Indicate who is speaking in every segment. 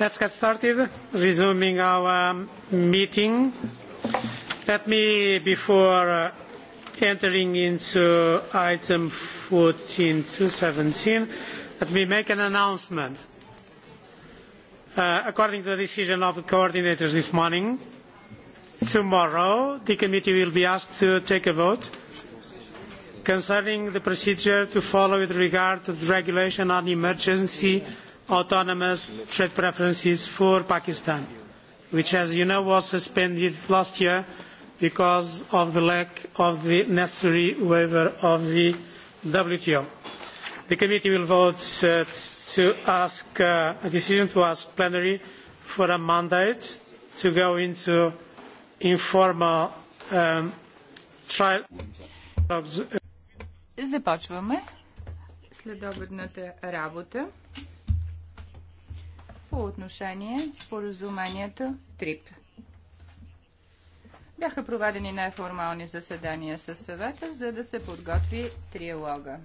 Speaker 1: Let's get started, resuming our meeting. Let me, before entering into item 14 to 17, let me make an announcement. According to the decision of the coordinators this morning, tomorrow, the committee will be asked to take a vote concerning the procedure to follow with regard to the regulation on emergency autonomous trade preferences for Pakistan, which, as you know, was suspended last year because of the lack of the necessary waiver of the WTO. The committee will vote to ask a decision to ask plenary for a mandate to go into informal
Speaker 2: trial. Започваме следобедната работа по отношение споразумението ТРИП. Бяха проведени неформални заседания със съвета, за да се подготви триалога.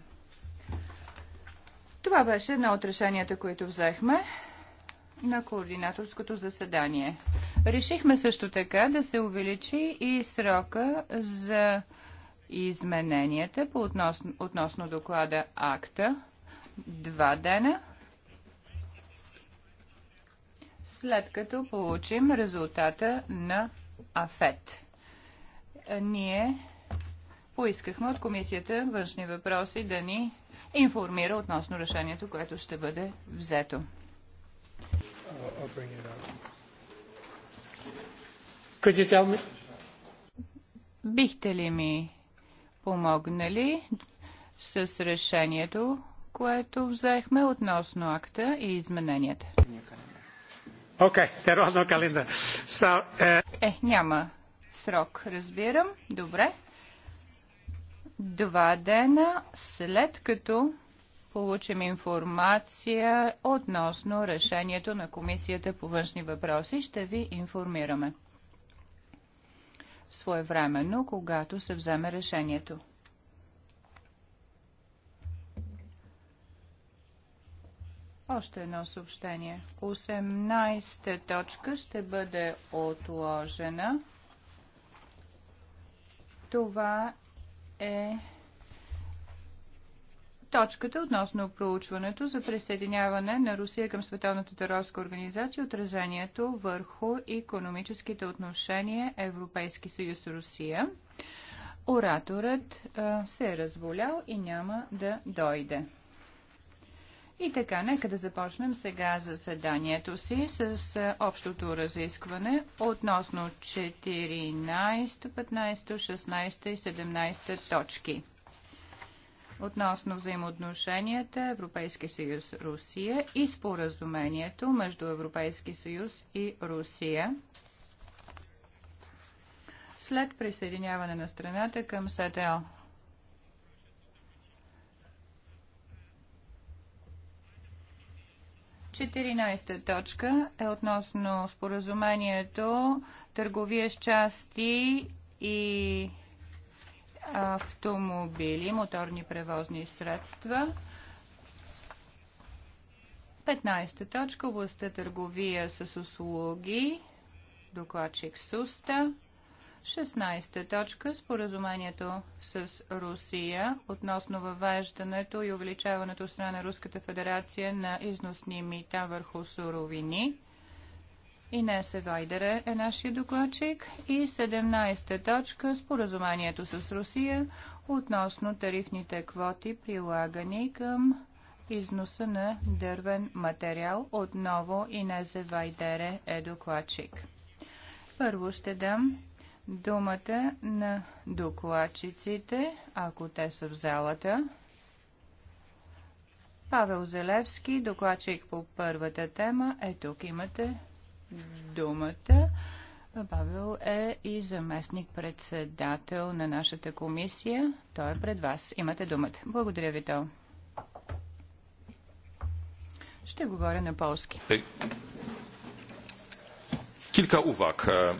Speaker 2: Това беше едно от решенията, които взехме на координаторското заседание. Решихме също така да се увеличи и срока за измененията по относно, относно доклада АКТА два дена – след като получим резултата на АФЕТ. Ние поискахме от Комисията външни въпроси да ни информира относно решението, което ще бъде взето. Бихте ли ми помогнали с решението, което взехме относно акта и измененията? Okay, So, uh... Е, няма срок, разбирам. Добре. Два дена след като получим информация относно решението на Комисията по външни въпроси, ще ви информираме своевременно, когато се вземе решението. Още едно съобщение. 18-та точка ще бъде отложена. Това е точката относно проучването за присъединяване на Русия към Световната търговска организация отражението върху економическите отношения Европейски съюз Русия. Ораторът се е разболял и няма да дойде. И така, нека да започнем сега заседанието си с общото разискване относно 14, 15, 16 и 17 точки. Относно взаимоотношенията Европейски съюз Русия и споразумението между Европейски съюз и Русия след присъединяване на страната към СТО. 14 точка е относно споразумението търговия с части и автомобили, моторни превозни средства. 15 точка областта търговия с услуги, докладчик Суста. 16 точка споразумението с Русия относно въвеждането и увеличаването страна на Руската федерация на износни мита върху суровини. Инесе Вайдере е нашия докладчик. И 17 точка споразумението с Русия относно тарифните квоти, прилагани към износа на дървен материал. Отново Инесе Вайдере е докладчик. Първо ще дам думата на докладчиците, ако те са в залата. Павел Зелевски, докладчик по първата тема, е тук. Имате думата. Павел е и заместник председател на нашата комисия. Той е пред вас. Имате думата. Благодаря ви, Тол. Ще говоря на полски.
Speaker 3: Е, E,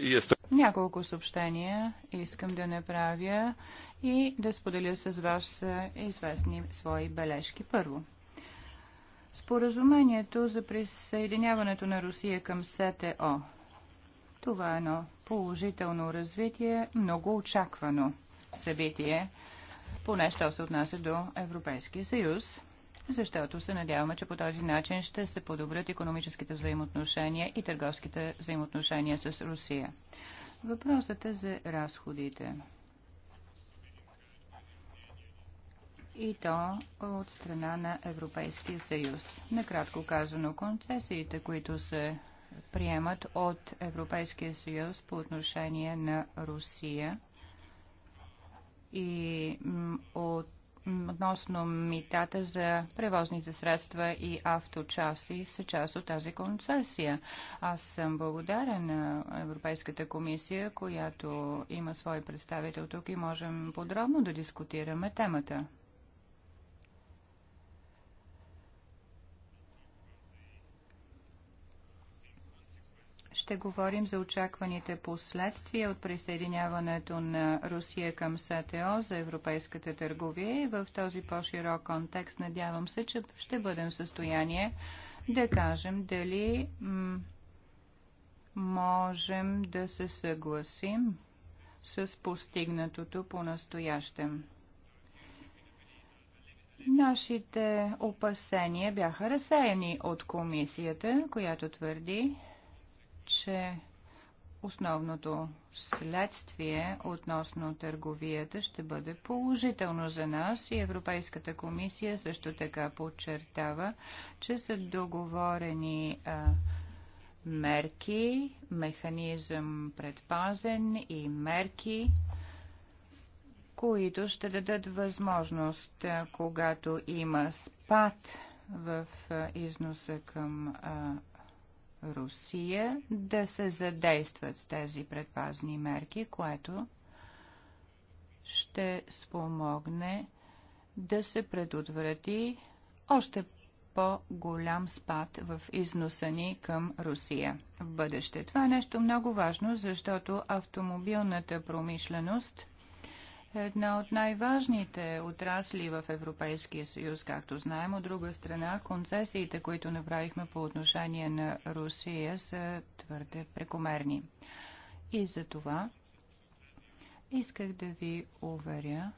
Speaker 3: jest...
Speaker 2: Няколко съобщения искам да направя и да споделя с вас е, известни свои бележки. Първо, споразумението за присъединяването на Русия към СТО. Това е едно положително развитие, много очаквано събитие, поне що се отнася до Европейския съюз защото се надяваме, че по този начин ще се подобрят економическите взаимоотношения и търговските взаимоотношения с Русия. Въпросът е за разходите. и то от страна на Европейския съюз. Накратко казано, концесиите, които се приемат от Европейския съюз по отношение на Русия и от относно митата за превозните средства и авточасти са част от тази концесия. Аз съм благодарен на Европейската комисия, която има свой представител тук и можем подробно да дискутираме темата. ще говорим за очакваните последствия от присъединяването на Русия към СТО за европейската търговия и в този по-широк контекст надявам се, че ще бъдем в състояние да кажем дали можем да се съгласим с постигнатото по-настоящем. Нашите опасения бяха разсеяни от комисията, която твърди, че основното следствие относно търговията ще бъде положително за нас и Европейската комисия също така подчертава, че са договорени а, мерки, механизъм предпазен и мерки, които ще дадат възможност, когато има спад в износа към Русия да се задействат тези предпазни мерки, което ще спомогне да се предотврати още по-голям спад в износа ни към Русия в бъдеще. Това е нещо много важно, защото автомобилната промишленост една от най-важните отрасли в Европейския съюз, както знаем. От друга страна, концесиите, които направихме по отношение на Русия, са твърде прекомерни. И за това исках да ви уверя,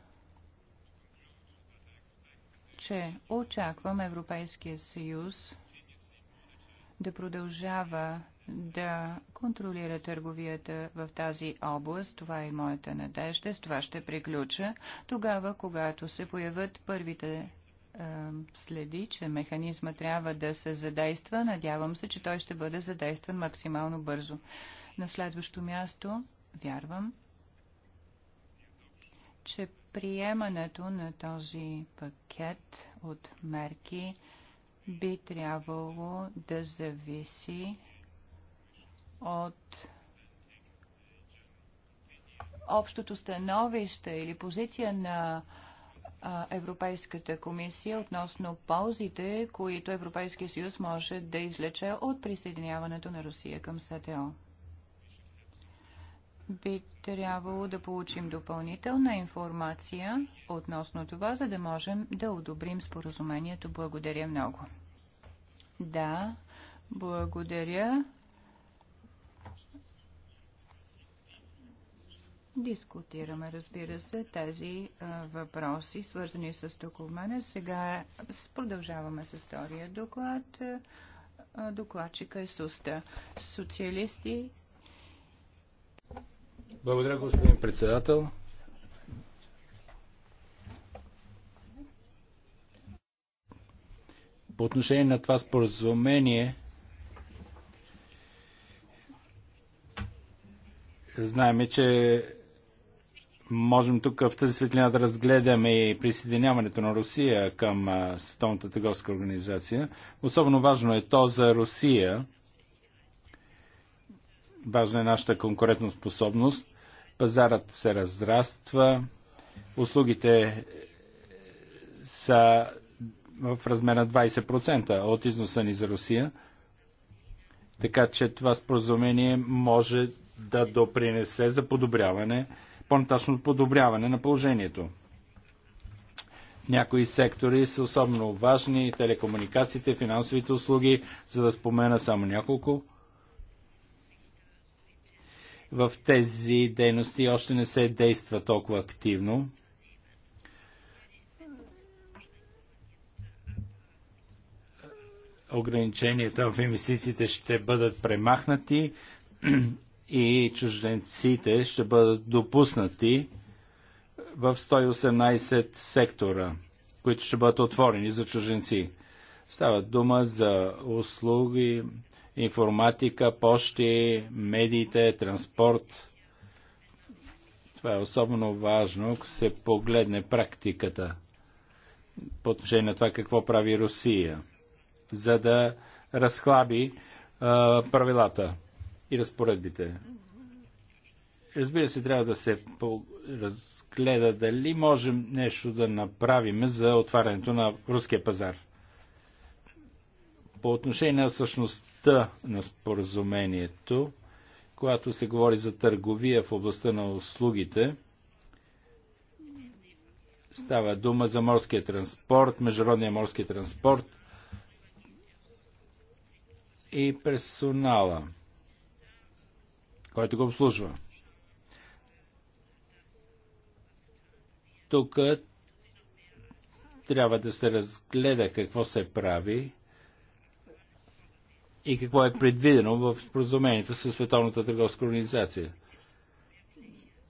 Speaker 2: че очаквам Европейския съюз да продължава да контролира търговията в тази област. Това е моята надежда. С това ще приключа. Тогава, когато се появят първите следи, че механизма трябва да се задейства. Надявам се, че той ще бъде задействан максимално бързо. На следващо място, вярвам, че приемането на този пакет от мерки би трябвало да зависи от общото становище или позиция на Европейската комисия относно ползите, които Европейския съюз може да излече от присъединяването на Русия към СТО. Би трябвало да получим допълнителна информация относно това, за да можем да одобрим споразумението. Благодаря много. Да, благодаря Дискутираме, разбира се, тези а, въпроси, свързани с документа. Сега продължаваме с втория доклад. А, докладчика е Суста. Социалисти.
Speaker 3: Благодаря, господин председател. По отношение на това споразумение, знаеме, че можем тук в тази светлина да разгледаме и присъединяването на Русия към Световната търговска организация. Особено важно е то за Русия. Важна е нашата способност. Пазарът се разраства. Услугите е, са в размер на 20% от износа ни за Русия. Така че това споразумение може да допринесе за подобряване по-нататъчно подобряване на положението. Някои сектори са особено важни телекомуникациите, финансовите услуги, за да спомена само няколко. В тези дейности още не се действа толкова активно. ограниченията в инвестициите ще бъдат премахнати и чужденците ще бъдат допуснати в 118 сектора, които ще бъдат отворени за чужденци. Става дума за услуги, информатика, почти, медиите, транспорт. Това е особено важно, ако се погледне практиката по отношение на това какво прави Русия, за да разхлаби а, правилата и разпоредбите. Разбира се, трябва да се разгледа дали можем нещо да направим за отварянето на руския пазар. По отношение на същността на споразумението, когато се говори за търговия в областта на услугите, става дума за морския транспорт, международния морски транспорт и персонала – който го обслужва. Тук трябва да се разгледа какво се прави и какво е предвидено в споразумението с Световната търговска организация.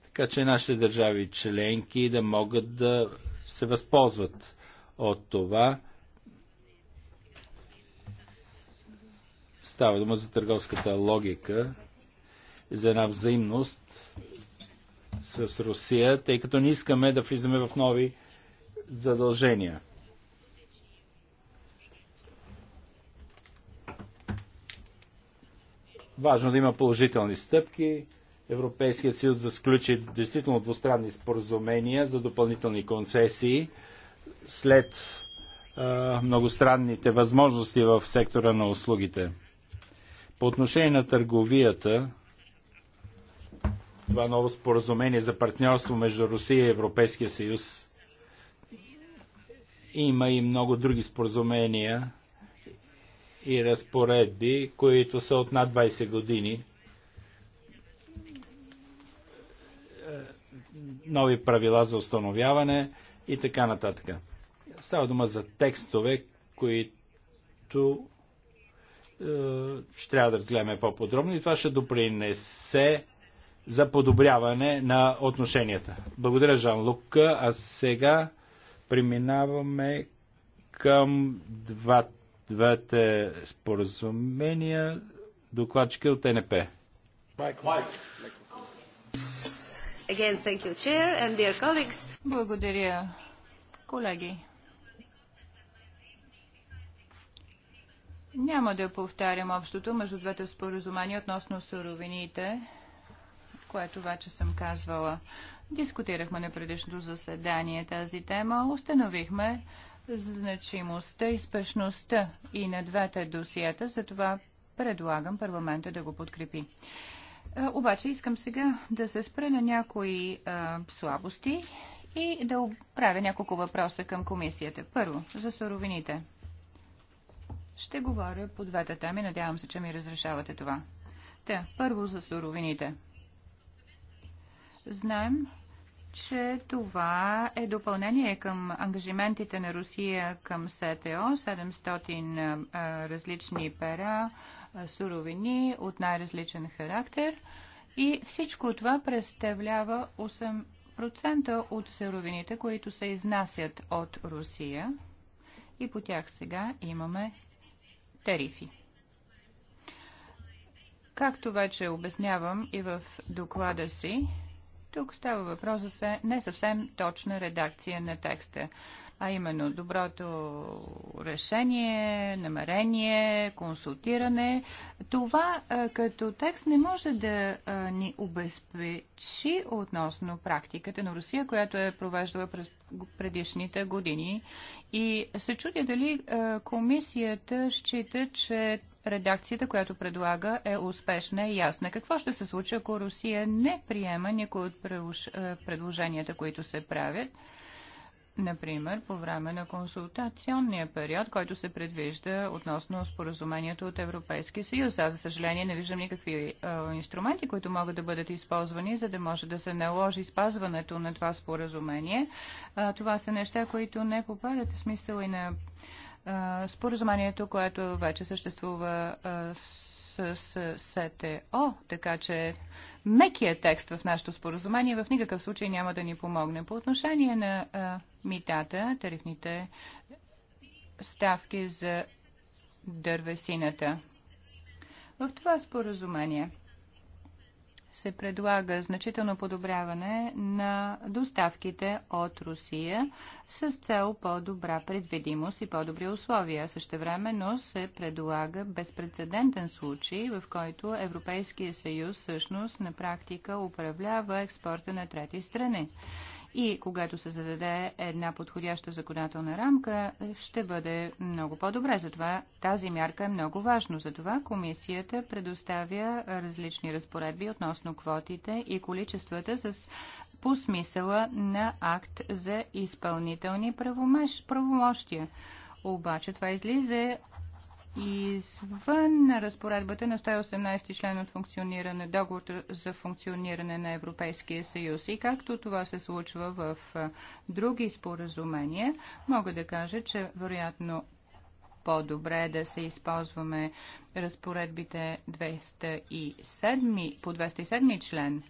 Speaker 3: Така че нашите държави членки да могат да се възползват от това. Става дума за търговската логика за една взаимност с Русия, тъй като не искаме да влизаме в нови задължения. Важно да има положителни стъпки. Европейският съюз да сключи действително двустранни споразумения за допълнителни концесии след а, многостранните възможности в сектора на услугите. По отношение на търговията, това ново споразумение за партньорство между Русия и Европейския съюз. Има и много други споразумения и разпоредби, които са от над 20 години. Нови правила за установяване и така нататък. Става дума за текстове, които е, ще трябва да разгледаме по-подробно и това ще допринесе за подобряване на отношенията. Благодаря, Жан Лука. А сега преминаваме към два, двете споразумения. Докладчика от НП. Again,
Speaker 2: thank you, Chair, and dear colleagues. Благодаря, колеги. Няма да повтарям общото между двете споразумения относно суровините, което вече съм казвала. Дискутирахме на предишното заседание тази тема. Установихме значимостта и спешността и на двете досиета, затова предлагам парламента да го подкрепи. Обаче искам сега да се спре на някои а, слабости и да правя няколко въпроса към комисията. Първо, за суровините. Ще говоря по двете теми, надявам се, че ми разрешавате това. Та, първо за суровините. Знаем, че това е допълнение към ангажиментите на Русия към СТО, 700 различни пера, суровини от най-различен характер и всичко това представлява 8% от суровините, които се изнасят от Русия и по тях сега имаме тарифи. Както вече обяснявам и в доклада си, тук става въпрос за не съвсем точна редакция на текста, а именно доброто решение, намерение, консултиране. Това като текст не може да ни обезпечи относно практиката на Русия, която е провеждала през предишните години. И се чудя дали комисията счита, че редакцията, която предлага, е успешна и ясна. Какво ще се случи, ако Русия не приема никой от е, предложенията, които се правят? Например, по време на консултационния период, който се предвижда относно споразумението от Европейския съюз. Аз, за съжаление, не виждам никакви е, инструменти, които могат да бъдат използвани, за да може да се наложи спазването на това споразумение. А, това са неща, които не попадат в смисъл и на споразумението, което вече съществува с, с СТО, така че мекият текст в нашето споразумение в никакъв случай няма да ни помогне. По отношение на а, митата, тарифните ставки за дървесината. В това споразумение – се предлага значително подобряване на доставките от Русия с цел по-добра предвидимост и по-добри условия. Същевременно се предлага безпредседентен случай, в който Европейския съюз всъщност на практика управлява експорта на трети страни и когато се зададе една подходяща законодателна рамка, ще бъде много по-добре. Затова тази мярка е много важна. Затова комисията предоставя различни разпоредби относно квотите и количествата с по смисъла на акт за изпълнителни правомощия. Обаче това излиза извън на разпоредбата на 118 член от функциониране, договор за функциониране на Европейския съюз. И както това се случва в други споразумения, мога да кажа, че вероятно по-добре е да се използваме разпоредбите 207, по 207 член,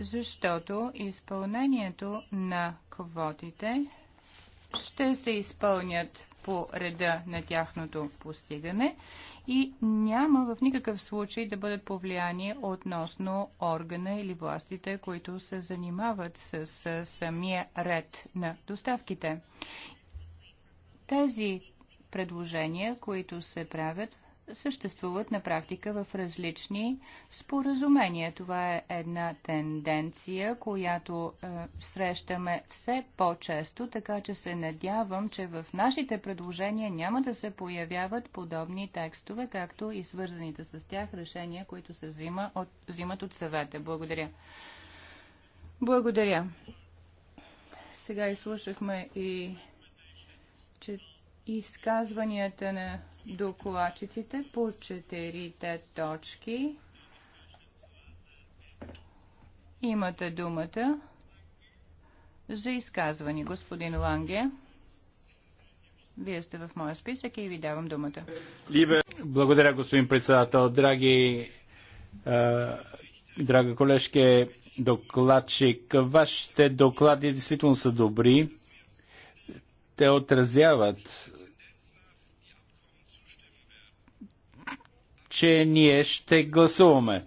Speaker 2: защото изпълнението на квотите ще се изпълнят по реда на тяхното постигане и няма в никакъв случай да бъдат повлияни относно органа или властите, които се занимават с, с самия ред на доставките. Тези предложения, които се правят съществуват на практика в различни споразумения. Това е една тенденция, която е, срещаме все по-често, така че се надявам, че в нашите предложения няма да се появяват подобни текстове, както и свързаните с тях решения, които се взима от, взимат от съвета. Благодаря. Благодаря. Сега изслушахме и че изказванията на докладчиците по четирите точки. Имате думата за изказване, господин Ланге. Вие сте в моя списък и ви давам думата.
Speaker 3: Благодаря, господин председател. Драги, е, драга колежке, докладчик, вашите доклади действително са добри. Те отразяват че ние ще гласуваме.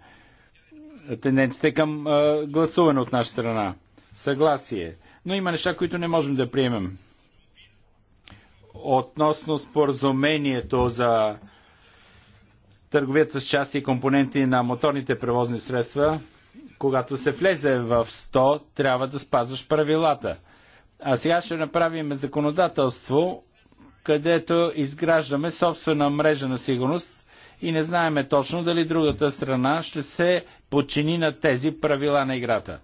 Speaker 3: Тенденцията е към а, гласуване от наша страна. Съгласие. Но има неща, които не можем да приемем. Относно споразумението за търговията с части и компоненти на моторните превозни средства, когато се влезе в 100, трябва да спазваш правилата. А сега ще направим законодателство, където изграждаме собствена мрежа на сигурност, и не знаеме точно дали другата страна ще се подчини на тези правила на играта.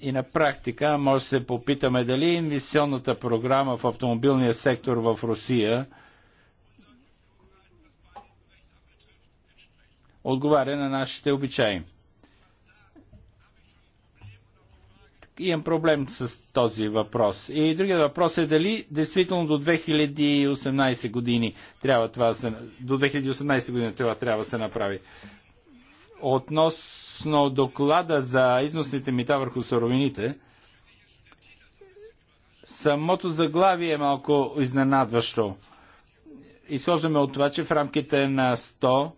Speaker 3: И на практика може да се попитаме дали инвестиционната програма в автомобилния сектор в Русия отговаря на нашите обичаи. имам проблем с този въпрос. И другият въпрос е дали действително до 2018 години трябва това да се, до 2018 година това трябва да се направи. Относно доклада за износните мита върху суровините, самото заглавие е малко изненадващо. Изхождаме от това, че в рамките на 100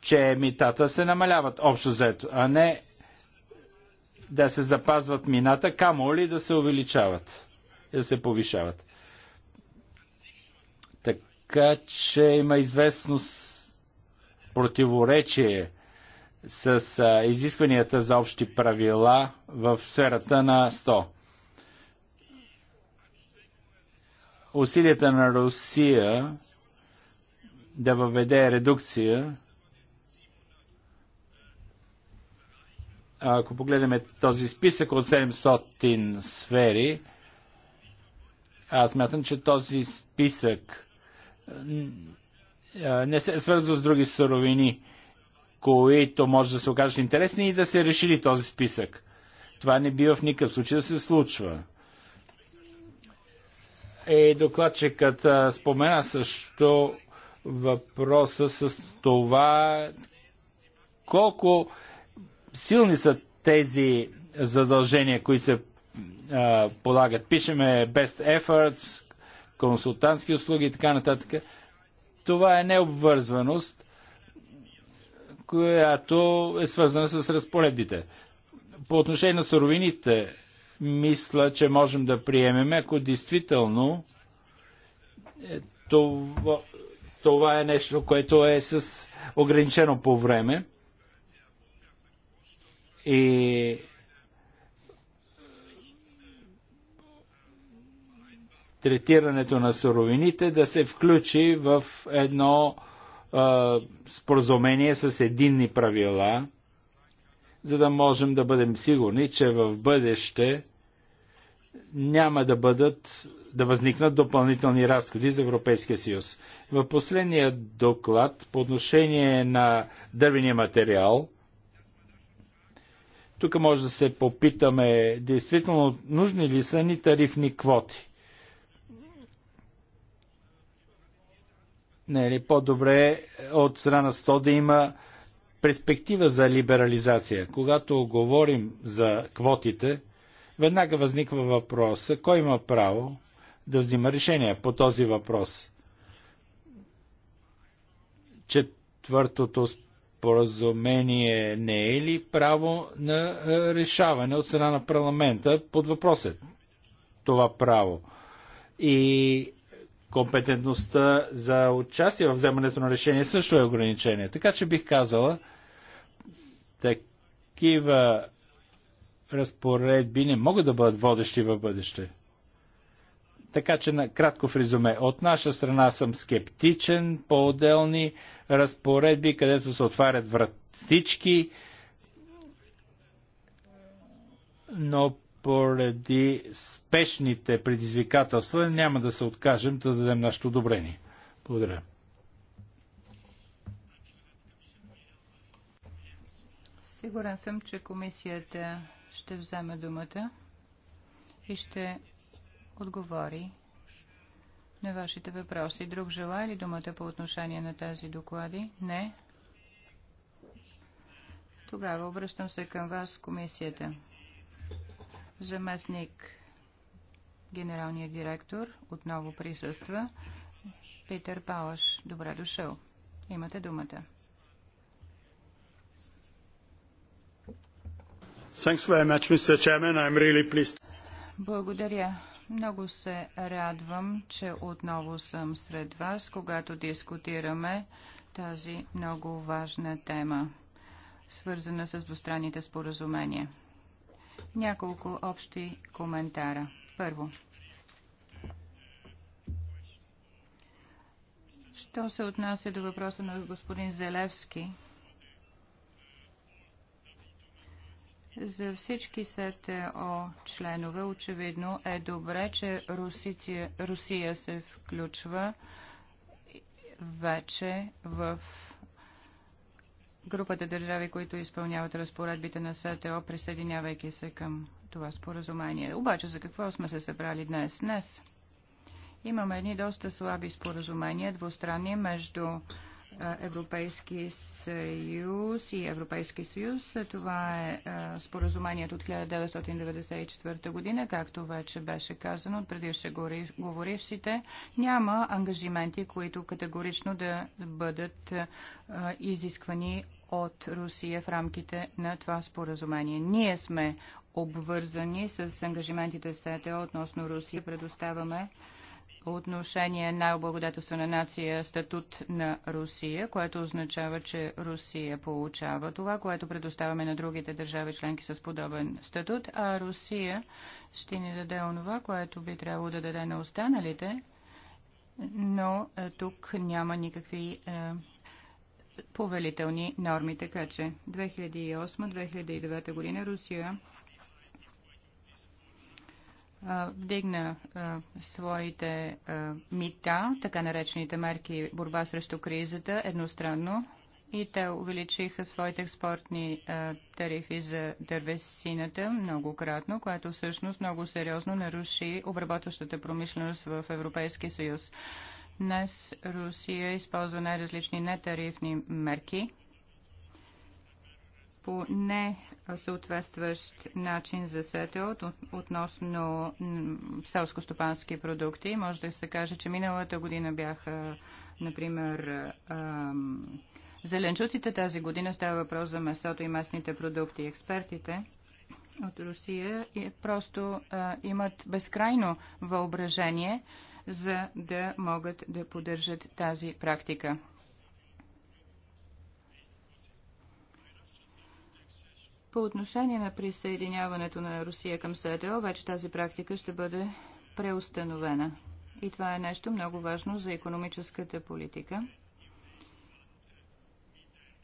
Speaker 3: че митата се намаляват общо взето, а не да се запазват мината, камо ли да се увеличават и да се повишават. Така че има известно противоречие с а, изискванията за общи правила в сферата на 100. Усилията на Русия да въведе редукция Ако погледнем този списък от 700 сфери, аз мятам, че този списък не се е свързва с други суровини, които може да се окажат интересни и да се решили този списък. Това не бива в никакъв случай да се случва. Е, докладчикът спомена също въпроса с това колко силни са тези задължения, които се а, полагат. Пишеме best efforts, консултантски услуги и така нататък. Това е необвързваност, която е свързана с разпоредбите. По отношение на суровините, мисля, че можем да приемем, ако действително е, това, това е нещо, което е с ограничено по време и третирането на суровините да се включи в едно а, споразумение с единни правила, за да можем да бъдем сигурни, че в бъдеще няма да бъдат да възникнат допълнителни разходи за Европейския съюз. В последния доклад по отношение на дървения материал тук може да се попитаме, действително нужни ли са ни тарифни квоти? Не е ли по-добре от страна 100 да има перспектива за либерализация? Когато говорим за квотите, веднага възниква въпроса, кой има право да взима решение по този въпрос? Четвъртото споразумение не е ли право на решаване от страна на парламента под въпросът е това право? И компетентността за участие в вземането на решение също е ограничение. Така че бих казала, такива разпоредби не могат да бъдат водещи в бъдеще. Така че, на кратко в резюме, от наша страна съм скептичен по отделни разпоредби, където се отварят вратички, но поради спешните предизвикателства няма да се откажем да дадем нашето одобрение. Благодаря.
Speaker 2: Сигурен съм, че комисията ще вземе думата и ще отговори на вашите въпроси. Друг желая ли думата по отношение на тези доклади? Не. Тогава обръщам се към вас, комисията. Заместник генералният директор отново присъства. Питер Палаш, добре дошъл. Имате думата. Благодаря, много се радвам, че отново съм сред вас, когато дискутираме тази много важна тема, свързана с двустранните споразумения. Няколко общи коментара. Първо. Що се отнася до въпроса на господин Зелевски За всички СТО членове очевидно е добре, че Русиция, Русия се включва вече в групата държави, които изпълняват разпоредбите на СТО, присъединявайки се към това споразумение. Обаче за какво сме се събрали днес? Днес имаме едни доста слаби споразумения, двустранни между Европейски съюз и Европейски съюз. Това е споразумението от 1994 година, както вече беше казано от говорившите, Няма ангажименти, които категорично да бъдат изисквани от Русия в рамките на това споразумение. Ние сме обвързани с ангажиментите СЕТЕ относно Русия. Предоставяме отношение на облагодетелствена нация статут на Русия, което означава, че Русия получава това, което предоставяме на другите държави членки с подобен статут, а Русия ще ни даде онова, което би трябвало да даде на останалите, но е, тук няма никакви е, повелителни норми, така че 2008-2009 година Русия вдигна своите мита, така наречените мерки борба срещу кризата, едностранно и те увеличиха своите експортни тарифи за дървесината многократно, което всъщност много сериозно наруши обработващата промишленост в Европейския съюз. Днес Русия използва най-различни нетарифни мерки – по не съответстващ начин за от, относно селско-стопански продукти. Може да се каже, че миналата година бяха, например, зеленчуците. Тази година става въпрос за месото и местните продукти. Експертите от Русия и просто а, имат безкрайно въображение, за да могат да поддържат тази практика. По отношение на присъединяването на Русия към СДО, вече тази практика ще бъде преустановена. И това е нещо много важно за економическата политика.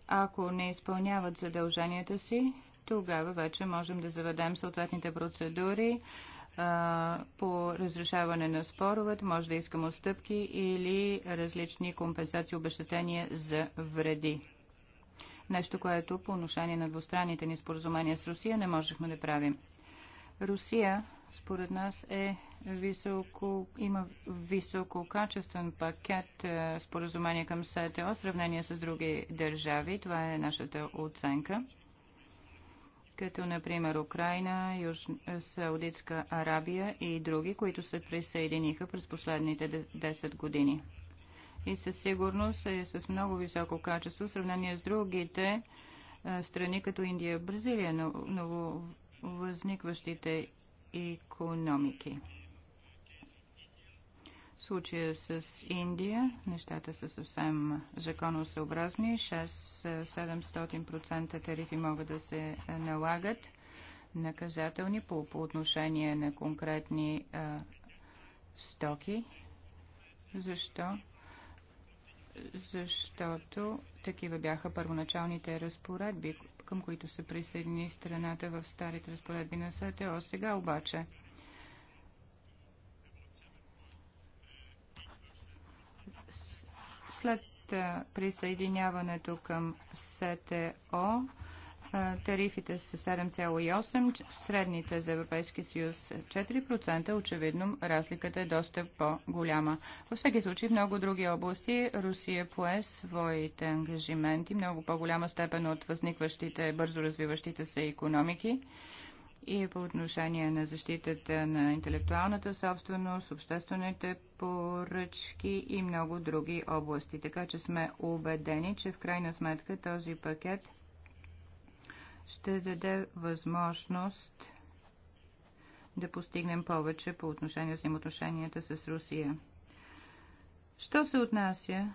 Speaker 2: Ако не изпълняват задълженията си, тогава вече можем да заведем съответните процедури а, по разрешаване на споровете, може да искам отстъпки или различни компенсации, обещатения за вреди. Нещо, което по отношение на двустранните ни споразумения с Русия не можехме да правим. Русия, според нас, е високо, има висококачествен пакет е, споразумения към СТО в сравнение с други държави. Това е нашата оценка. Като, например, Украина, Юж... Е, Саудитска Арабия и други, които се присъединиха през последните 10 години и със сигурност е с много високо качество в сравнение с другите страни като Индия и Бразилия, възникващите економики. В случая с Индия нещата са съвсем законосъобразни. 6-700% тарифи могат да се налагат наказателни по, по отношение на конкретни а, стоки. Защо? защото такива бяха първоначалните разпоредби, към които се присъедини страната в старите разпоредби на СТО. Сега обаче след присъединяването към СТО тарифите са 7,8, средните за Европейския съюз 4%. Очевидно, разликата е доста по-голяма. Във всеки случай, в много други области Русия пое своите ангажименти, много по-голяма степен от възникващите, бързо развиващите се економики и по отношение на защитата на интелектуалната собственост, обществените поръчки и много други области. Така че сме убедени, че в крайна сметка този пакет – ще даде възможност да постигнем повече по отношение взаимоотношенията с Русия. Що се отнася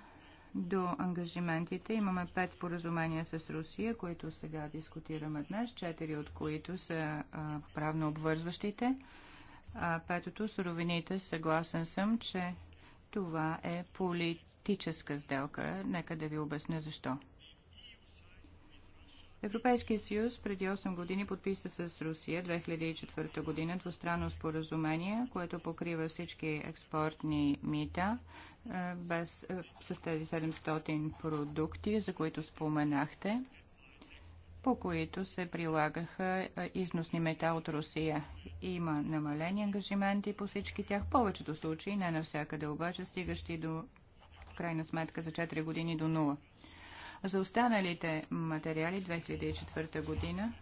Speaker 2: до ангажиментите, имаме пет споразумения с Русия, които сега дискутираме днес, четири от които са а, правно обвързващите. А петото суровините, съгласен съм, че това е политическа сделка. Нека да ви обясня защо. Европейския съюз преди 8 години подписа с Русия 2004 година двустранно споразумение, което покрива всички експортни мита е, без, е, с тези 700 продукти, за които споменахте, по които се прилагаха е, износни мета от Русия. Има намалени ангажименти по всички тях, повечето случаи, не навсякъде обаче, стигащи до крайна сметка за 4 години до 0. За останалите материали 2004 година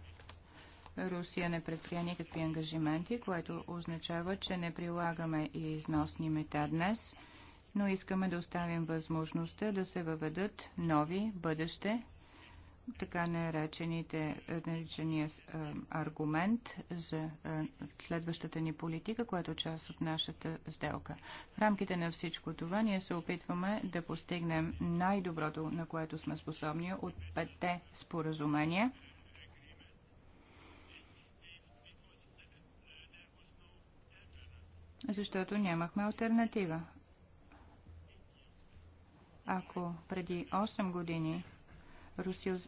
Speaker 2: Русия не предприе никакви ангажименти, което означава, че не прилагаме и износни мета днес, но искаме да оставим възможността да се въведат нови бъдеще така наречените, наречения е, аргумент за е, следващата ни политика, което е част от нашата сделка. В рамките на всичко това ние се опитваме да постигнем най-доброто, на което сме способни от петте споразумения. Защото нямахме альтернатива. Ако преди 8 години Русия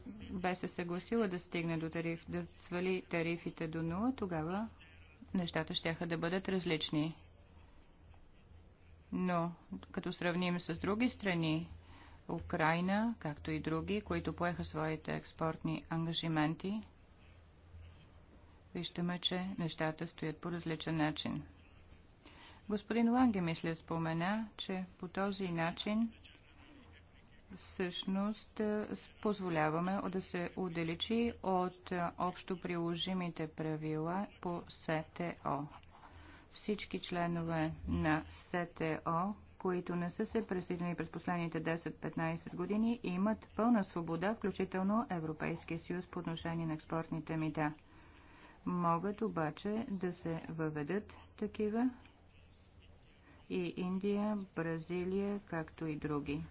Speaker 2: се съгласила да стигне до тариф, да свали тарифите до нула, тогава нещата ще да бъдат различни. Но, като сравним с други страни, Украина, както и други, които поеха своите експортни ангажименти, виждаме, че нещата стоят по различен начин. Господин Ланге, мисля, спомена, че по този начин всъщност е, позволяваме да се отдалечи от е, общо приложимите правила по СТО. Всички членове на СТО, които не са се присъединили през последните 10-15 години, имат пълна свобода, включително Европейския съюз по отношение на експортните мита. Могат обаче да се въведат такива и Индия, Бразилия, както и други.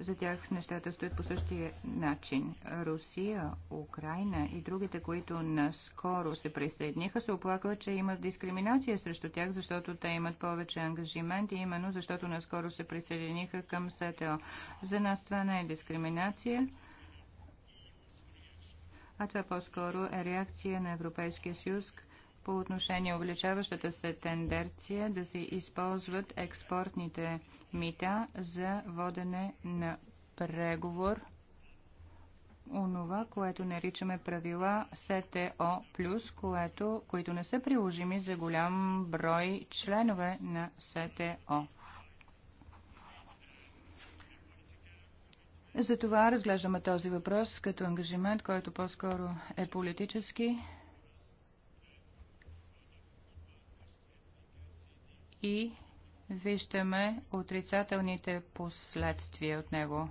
Speaker 2: За тях нещата стоят по същия начин. Русия, Украина и другите, които наскоро се присъединиха, се оплакват, че имат дискриминация срещу тях, защото те имат повече ангажименти, именно защото наскоро се присъединиха към СТО. За нас това не е дискриминация, а това по-скоро е реакция на Европейския съюз по отношение увеличаващата се тенденция да се използват експортните мита за водене на преговор онова, което наричаме правила СТО+, което, които не са приложими за голям брой членове на СТО. Затова разглеждаме този въпрос като ангажимент, който по-скоро е политически и виждаме отрицателните последствия от него.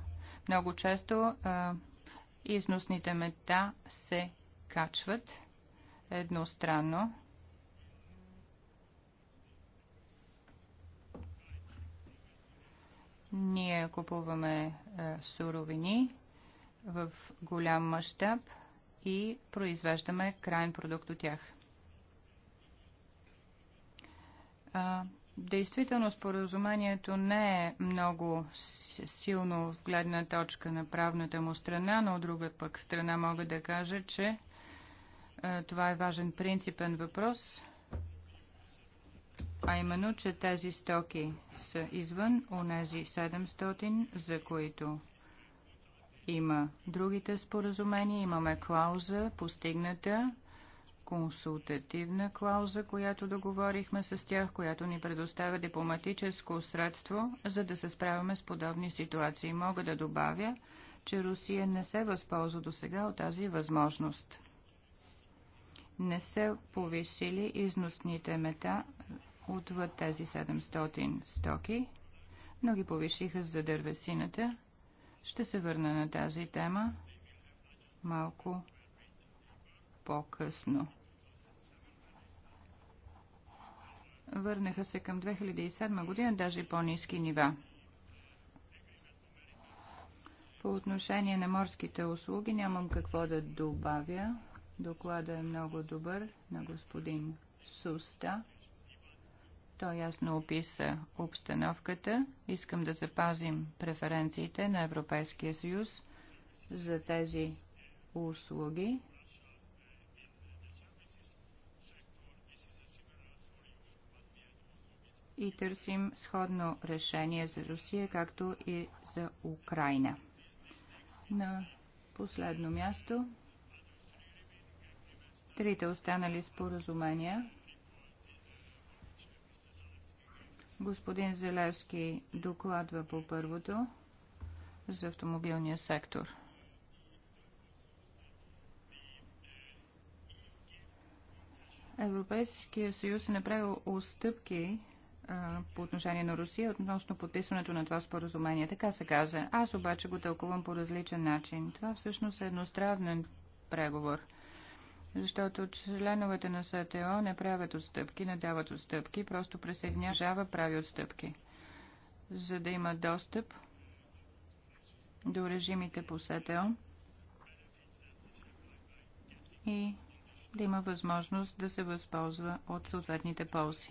Speaker 2: Много често а, износните мета се качват едностранно. Ние купуваме а, суровини в голям мащаб и произвеждаме крайен продукт от тях. А, Действително споразумението не е много силно в гледна точка на правната му страна, но от друга пък страна мога да кажа, че е, това е важен принципен въпрос, а именно, че тези стоки са извън нези 700, за които има другите споразумения, имаме клауза, постигната консултативна клауза, която договорихме с тях, която ни предоставя дипломатическо средство, за да се справяме с подобни ситуации. Мога да добавя, че Русия не се възползва до сега от тази възможност. Не се повишили износните мета отвъд тези 700 стоки, но ги повишиха за дървесината. Ще се върна на тази тема малко по-късно. Върнаха се към 2007 година, даже по-низки нива. По отношение на морските услуги нямам какво да добавя. Доклада е много добър на господин Суста. Той ясно описа обстановката. Искам да запазим преференциите на Европейския съюз за тези услуги и търсим сходно решение за Русия, както и за Украина. На последно място, трите останали споразумения. Господин Зелевски докладва по първото за автомобилния сектор. Европейския съюз е направил устъпки по отношение на Русия относно подписването на това споразумение. Така се каза. Аз обаче го тълкувам по различен начин. Това всъщност е едностранен преговор. Защото членовете на СТО не правят отстъпки, не дават отстъпки, просто присъединява прави отстъпки. За да има достъп до режимите по СТО и да има възможност да се възползва от съответните ползи.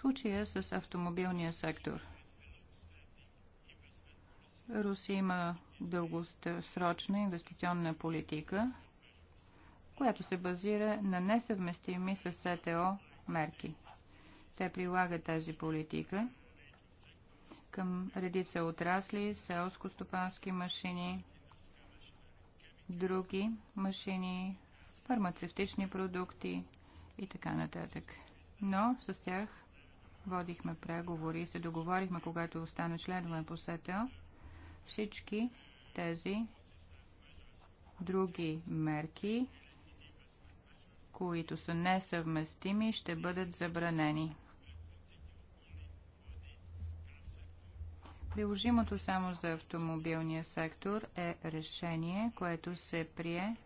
Speaker 2: Случая с автомобилния сектор. Руси има дългосрочна инвестиционна политика, която се базира на несъвместими с СТО мерки. Те прилагат тази политика към редица отрасли, селско-стопански машини, други машини, фармацевтични продукти и така нататък. Но с тях водихме преговори и се договорихме, когато остана членове по СТО, всички тези други мерки, които са несъвместими, ще бъдат забранени. Приложимото само за автомобилния сектор е решение, което се прие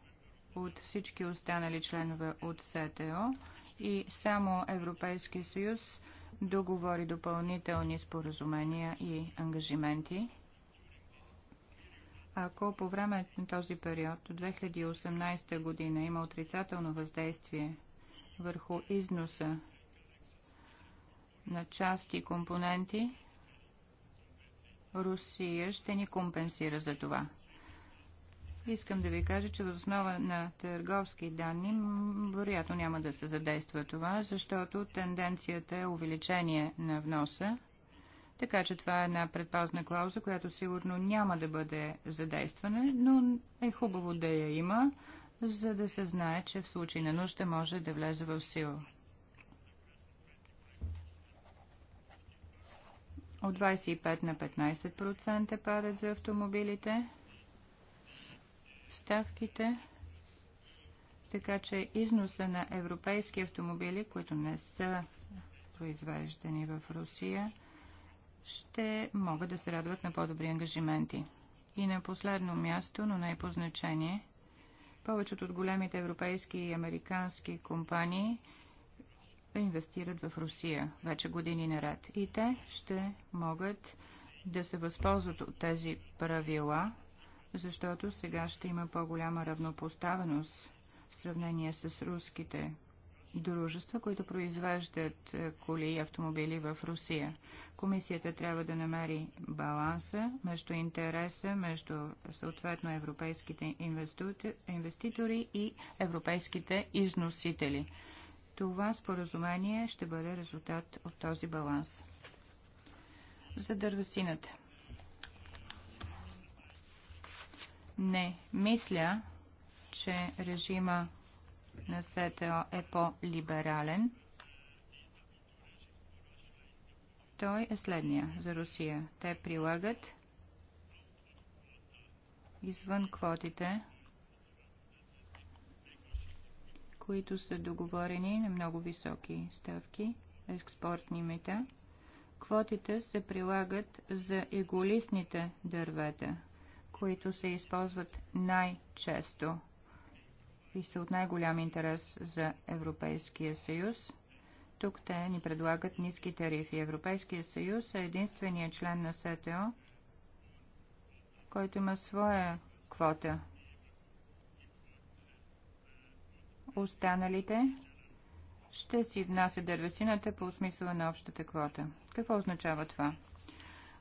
Speaker 2: от всички останали членове от СТО и само Европейския съюз договори допълнителни споразумения и ангажименти. Ако по време на този период до 2018 година има отрицателно въздействие върху износа на части и компоненти, Русия ще ни компенсира за това. Искам да ви кажа, че възоснова основа на търговски данни вероятно няма да се задейства това, защото тенденцията е увеличение на вноса. Така че това е една предпазна клауза, която сигурно няма да бъде задействана, но е хубаво да я има, за да се знае, че в случай на нужда може да влезе в сила. От 25 на 15% падат за автомобилите ставките, така че износа на европейски автомобили, които не са произвеждани в Русия, ще могат да се радват на по-добри ангажименти. И на последно място, но не по значение, повечето от големите европейски и американски компании инвестират в Русия вече години наред. И те ще могат да се възползват от тези правила защото сега ще има по-голяма равнопоставеност в сравнение с руските дружества, които произвеждат е, коли и автомобили в Русия. Комисията трябва да намери баланса между интереса, между съответно европейските инвеститори и европейските износители. Това споразумение ще бъде резултат от този баланс. За дървесината – не мисля, че режима на СТО е по-либерален. Той е следния за Русия. Те прилагат извън квотите, които са договорени на много високи ставки, експортни мета. Квотите се прилагат за еголисните дървета – които се използват най-често и са от най-голям интерес за Европейския съюз. Тук те ни предлагат ниски тарифи. Европейския съюз е единственият член на СТО, който има своя квота. Останалите ще си внасят дървесината по смисъла на общата квота. Какво означава това?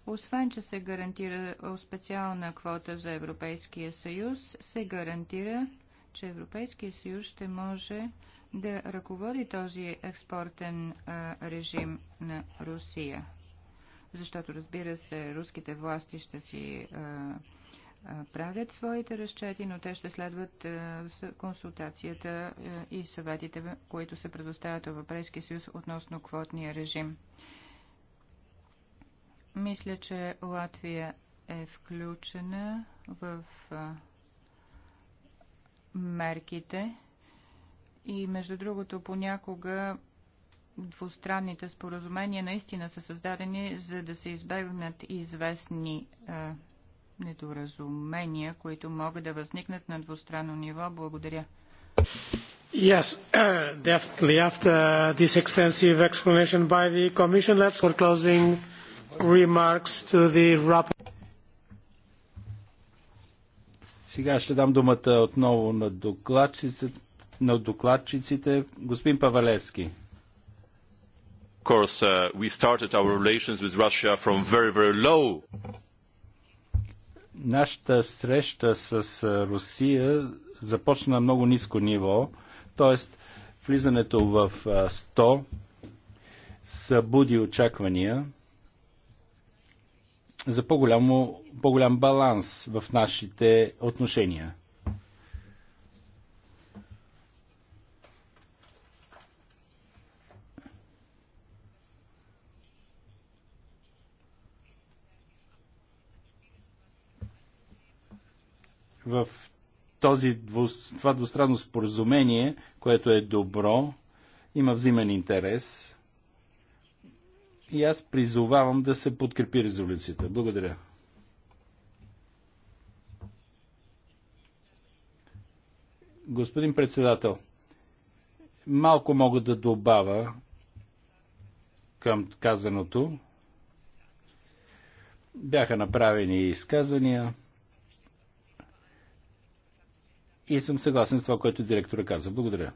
Speaker 2: Освен, че се гарантира специална квота за Европейския съюз, се гарантира, че Европейския съюз ще може да ръководи този експортен а, режим на Русия. Защото, разбира се, руските власти ще си а, а, правят своите разчети, но те ще следват а, консултацията а, и съветите, които се предоставят Европейския съюз относно квотния режим. Мисля, че Латвия е включена в мерките и между другото понякога двустранните споразумения наистина са създадени за да се избегнат известни а, недоразумения, които могат да възникнат на двустранно ниво. Благодаря.
Speaker 1: Yes, uh, definitely. After this extensive explanation by the Commission, let's for closing remarks to the rapporteur.
Speaker 3: Сега ще дам думата отново на докладчиците, на докладчиците господин Павалевски. Of course, uh, we started our relations with Russia from very, very low. Нашата среща с Русия започна на много ниско ниво, т.е. влизането в 100 събуди очаквания – за по-голямо, по-голям баланс в нашите отношения. В този дву, това двустранно споразумение, което е добро, има взимен интерес и аз призовавам да се подкрепи резолюцията. Благодаря. Господин председател, малко мога да добавя към казаното. Бяха направени изказвания и съм съгласен с това, което директора каза. Благодаря.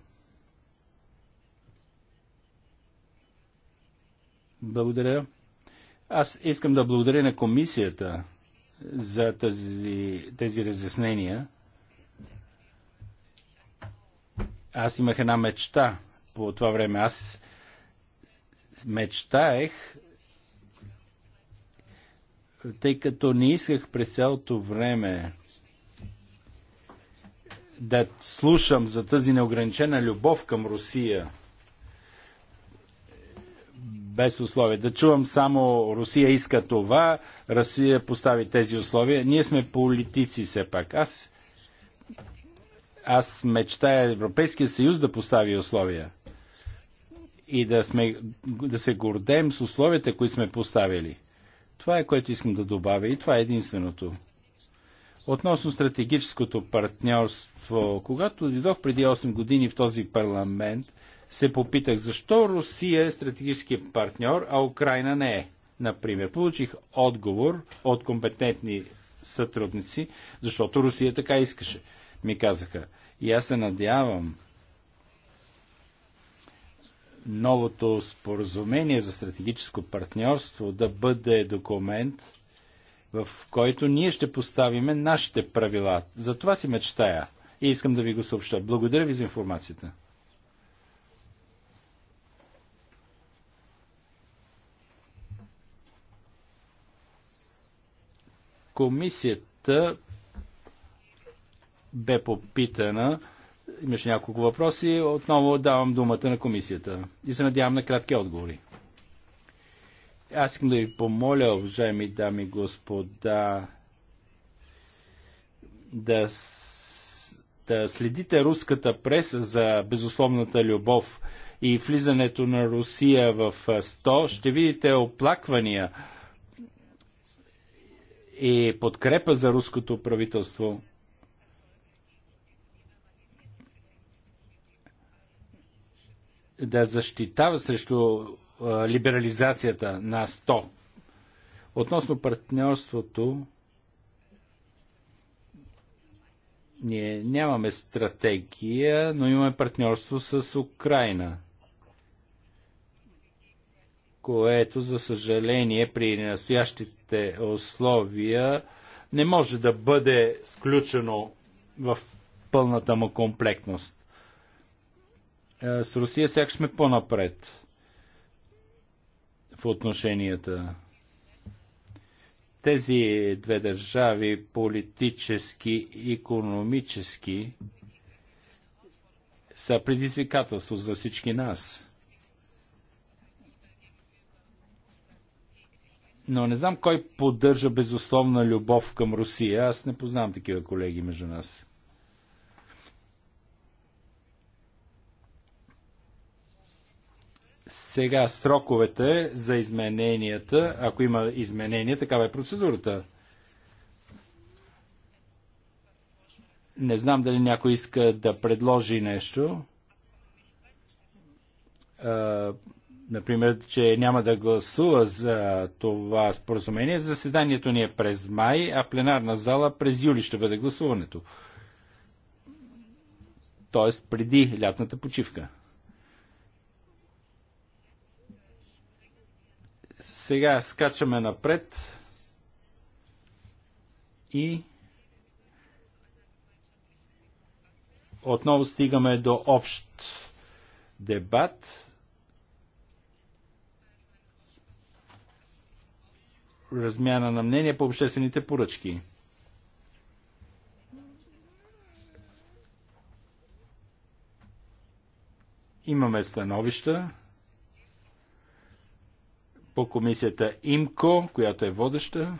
Speaker 3: Благодаря. Аз искам да благодаря на комисията за тази, тези разяснения. Аз имах една мечта по това време. Аз мечтаех, тъй като не исках през цялото време да слушам за тази неограничена любов към Русия – без условия. Да чувам само Русия иска това, Русия постави тези условия. Ние сме политици все пак. Аз, аз мечтая Европейския съюз да постави условия и да, сме, да се гордеем с условията, които сме поставили. Това е което искам да добавя и това е единственото. Относно стратегическото партньорство, когато дойдох преди 8 години в този парламент, се попитах защо Русия е стратегически партньор, а Украина не е. Например, получих отговор от компетентни сътрудници, защото Русия така искаше, ми казаха. И аз се надявам новото споразумение за стратегическо партньорство да бъде документ, в който ние ще поставиме нашите правила. За това си мечтая и искам да ви го съобща. Благодаря ви за информацията. Комисията бе попитана. Имаше няколко въпроси. Отново давам думата на комисията и се надявам на кратки отговори. Аз искам да ви помоля, уважаеми дами и господа, да, да следите руската преса за безусловната любов и влизането на Русия в 100. Ще видите оплаквания и подкрепа за руското правителство. да защитава срещу а, либерализацията на 100. Относно партньорството, ние нямаме стратегия, но имаме партньорство с Украина – което за съжаление при настоящите условия не може да бъде сключено в пълната му комплектност. Е, с Русия сега сме по-напред в отношенията. Тези две държави политически и економически са предизвикателство за всички нас. Но не знам кой поддържа безусловна любов към Русия. Аз не познавам такива колеги между нас. Сега сроковете за измененията, ако има изменения, такава е процедурата. Не знам дали някой иска да предложи нещо например, че няма да гласува за това споразумение. Заседанието ни е през май, а пленарна зала през юли ще бъде гласуването. Тоест преди лятната почивка. Сега скачаме напред и отново стигаме до общ дебат размяна на мнения по обществените поръчки. Имаме становища по комисията ИМКО, която е водеща.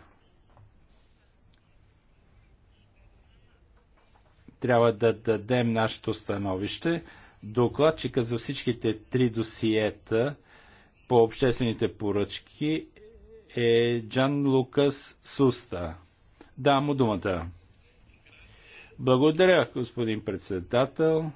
Speaker 3: Трябва да дадем нашето становище. Докладчика за всичките три досиета по обществените поръчки е Джан Лукас Суста. Да, му думата. Благодаря, господин председател.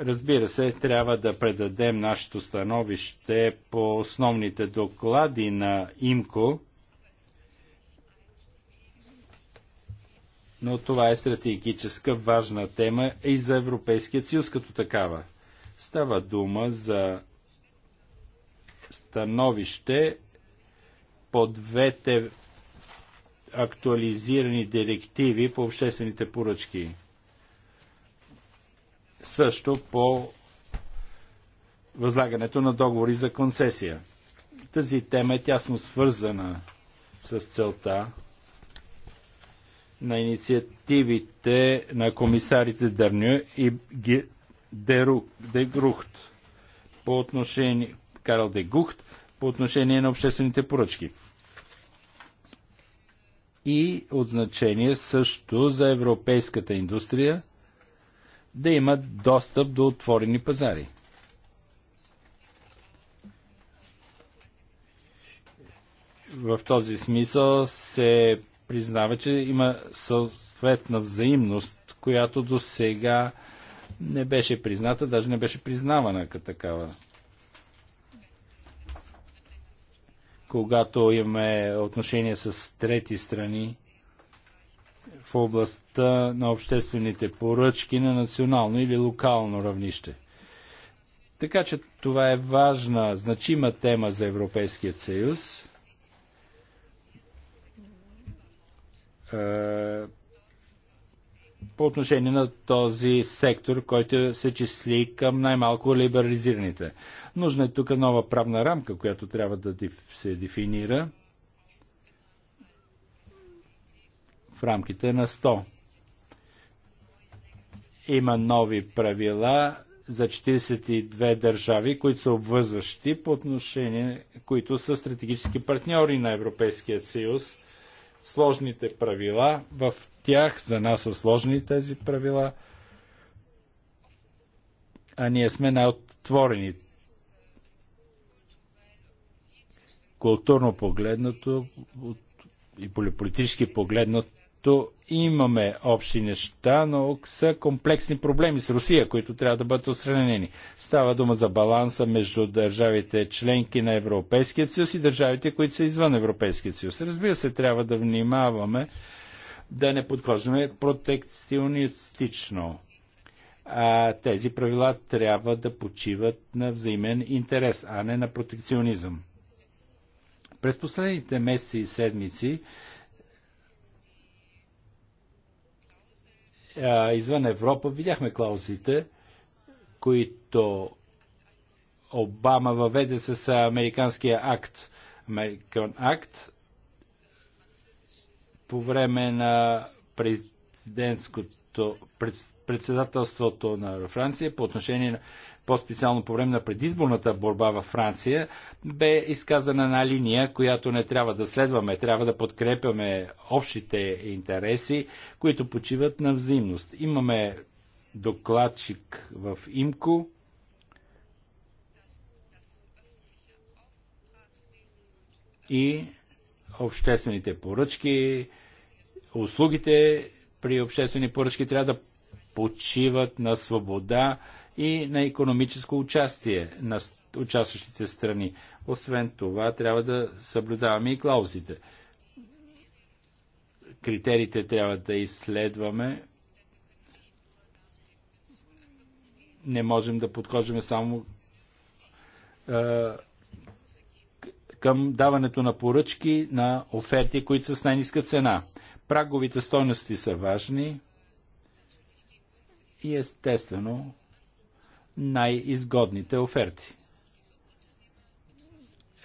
Speaker 3: Разбира се, трябва да предадем нашето становище по основните доклади на ИМКО – но това е стратегическа важна тема и за Европейския съюз като такава. Става дума за становище по двете актуализирани директиви по обществените поръчки. Също по възлагането на договори за концесия. Тази тема е тясно свързана с целта на инициативите на комисарите Дърню и Дегрухт по отношение Карл Дегухт по отношение на обществените поръчки. И от значение също за европейската индустрия да имат достъп до отворени пазари. В този смисъл се признава, че има съответна взаимност, която до сега не беше призната, даже не беше признавана като такава. Когато имаме отношения с трети страни в областта на обществените поръчки на национално или локално равнище. Така че това е важна, значима тема за Европейският съюз. Е, по отношение на този сектор, който се числи към най-малко либерализираните. Нужна е тук нова правна рамка, която трябва да се дефинира в рамките на 100. Има нови правила за 42 държави, които са обвързващи по отношение, които са стратегически партньори на Европейския съюз – сложните правила. В тях за нас са сложни тези правила, а ние сме най-отворени. Културно погледнато и политически погледнато където имаме общи неща, но са комплексни проблеми с Русия, които трябва да бъдат осранени. Става дума за баланса между държавите членки на Европейския съюз и държавите, които са извън Европейския съюз. Разбира се, трябва да внимаваме да не подхождаме протекционистично. А, тези правила трябва да почиват на взаимен интерес, а не на протекционизъм. През последните месеци и седмици а, извън Европа видяхме клаузите, които Обама въведе с американския акт. American Act по време на президентското председателството на Франция по отношение на по-специално по време на предизборната борба във Франция, бе изказана една линия, която не трябва да следваме. Трябва да подкрепяме общите интереси, които почиват на взаимност. Имаме докладчик в ИМКО, и обществените поръчки, услугите при обществени поръчки трябва да почиват на свобода, и на економическо участие на участващите страни. Освен това, трябва да съблюдаваме и клаузите. Критериите трябва да изследваме. Не можем да подхождаме само е, към даването на поръчки на оферти, които са с най-низка цена. Праговите стойности са важни и естествено най-изгодните оферти.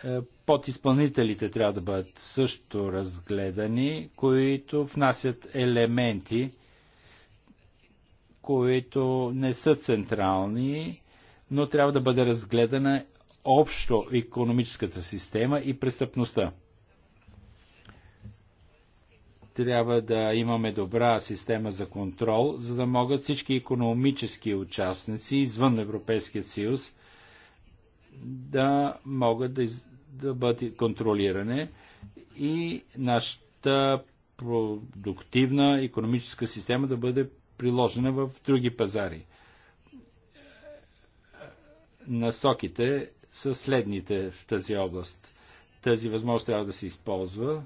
Speaker 3: Е, подизпълнителите трябва да бъдат също разгледани, които внасят елементи, които не са централни, но трябва да бъде разгледана общо економическата система и престъпността трябва да имаме добра система за контрол, за да могат всички економически участници извън Европейския съюз да могат да, из... да бъдат контролиране и нашата продуктивна економическа система да бъде приложена в други пазари. Насоките са следните в тази област. Тази възможност трябва да се използва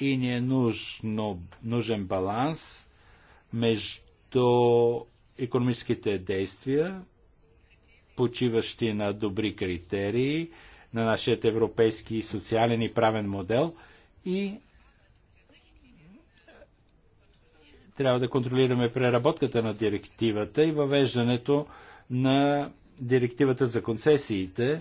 Speaker 3: и ни е нужно, нужен баланс между економическите действия, почиващи на добри критерии, на нашия европейски социален и правен модел и трябва да контролираме преработката на директивата и въвеждането на директивата за концесиите,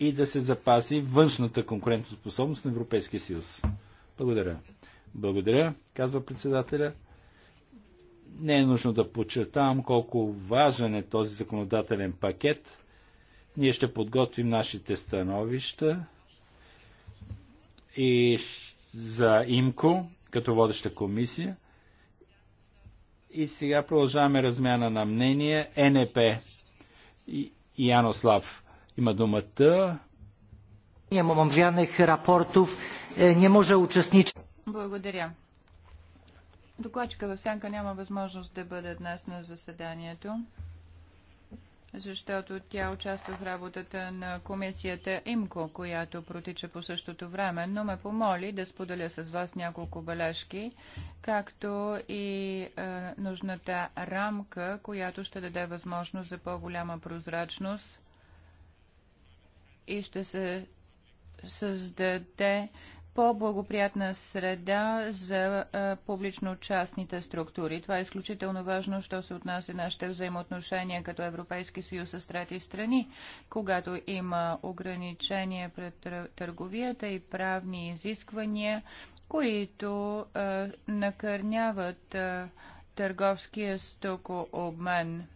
Speaker 3: и да се запази външната конкурентоспособност на Европейския съюз. Благодаря. Благодаря, казва председателя. Не е нужно да подчертавам колко важен е този законодателен пакет. Ние ще подготвим нашите становища и за ИМКО като водеща комисия. И сега продължаваме размяна на мнение. Е НП и Янослав има думата. Няма омвяних рапортов, е, не може участничи.
Speaker 2: Благодаря. Докладчика в Сянка няма възможност да бъде днес на заседанието, защото тя участва в работата на комисията ИМКО, която протича по същото време, но ме помоли да споделя с вас няколко бележки, както и е, нужната рамка, която ще даде възможност за по-голяма прозрачност и ще се създаде по-благоприятна среда за публично-частните структури. Това е изключително важно, що се отнася нашите взаимоотношения като Европейски съюз с трети страни, когато има ограничения пред търговията и правни изисквания, които а, накърняват а, търговския стокообмен. обмен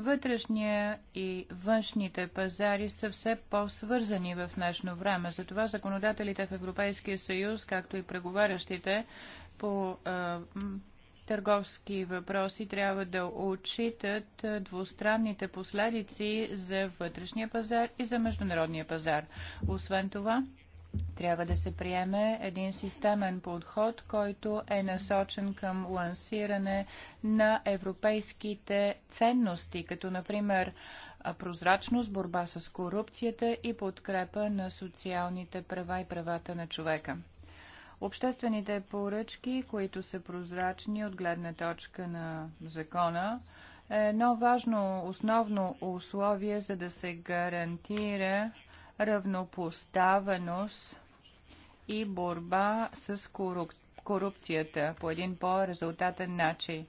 Speaker 2: Вътрешния и външните пазари са все по-свързани в днешно време. Затова законодателите в Европейския съюз, както и преговарящите по а, търговски въпроси, трябва да отчитат двустранните последици за вътрешния пазар и за международния пазар. Освен това, трябва да се приеме един системен подход, който е насочен към лансиране на европейските ценности, като например прозрачност, борба с корупцията и подкрепа на социалните права и правата на човека. Обществените поръчки, които са прозрачни от гледна точка на закона, е едно важно основно условие, за да се гарантира равнопоставеност и борба с корупцията по един по-резултатен начин.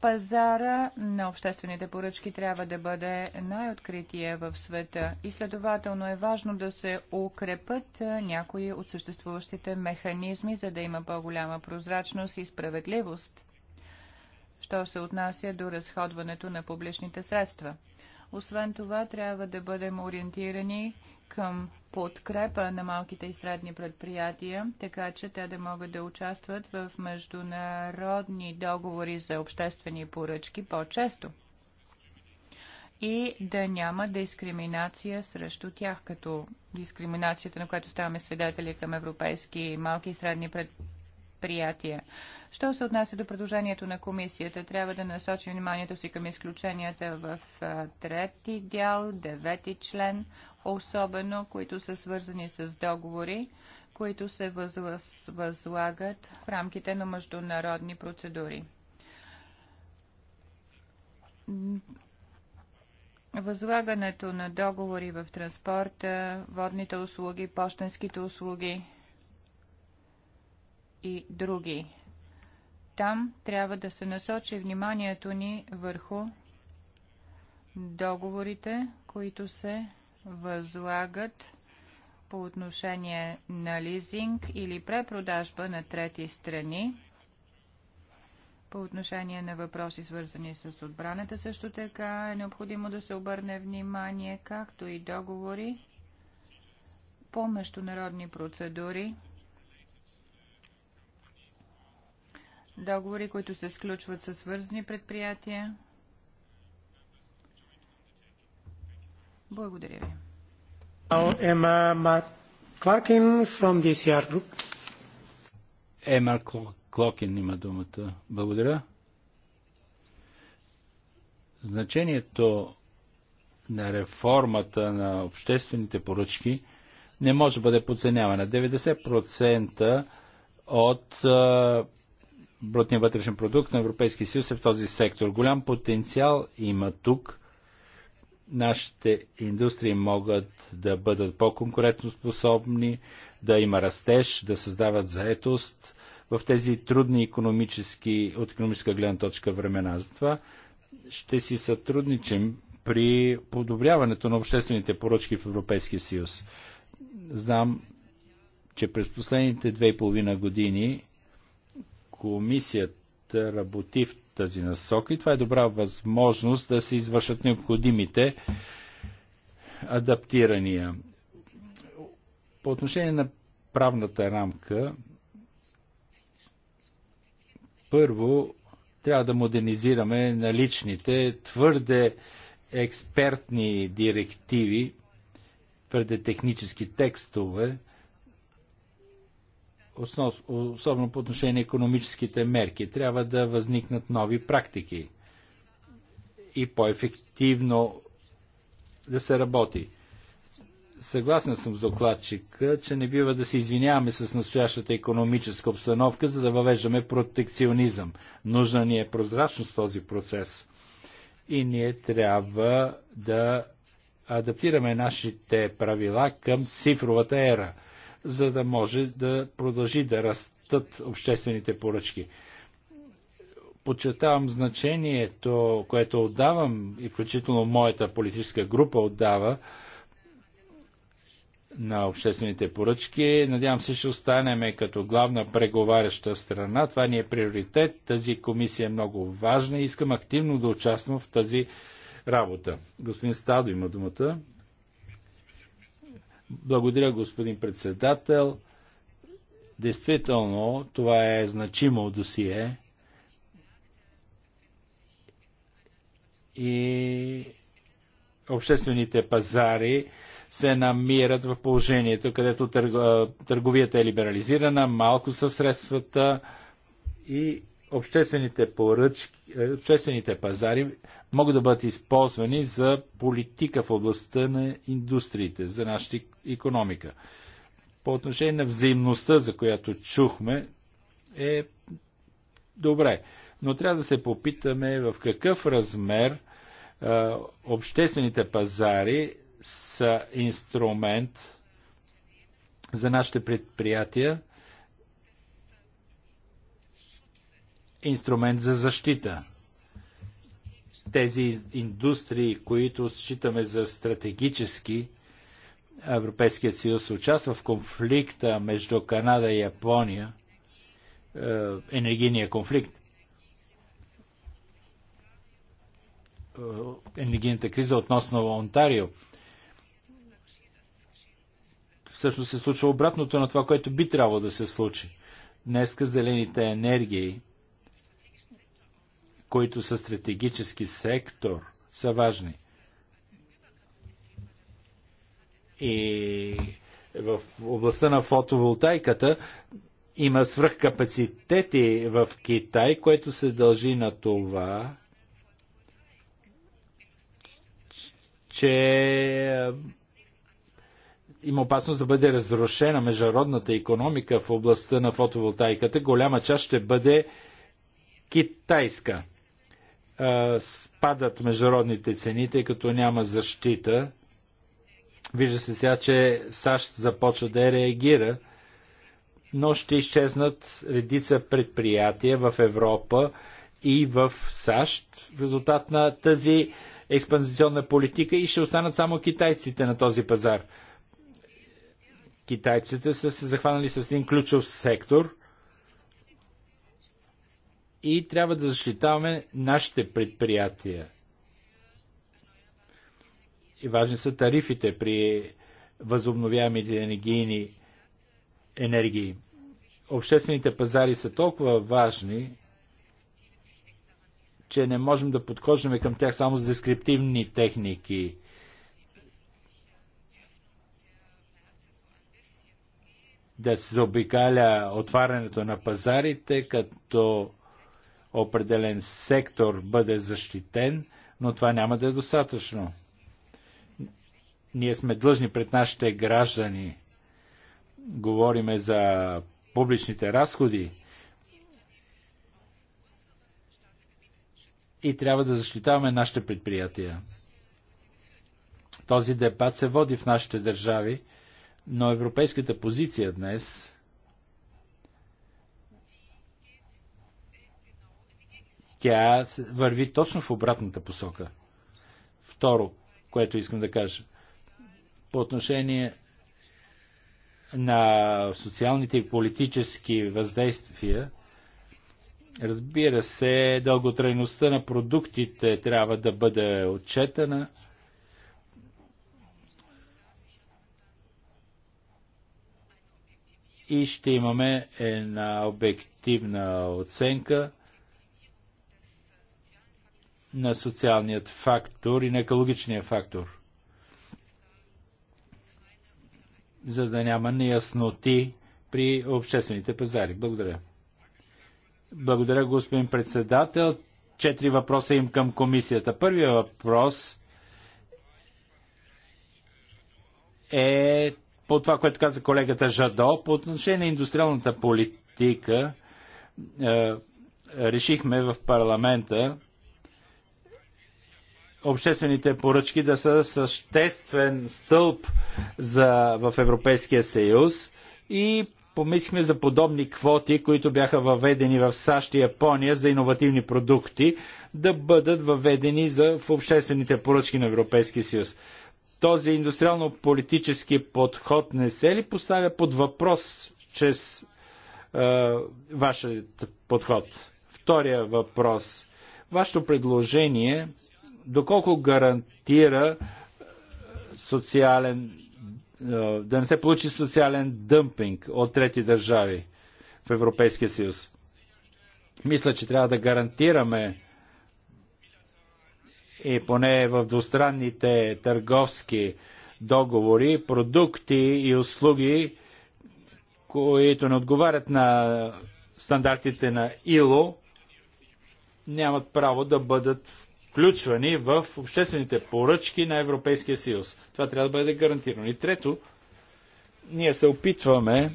Speaker 2: Пазара на обществените поръчки трябва да бъде най-открития в света и следователно е важно да се укрепят някои от съществуващите механизми, за да има по-голяма прозрачност и справедливост, що се отнася до разходването на публичните средства. Освен това, трябва да бъдем ориентирани към подкрепа на малките и средни предприятия, така че те да могат да участват в международни договори за обществени поръчки по-често и да няма дискриминация срещу тях, като дискриминацията, на която ставаме свидетели към европейски малки и средни предприятия предприятия. Що се отнася до предложението на комисията, трябва да насочи вниманието си към изключенията в трети дял, девети член, особено които са свързани с договори, които се възлагат в рамките на международни процедури. Възлагането на договори в транспорта, водните услуги, почтенските услуги – и други. Там трябва да се насочи вниманието ни върху договорите, които се възлагат по отношение на лизинг или препродажба на трети страни. По отношение на въпроси, свързани с отбраната, също така е необходимо да се обърне внимание, както и договори по международни процедури договори, които се сключват със свързани предприятия. Благодаря ви.
Speaker 1: Ема Кларкин from DCR Group.
Speaker 3: Ема Клокин има думата. Благодаря. Значението на реформата на обществените поръчки не може да бъде подценявана. 90% от а, брутния вътрешен продукт на Европейския съюз е в този сектор. Голям потенциал има тук. Нашите индустрии могат да бъдат по-конкурентоспособни, да има растеж, да създават заетост в тези трудни економически, от економическа гледна точка времена. Затова ще си сътрудничим при подобряването на обществените поръчки в Европейския съюз. Знам, че през последните две и половина години комисията работи в тази насока и това е добра възможност да се извършат необходимите адаптирания. По отношение на правната рамка, първо трябва да модернизираме наличните твърде експертни директиви, твърде технически текстове, особено по отношение на економическите мерки. Трябва да възникнат нови практики и по-ефективно да се работи. Съгласен съм с докладчика, че не бива да се извиняваме с настоящата економическа обстановка, за да въвеждаме протекционизъм. Нужна ни е прозрачност в този процес. И ние трябва да адаптираме нашите правила към цифровата ера – за да може да продължи да растат обществените поръчки. Подчертавам значението, което отдавам и включително моята политическа група отдава на обществените поръчки. Надявам се, ще останем като главна преговаряща страна. Това ни е приоритет. Тази комисия е много важна и искам активно да участвам в тази работа. Господин Стадо има думата. Благодаря, господин председател. Действително, това е значимо досие. И обществените пазари се намират в положението, където търговията е либерализирана, малко са средствата и обществените поръчки, е, обществените пазари могат да бъдат използвани за политика в областта на индустриите, за нашите економика. По отношение на взаимността, за която чухме, е добре. Но трябва да се попитаме в какъв размер а, обществените пазари са инструмент за нашите предприятия, инструмент за защита. Тези индустрии, които считаме за стратегически, Европейският съюз участва в конфликта между Канада и Япония, е, енергийния конфликт, е, енергийната криза относно Онтарио. Всъщност се случва обратното на това, което би трябвало да се случи. Днеска зелените енергии, които са стратегически сектор, са важни – и в областта на фотоволтайката има свръхкапацитети в Китай, което се дължи на това, че е, има опасност да бъде разрушена международната економика в областта на фотоволтайката. Голяма част ще бъде китайска. Е, спадат международните цени, тъй като няма защита Вижда се сега, че САЩ започва да реагира, но ще изчезнат редица предприятия в Европа и в САЩ в резултат на тази експанзиционна политика и ще останат само китайците на този пазар. Китайците са се захванали с един ключов сектор и трябва да защитаваме нашите предприятия и важни са тарифите при възобновяемите енергийни енергии. Обществените пазари са толкова важни, че не можем да подхождаме към тях само с дескриптивни техники. Да се заобикаля отварянето на пазарите, като определен сектор бъде защитен, но това няма да е достатъчно ние сме длъжни пред нашите граждани. Говориме за публичните разходи и трябва да защитаваме нашите предприятия. Този дебат се води в нашите държави, но европейската позиция днес тя върви точно в обратната посока. Второ, което искам да кажа – по отношение на социалните и политически въздействия, разбира се, дълготрайността на продуктите трябва да бъде отчетена. И ще имаме една обективна оценка на социалният фактор и на екологичния фактор. за да няма неясноти при обществените пазари. Благодаря. Благодаря, господин председател. Четири въпроса им към комисията. Първият въпрос е по това, което каза колегата Жадо, по отношение на индустриалната политика. Е, решихме в парламента обществените поръчки да са съществен стълб за, в Европейския съюз и помислихме за подобни квоти, които бяха въведени в САЩ и Япония за иновативни продукти, да бъдат въведени за, в обществените поръчки на Европейския съюз. Този индустриално-политически подход не се ли поставя под въпрос чрез е, вашият подход? Втория въпрос. Вашето предложение доколко гарантира социален, да не се получи социален дъмпинг от трети държави в Европейския съюз. Мисля, че трябва да гарантираме и поне в двустранните търговски договори, продукти и услуги, които не отговарят на стандартите на ИЛО, нямат право да бъдат включвани в обществените поръчки на Европейския съюз. Това трябва да бъде гарантирано. И трето, ние се опитваме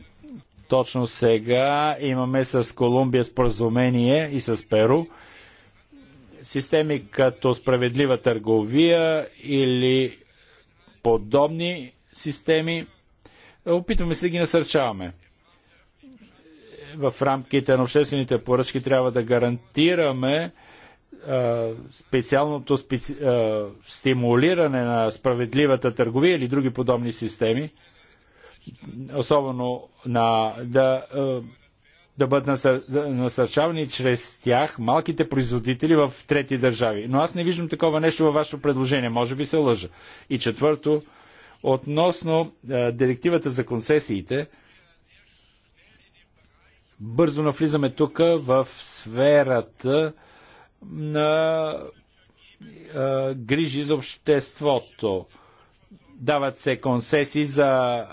Speaker 3: точно сега имаме с Колумбия споразумение и с Перу системи като справедлива търговия или подобни системи. Опитваме се да ги насърчаваме. В рамките на обществените поръчки трябва да гарантираме специалното специ... стимулиране на справедливата търговия или други подобни системи, особено на, да, да бъдат насърчавани чрез тях малките производители в трети държави. Но аз не виждам такова нещо във вашето предложение. Може би се лъжа. И четвърто, относно а, директивата за концесиите, бързо навлизаме тук в сферата на а, грижи за обществото. Дават се концесии за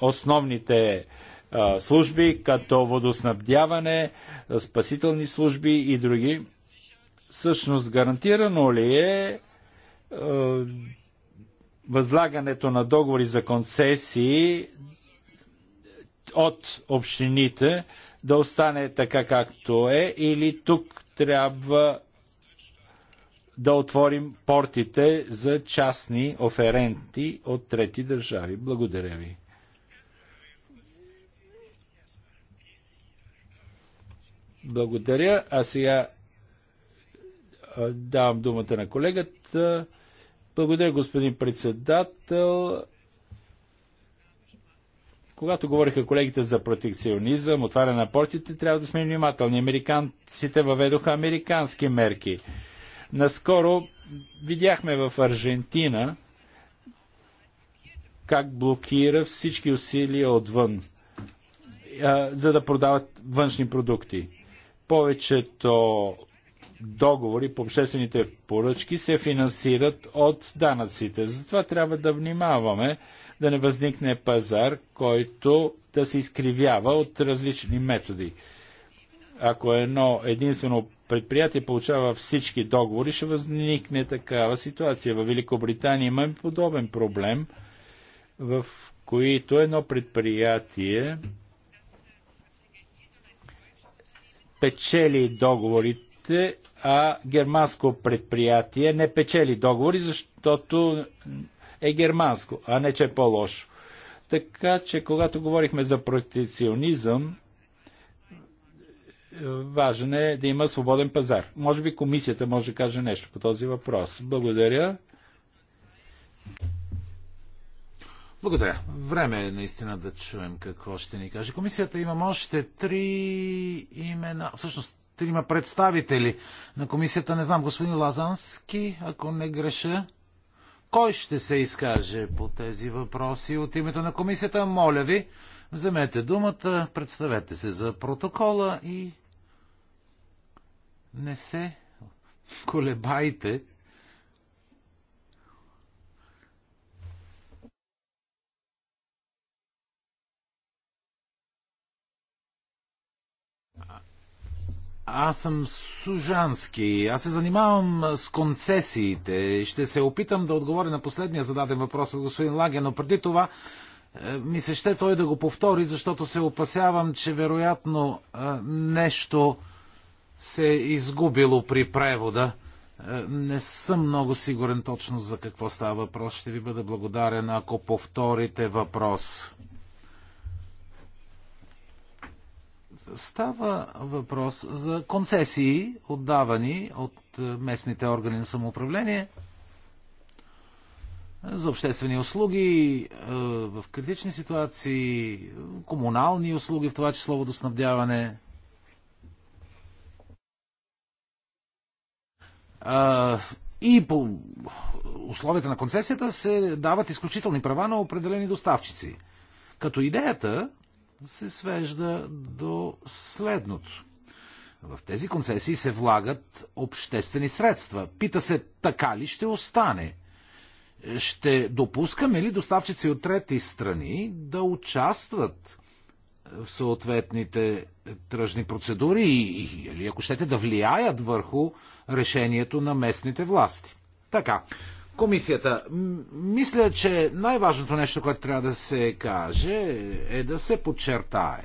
Speaker 3: основните а, служби, като водоснабдяване, спасителни служби и други. Всъщност, гарантирано ли е а, възлагането на договори за концесии от общините да остане така както е или тук трябва да отворим портите за частни оференти от трети държави. Благодаря ви. Благодаря. А сега давам думата на колегата. Благодаря, господин председател. Когато говориха колегите за протекционизъм, отваряне на портите, трябва да сме внимателни. Американците въведоха американски мерки. Наскоро видяхме в Аржентина как блокира всички усилия отвън, за да продават външни продукти. Повечето договори по обществените поръчки се финансират от данъците. Затова трябва да внимаваме да не възникне пазар, който да се изкривява от различни методи. Ако едно единствено предприятие получава всички договори, ще възникне такава ситуация. В Великобритания имаме подобен проблем, в които едно предприятие печели договорите, а германско предприятие не печели договори, защото е германско, а не че е по-лошо. Така че, когато говорихме за протекционизъм, важен е да има свободен пазар. Може би комисията може да каже нещо по този въпрос. Благодаря. Благодаря.
Speaker 4: Време е наистина да чуем какво ще ни каже. Комисията има още три имена, всъщност трима представители на комисията. Не знам, господин Лазански, ако не греша. Кой ще се изкаже по тези въпроси от името на комисията? Моля ви, вземете думата, представете се за протокола и не се колебайте. Аз съм Сужански. Аз се занимавам с концесиите. Ще се опитам да отговоря на последния зададен въпрос от господин Лаге, но преди това е, ми се ще той да го повтори, защото се опасявам, че вероятно е, нещо се е изгубило при превода. Е, не съм много сигурен точно за какво става въпрос. Ще ви бъда благодарен, ако повторите въпрос. Става въпрос за концесии, отдавани от е, местните органи на самоуправление е, за обществени услуги в критични ситуации, комунални услуги, в това число водоснабдяване, И по условията на концесията се дават изключителни права на определени доставчици. Като идеята се свежда до следното. В тези концесии се влагат обществени средства. Пита се, така ли ще остане? Ще допускаме ли доставчици от трети страни да участват в съответните тръжни процедури и, или ако щете да влияят върху решението на местните власти. Така, комисията. Мисля, че най-важното нещо, което трябва да се каже е да се подчертае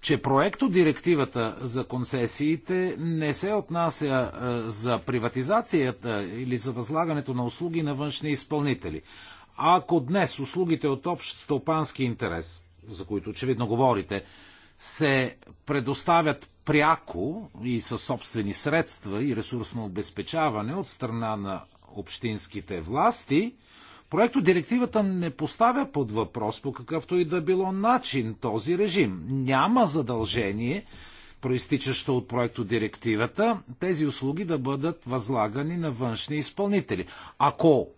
Speaker 4: че проекто директивата за концесиите не се отнася е, за приватизацията е, или за възлагането на услуги на външни изпълнители. Ако днес услугите от общ стопански интерес за които очевидно говорите, се предоставят пряко и със собствени средства и ресурсно обезпечаване от страна на общинските власти, проекто директивата не поставя под въпрос по какъвто и да било начин този режим. Няма задължение, проистичащо от проекто директивата, тези услуги да бъдат възлагани на външни изпълнители. Ако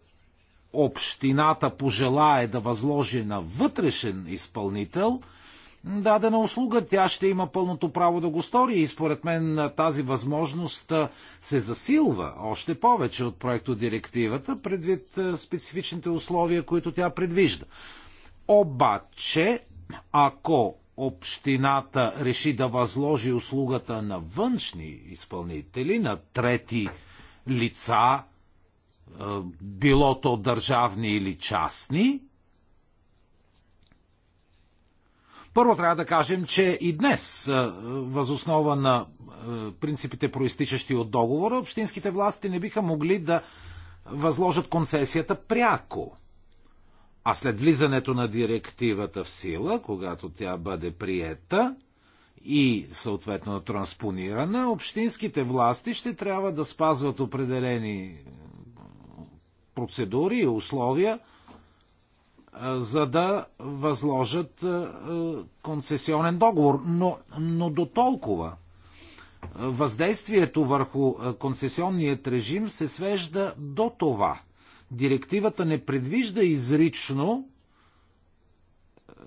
Speaker 4: общината пожелае да възложи на вътрешен изпълнител дадена услуга, тя ще има пълното право да го стори и според мен тази възможност се засилва още повече от проекто директивата, предвид специфичните условия, които тя предвижда. Обаче, ако общината реши да възложи услугата на външни изпълнители, на трети лица, било то държавни или частни, първо трябва да кажем, че и днес, възоснова на принципите, проистичащи от договора, общинските власти не биха могли да възложат концесията пряко. А след влизането на директивата в сила, когато тя бъде приета и съответно транспонирана, общинските власти ще трябва да спазват определени процедури и условия, за да възложат концесионен договор. Но, но до толкова. Въздействието върху концесионният режим се свежда до това. Директивата не предвижда изрично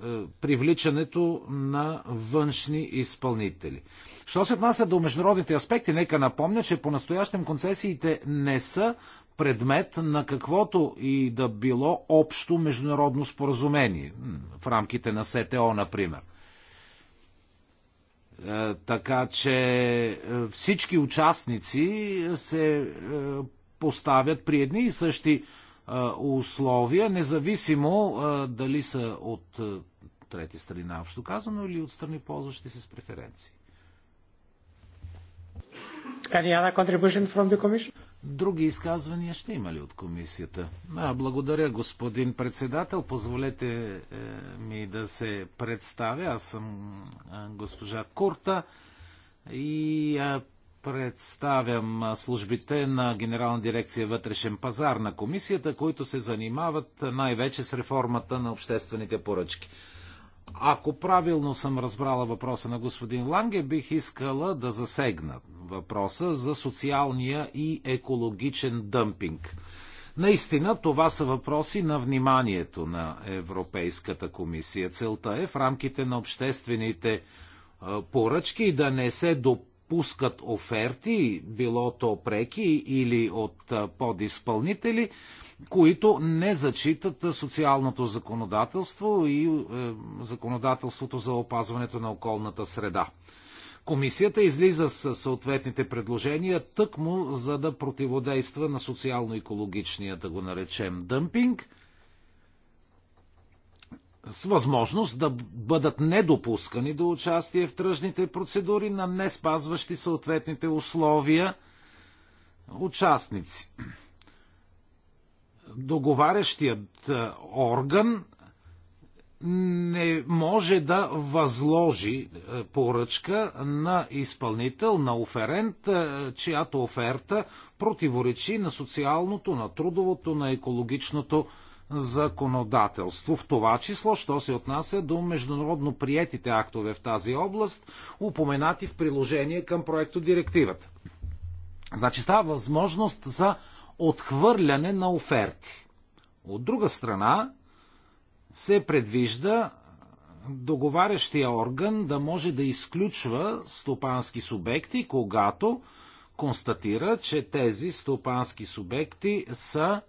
Speaker 4: е, привличането на външни изпълнители. Що се отнася до международните аспекти, нека напомня, че по-настоящем концесиите не са предмет на каквото и да било общо международно споразумение, в рамките на СТО, например. Е, така че е, всички участници се поставят при едни и същи условия, независимо дали са от трети страни, общо казано, или от страни, ползващи се с преференции. Други изказвания ще има ли от комисията? А, благодаря, господин председател. Позволете е, ми да се представя. Аз съм е, госпожа Курта и е, представям службите на Генерална дирекция вътрешен пазар на комисията, които се занимават най-вече с реформата на обществените поръчки. Ако правилно съм разбрала въпроса на господин Ланге, бих искала да засегна въпроса за социалния и екологичен дъмпинг. Наистина, това са въпроси на вниманието на Европейската комисия. Целта е в рамките на обществените поръчки да не се допълнят пускат оферти, било то преки или от подизпълнители, които не зачитат социалното законодателство и е, законодателството за опазването на околната среда. Комисията излиза с съответните предложения тъкмо за да противодейства на социално-екологичния, да го наречем, дъмпинг – с възможност да бъдат недопускани до участие в тръжните процедури на не спазващи съответните условия участници. Договарящият е, орган не може да възложи е, поръчка на изпълнител, на оферент, е, чиято оферта противоречи на социалното, на трудовото, на екологичното законодателство, в това число, що се отнася до международно приетите актове в тази област, упоменати в приложение към проекто директивата. Значи става възможност за отхвърляне на оферти. От друга страна, се предвижда договарящия орган да може да изключва стопански субекти, когато констатира, че тези стопански субекти са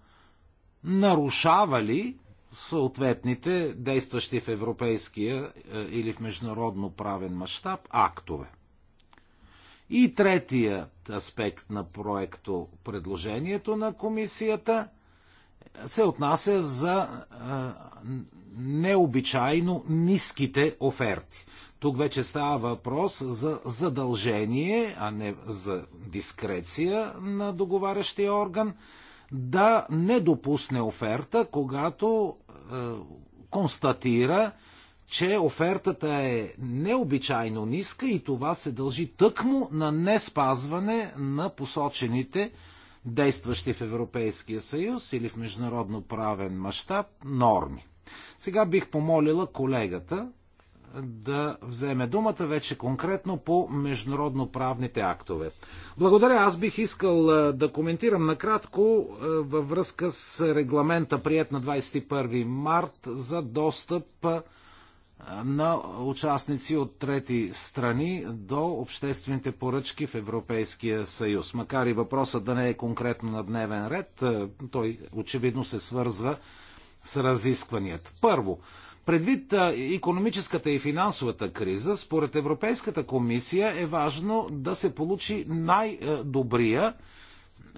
Speaker 4: нарушавали съответните действащи в европейския е, или в международно правен мащаб актове. И третият аспект на проекто предложението на комисията се отнася за е, необичайно ниските оферти. Тук вече става въпрос за задължение, а не за дискреция на договарящия орган да не допусне оферта, когато е, констатира, че офертата е необичайно ниска и това се дължи тъкмо на не спазване на посочените действащи в Европейския съюз или в международно правен мащаб норми. Сега бих помолила колегата да вземе думата вече конкретно по международно-правните актове. Благодаря, аз бих искал да коментирам накратко във връзка с регламента, прият на 21 март за достъп на участници от трети страни до обществените поръчки в Европейския съюз. Макар и въпросът да не е конкретно на дневен ред, той очевидно се свързва с разискванията. Първо, Предвид економическата и финансовата криза, според Европейската комисия е важно да се получи най-добрия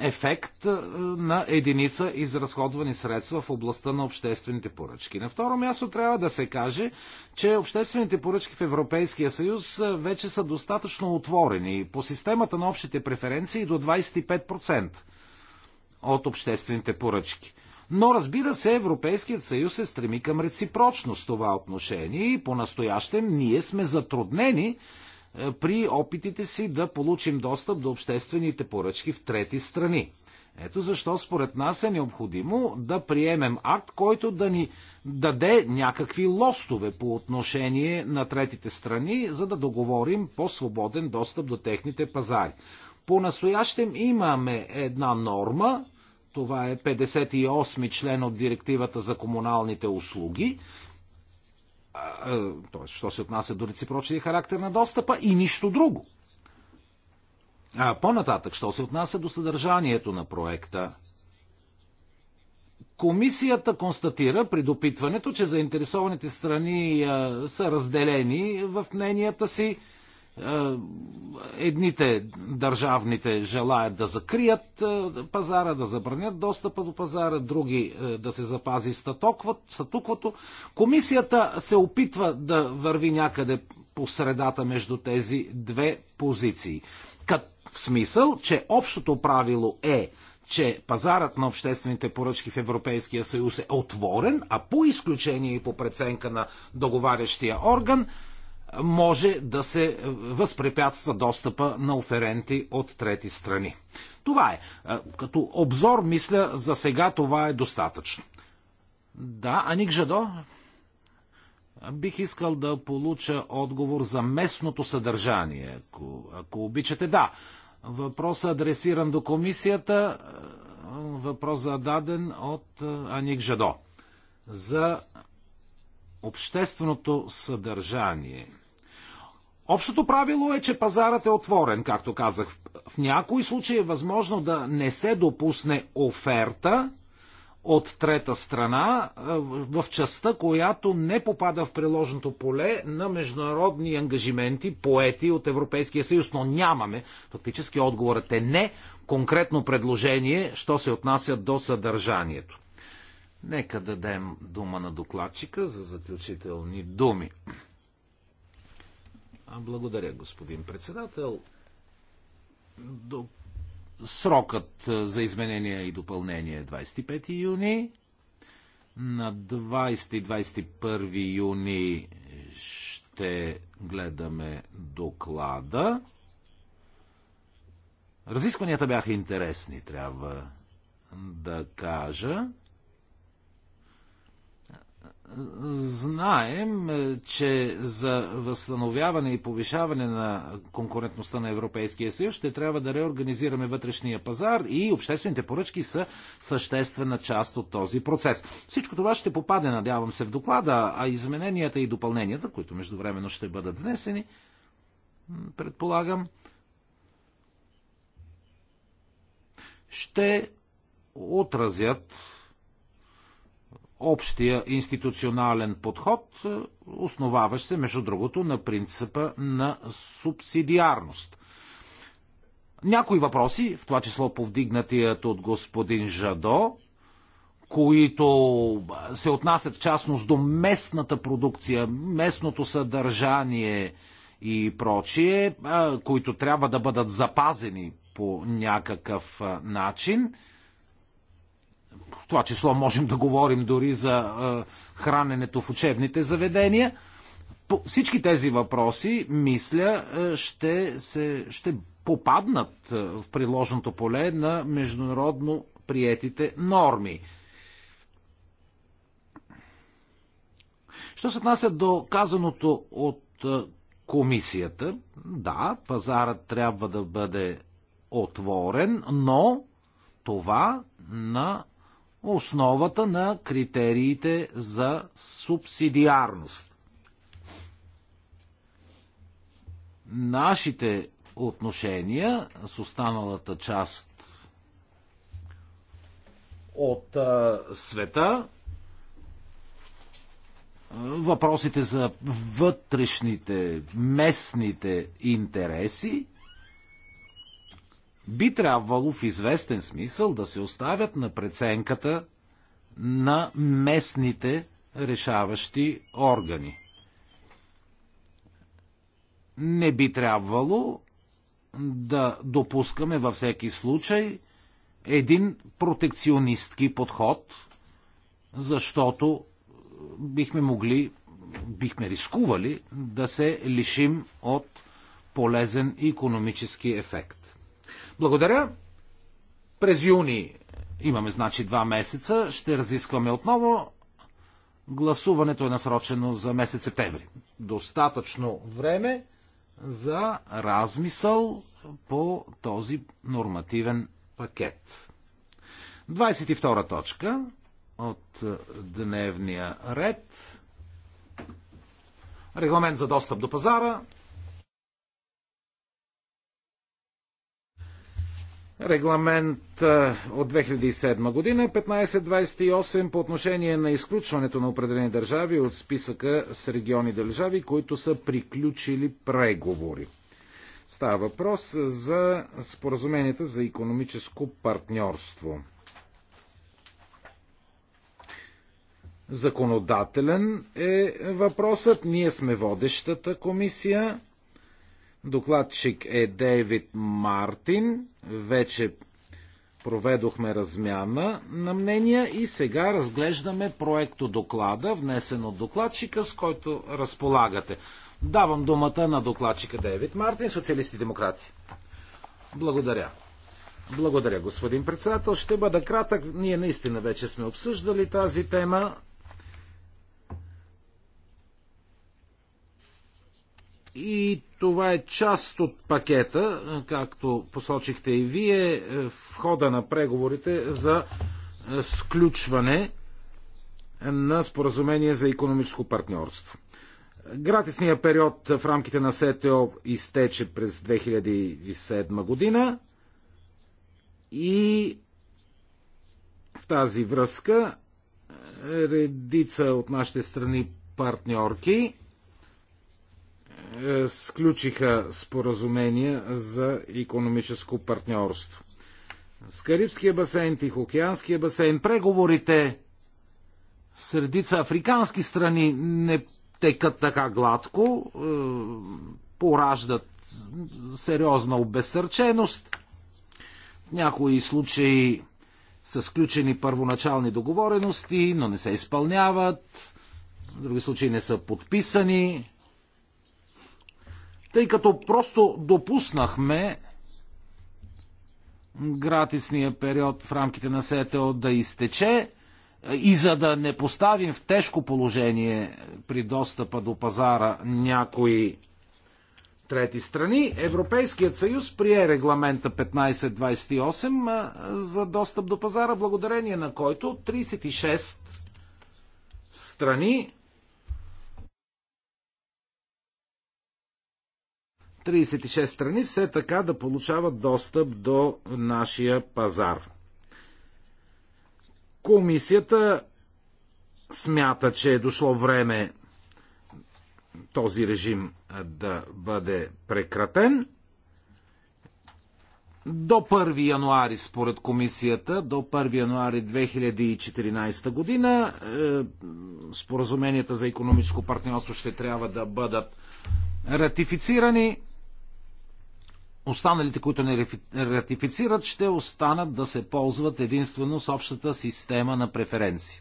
Speaker 4: ефект на единица изразходвани средства в областта на обществените поръчки. На второ място трябва да се каже, че обществените поръчки в Европейския съюз вече са достатъчно отворени по системата на общите преференции до 25% от обществените поръчки – но разбира се, Европейският съюз се стреми към реципрочност това отношение и по-настоящем ние сме затруднени е, при опитите си да получим достъп до обществените поръчки в трети страни. Ето защо според нас е необходимо да приемем акт, който да ни даде някакви лостове по отношение на третите страни, за да договорим по-свободен достъп до техните пазари. По-настоящем имаме една норма, това е 58 член от директивата за комуналните услуги. Тоест, що се отнася до реципрочния характер на достъпа и нищо друго. А по-нататък, що се отнася до съдържанието на проекта, Комисията констатира при допитването, че заинтересованите страни са разделени в мненията си е, едните държавните желаят да закрият е, пазара, да забранят достъпа до пазара, други е, да се запази статуквото. Комисията се опитва да върви някъде по средата между тези две позиции. Кът, в смисъл, че общото правило е че пазарът на обществените поръчки в Европейския съюз е отворен, а по изключение и по преценка на договарящия орган, може да се възпрепятства достъпа на оференти от трети страни. Това е. Като обзор, мисля, за сега това е достатъчно. Да, Аник Жадо, бих искал да получа отговор за местното съдържание, ако, ако обичате. Да, въпросът адресиран до комисията, въпрос зададен от Аник Жадо за общественото съдържание. Общото правило е, че пазарът е отворен, както казах. В някои случаи е възможно да не се допусне оферта от трета страна в частта, която не попада в приложното поле на международни ангажименти, поети от Европейския съюз, но нямаме. Фактически отговорът е не конкретно предложение, що се отнася до съдържанието. Нека дадем дума на докладчика за заключителни думи. Благодаря, господин председател. До... Срокът за изменение и допълнение е 25 юни. На 20 и 21 юни ще гледаме доклада. Разискванията бяха интересни, трябва да кажа знаем, е, че за възстановяване и повишаване на конкурентността на Европейския съюз ще трябва да реорганизираме вътрешния пазар и обществените поръчки са съществена част от този процес. Всичко това ще попаде, надявам се, в доклада, а измененията и допълненията, които междувременно ще бъдат внесени, предполагам, ще отразят общия институционален подход, е, основаващ се, между другото, на принципа на субсидиарност. Някои въпроси, в това число повдигнатият от господин Жадо, които е, се отнасят в частност до местната продукция, местното съдържание и прочие, е, които трябва да бъдат запазени по някакъв начин – в това число можем да говорим дори за е, храненето в учебните заведения. По всички тези въпроси, мисля, е, ще, се, ще попаднат е, в приложното поле на международно приетите норми. Що се отнася до казаното от комисията, да, пазарът трябва да бъде отворен, но това на основата на критериите за субсидиарност. Нашите отношения с останалата част от а, света, въпросите за вътрешните, местните интереси, би трябвало в известен смисъл да се оставят на преценката на местните решаващи органи. Не би трябвало да допускаме във всеки случай един протекционистки подход, защото бихме могли, бихме рискували да се лишим от полезен економически ефект. Благодаря. През юни имаме, значи, два месеца. Ще разискваме отново. Гласуването е насрочено за месец септември. Достатъчно време за размисъл по този нормативен пакет. 22 точка от дневния ред. Регламент за достъп до пазара. Регламент е, от 2007 година 1528 е по отношение на изключването на определени държави от списъка с региони държави, които са приключили преговори. Става въпрос за споразуменията за економическо партньорство. Законодателен е въпросът. Ние сме водещата комисия Докладчик е Дейвид Мартин. Вече проведохме размяна на мнения и сега разглеждаме проекто доклада, внесен от докладчика, с който разполагате. Давам думата на докладчика Дейвид Мартин, социалисти демократи. Благодаря. Благодаря, господин председател. Ще бъда кратък. Ние наистина вече сме обсъждали тази тема. И това е част от пакета, както посочихте и вие, е, в хода на преговорите за е, сключване на споразумение за економическо партньорство. Гратисният период в рамките на СТО изтече през 2007 година и в тази връзка е, редица от нашите страни партньорки е, сключиха споразумения за економическо партньорство. С Карибския басейн, Тихоокеанския басейн, преговорите с редица африкански страни не текат така гладко, е, пораждат сериозна обесърченост. В някои случаи са сключени първоначални договорености, но не се изпълняват. В други случаи не са подписани тъй като просто допуснахме гратисния период в рамките на СТО да изтече и за да не поставим в тежко положение при достъпа до пазара някои трети страни, Европейският съюз прие регламента 1528 за достъп до пазара, благодарение на който 36 страни 36 страни все така да получават достъп до нашия пазар. Комисията смята, че е дошло време този режим да бъде прекратен. До 1 януари, според комисията, до 1 януари 2014 година е, споразуменията за економическо партньорство ще трябва да бъдат ратифицирани останалите, които не ратифицират, ще останат да се ползват единствено с общата система на преференции.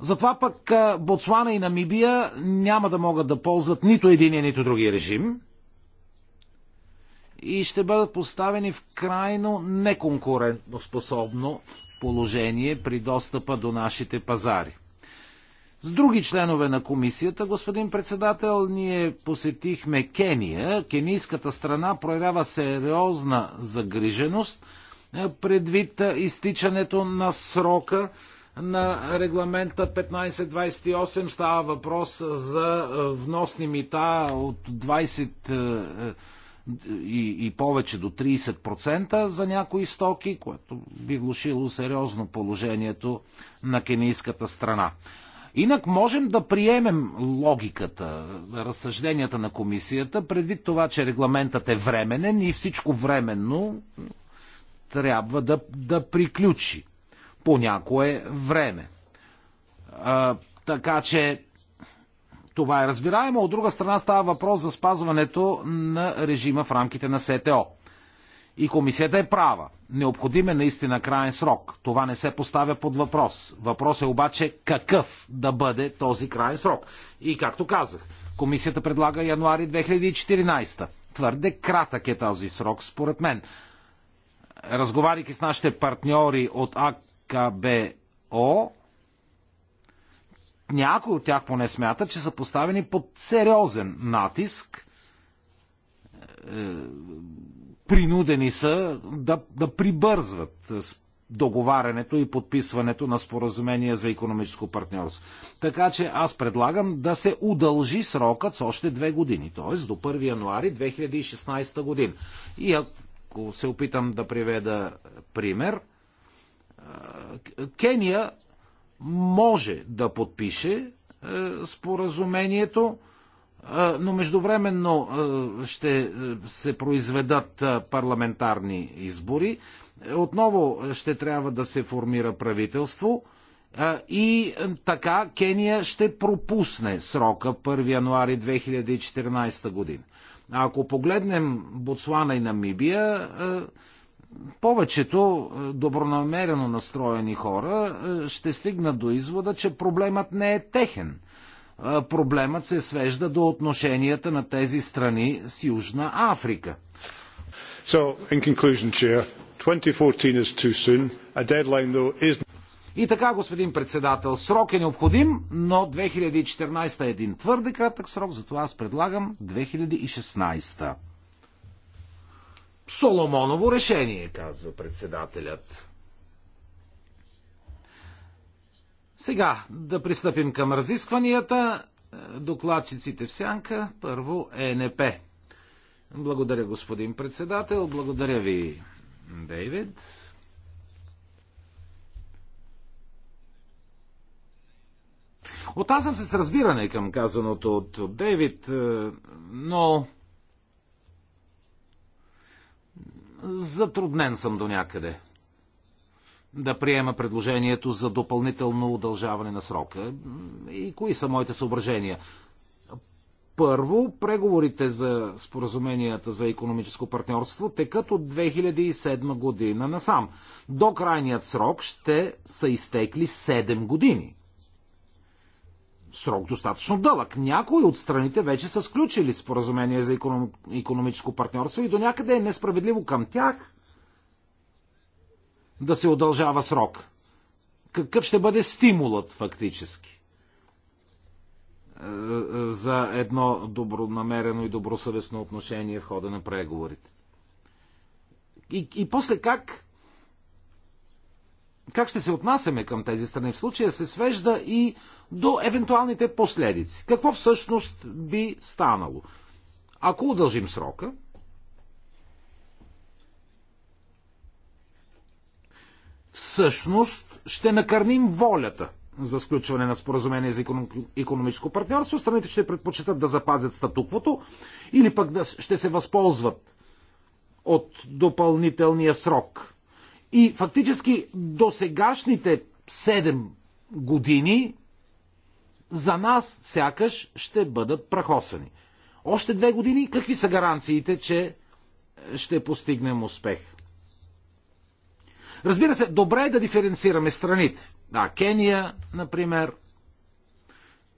Speaker 4: Затова пък Ботсвана и Намибия няма да могат да ползват нито един, нито другия режим и ще бъдат поставени в крайно способно положение при достъпа до нашите пазари. С други членове на комисията, господин председател, ние посетихме Кения. Кенийската страна проявява сериозна загриженост е, предвид е, изтичането на срока на регламента 1528 става въпрос за е, вносни мита от 20 и, и повече до 30% за някои стоки, което би глушило сериозно положението на кенийската страна. Инак можем да приемем логиката, разсъжденията на комисията, предвид това, че регламентът е временен и всичко временно трябва да, да приключи по някое време. А, така че това е разбираемо. От друга страна става въпрос за спазването на режима в рамките на СТО. И комисията е права. Необходим е наистина крайен срок. Това не се поставя под въпрос. Въпрос е обаче какъв да бъде този крайен срок. И както казах, комисията предлага януари 2014. Твърде кратък е този срок, според мен. Разговаряйки с нашите партньори от АКБО, някои от тях поне смятат, че са поставени под сериозен натиск е, принудени са да, да прибързват с договарянето и подписването на споразумение за економическо партньорство. Така че аз предлагам да се удължи срокът с още две години, т.е. до 1 януари 2016 година. И ако се опитам да приведа пример, Кения може да подпише споразумението, но междувременно ще е, се произведат парламентарни избори. Отново ще трябва да се формира правителство и е, така Кения ще пропусне срока 1 януари 2014 година. А ако погледнем Ботсуана и Намибия, е, повечето добронамерено настроени хора ще стигнат до извода, че проблемът не е техен проблемът се свежда до отношенията на тези страни с Южна Африка. So, in conclusion, Chair, 2014 is too soon. A deadline, though, is... И така, господин председател, срок е необходим, но 2014 е един твърде кратък срок, затова аз предлагам 2016. Соломоново решение, казва председателят. Сега да пристъпим към разискванията. Е, докладчиците в сянка. Първо ЕНП. Благодаря, господин председател. Благодаря ви, Дейвид. Отазвам се с разбиране към казаното от Дейвид, е, но затруднен съм до някъде да приема предложението за допълнително удължаване на срока. И кои са моите съображения? Първо, преговорите за споразуменията за економическо партньорство текат от 2007 година насам. До крайният срок ще са изтекли 7 години. Срок достатъчно дълъг. Някои от страните вече са сключили споразумение за економическо партньорство и до някъде е несправедливо към тях да се удължава срок? Какъв ще бъде стимулът фактически? Е, е, за едно добронамерено и добросъвестно отношение в хода на преговорите. И, и после как, как ще се отнасяме към тези страни? В случая се свежда и до евентуалните последици. Какво всъщност би станало? Ако удължим срока, всъщност ще накърним волята за сключване на споразумение за економическо партньорство. Страните ще предпочитат да запазят статуквото или пък да ще се възползват от допълнителния срок. И фактически до сегашните 7 години за нас сякаш ще бъдат прахосани. Още две години, какви са гаранциите, че ще постигнем успех? Разбира се, добре е да диференцираме страните. Да, Кения, например.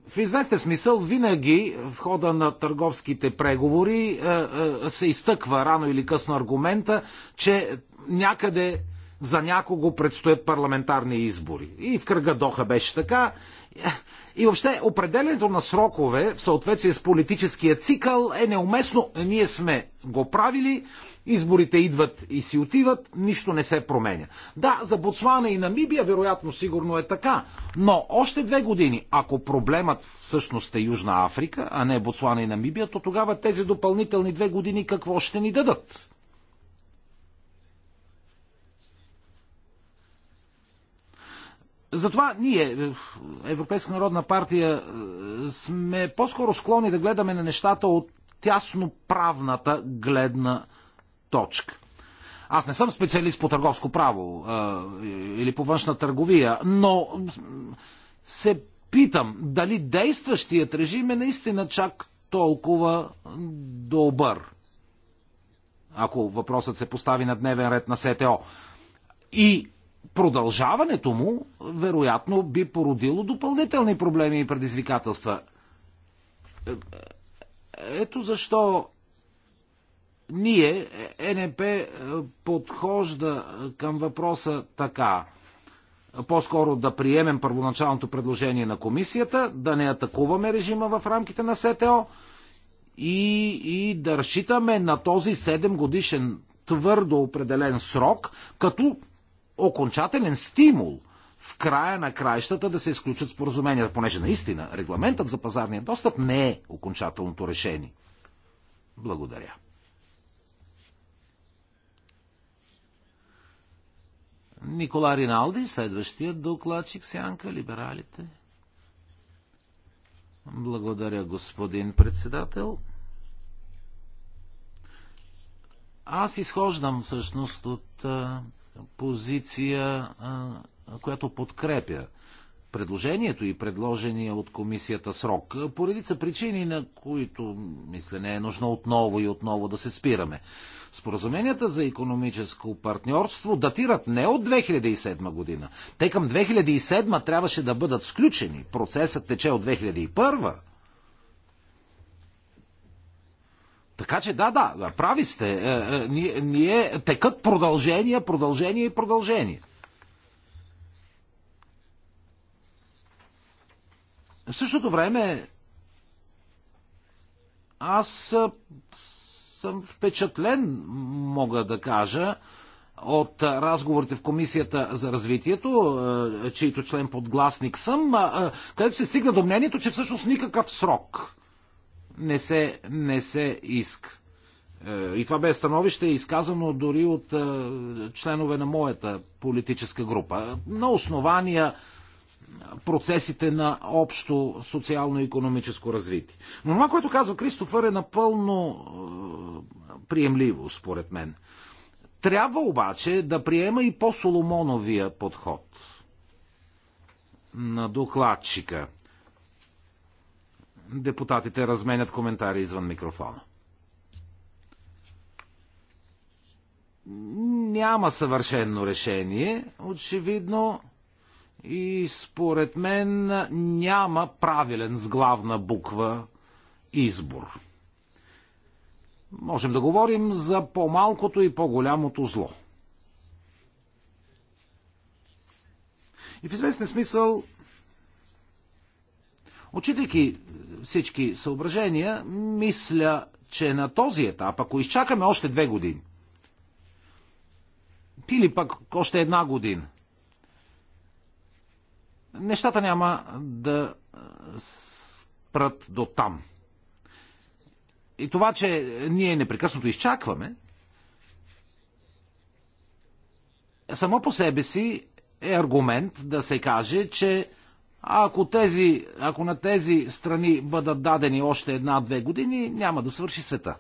Speaker 4: В известен смисъл, винаги в хода на търговските преговори е, е, се изтъква рано или късно аргумента, че някъде за някого предстоят парламентарни избори. И в кръга Доха беше така. И въобще определенето на срокове в съответствие с политическия цикъл е неуместно. Ние сме го правили, изборите идват и си отиват, нищо не се променя. Да, за Ботсвана и Намибия вероятно сигурно е така, но още две години, ако проблемът всъщност е Южна Африка, а не Ботсвана и Намибия, то тогава тези допълнителни две години какво ще ни дадат? Затова ние, е, Европейска народна партия, е, сме по-скоро склонни да гледаме на нещата от тясно правната гледна точка. Аз не съм специалист по търговско право а, е, или по външна търговия, но се питам дали действащият режим е наистина чак толкова добър. Ако въпросът се постави на дневен ред на СТО. И продължаването му, вероятно, би породило допълнителни проблеми и предизвикателства. Ето защо ние, е НП, подхожда към въпроса така. По-скоро да приемем първоначалното предложение на комисията, да не атакуваме режима в рамките на СТО и, и да разчитаме на този 7 годишен твърдо определен срок, като окончателен стимул в края на краищата да се изключат споразуменията, понеже наистина регламентът за пазарния достъп не е окончателното решение. Благодаря. Никола Риналди, следващия докладчик Сянка, либералите. Благодаря, господин председател. Аз изхождам всъщност от а, позиция, която подкрепя предложението и предложения от комисията срок. По редица причини, на които, мисля, не е нужно отново и отново да се спираме. Споразуменията за економическо партньорство датират не от 2007 година. Те към 2007 трябваше да бъдат сключени. Процесът тече от 2001. Така че да, да, прави сте. Е, е, ние, ние текат продължения, продължения и продължения. В същото време аз е, съм впечатлен, мога да кажа, от разговорите в Комисията за развитието, чието член подгласник съм, където се стигна до мнението, че всъщност никакъв срок не се, не се иска. Е, и това бе становище изказано дори от е, членове на моята политическа група. На основания процесите на общо социално-економическо развитие. Но това, което казва Кристофър, е напълно е, приемливо, според мен. Трябва обаче да приема и по-соломоновия подход на докладчика – Депутатите разменят коментари извън микрофона. Няма съвършено решение, очевидно, и според мен няма правилен с главна буква избор. Можем да говорим за по-малкото и по-голямото зло. И в известен смисъл Отчитайки всички съображения, мисля, че на този етап, ако изчакаме още две години, или пък още една година, нещата няма да спрат до там. И това, че ние непрекъснато изчакваме, само по себе си е аргумент да се каже, че а ако, тези, ако на тези страни бъдат дадени още една-две години, няма да свърши света.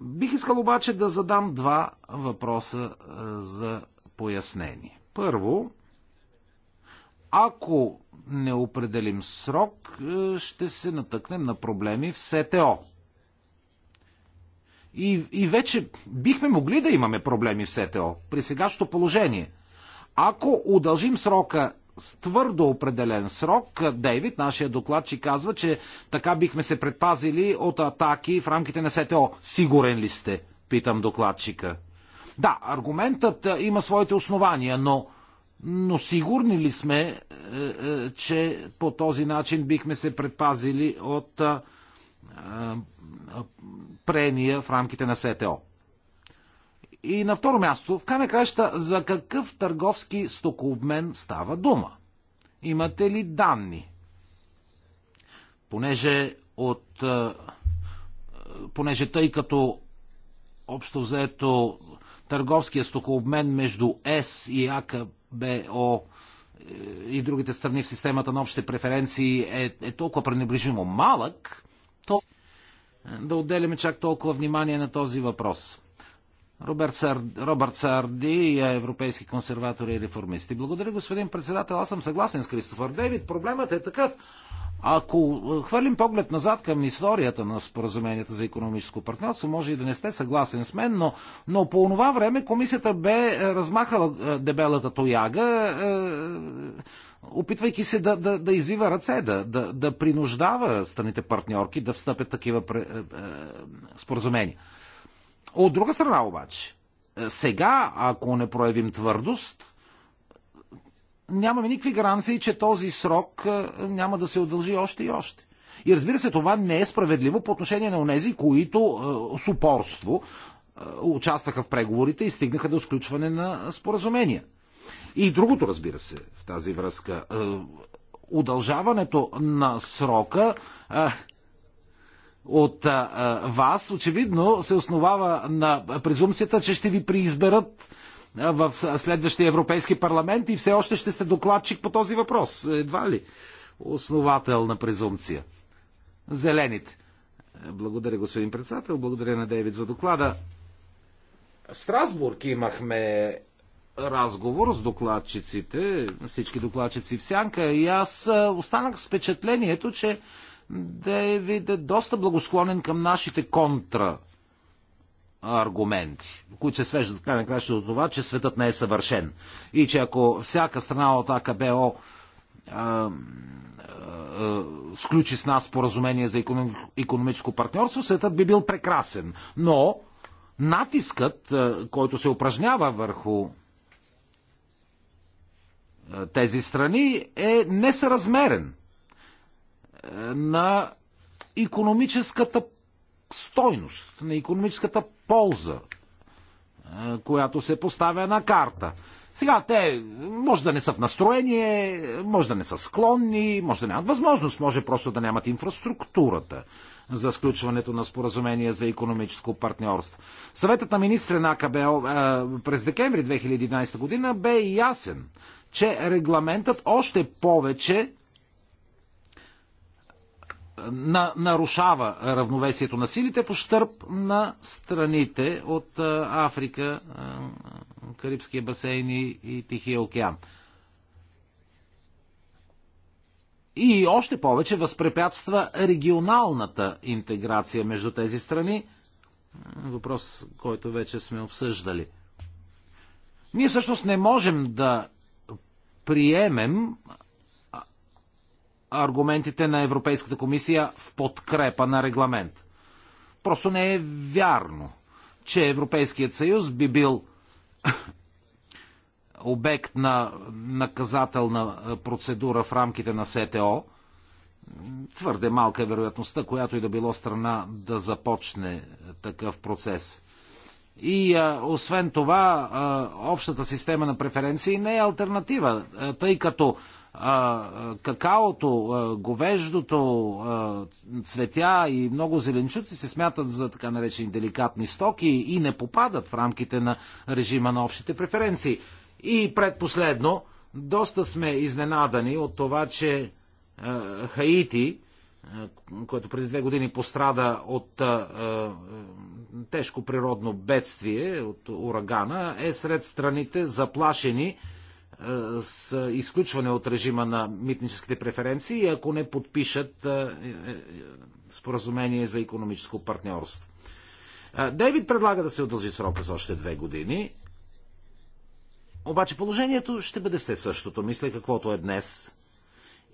Speaker 4: Бих искал обаче да задам два въпроса е, за пояснение. Първо, ако не определим срок, е, ще се натъкнем на проблеми в СТО. И, и вече бихме могли да имаме проблеми в СТО при сегашното положение – ако удължим срока с твърдо определен срок, Дейвид, нашия докладчик, казва, че така бихме се предпазили от атаки в рамките на СТО. Сигурен ли сте? Питам докладчика. Да, аргументът е, има своите основания, но, но сигурни ли сме, е, е, че по този начин бихме се предпазили от прения в рамките на СТО? И на второ място, в крайна краща, за какъв търговски стокообмен става дума? Имате ли данни? Понеже от... Е, понеже тъй като общо взето търговския стокообмен между С и АКБО е, и другите страни в системата на общите преференции е, е толкова пренебрежимо малък, то е, да отделяме чак толкова внимание на този въпрос. Робърт, Сар... Робърт Сарди, европейски консерватори и реформисти. Благодаря, господин председател. Аз съм съгласен с Кристофър Дейвид. Проблемът е такъв. Ако е, хвърлим поглед назад към историята на споразуменията за економическо партньорство, може и да не сте съгласен с мен, но, но по това време комисията бе е, размахала е, дебелата тояга, е, опитвайки се да, да, да извива ръце, да, да, да принуждава страните партньорки да встъпят такива е, е, споразумения. От друга страна обаче, е, сега, ако не проявим твърдост, нямаме никакви гаранции, че този срок е, няма да се удължи още и още. И разбира се, това не е справедливо по отношение на онези, които е, с упорство е, участваха в преговорите и стигнаха до сключване на споразумения. И другото, разбира се, в тази връзка. Е, удължаването на срока е, от а, вас, очевидно се основава на презумцията, че ще ви преизберат в следващия Европейски парламент и все още ще сте докладчик по този въпрос. Едва ли? Основател на презумпция. Зелените. Благодаря, господин председател. Благодаря на Дейвид за доклада. В Страсбург имахме разговор с докладчиците, всички докладчици в сянка, и аз останах с впечатлението, че Дейвид е доста благосклонен към нашите контра аргументи, които се свеждат край на до това, че светът не е съвършен. И че ако всяка страна от АКБО а, а, сключи с нас споразумение за економическо партньорство, светът би бил прекрасен. Но натискът, който се упражнява върху тези страни, е несъразмерен на економическата стойност, на економическата полза, която се поставя на карта. Сега те може да не са в настроение, може да не са склонни, може да нямат възможност, може просто да нямат инфраструктурата за сключването на споразумение за економическо партньорство. Съветът на министри на АКБ през декември 2011 година бе ясен, че регламентът още повече на, нарушава равновесието на силите в ощърп на страните от Африка, Карибския басейн и Тихия океан. И още повече възпрепятства регионалната интеграция между тези страни. Въпрос, който вече сме обсъждали. Ние всъщност не можем да приемем аргументите на Европейската комисия в подкрепа на регламент. Просто не е вярно, че Европейският съюз би бил обект на наказателна процедура в рамките на СТО. Твърде малка е вероятността, която и да било страна да започне такъв процес. И а, освен това, а, общата система на преференции не е альтернатива, а, тъй като какаото, говеждото, цветя и много зеленчуци се смятат за така наречени деликатни стоки и не попадат в рамките на режима на общите преференции. И предпоследно, доста сме изненадани от това, че Хаити, което преди две години пострада от тежко природно бедствие, от урагана, е сред страните заплашени е, с изключване от режима на митническите преференции, ако не подпишат е, е, споразумение за економическо партньорство. Дейвид предлага да се удължи срока за още две години. Обаче положението ще бъде все същото, мисля, каквото е днес.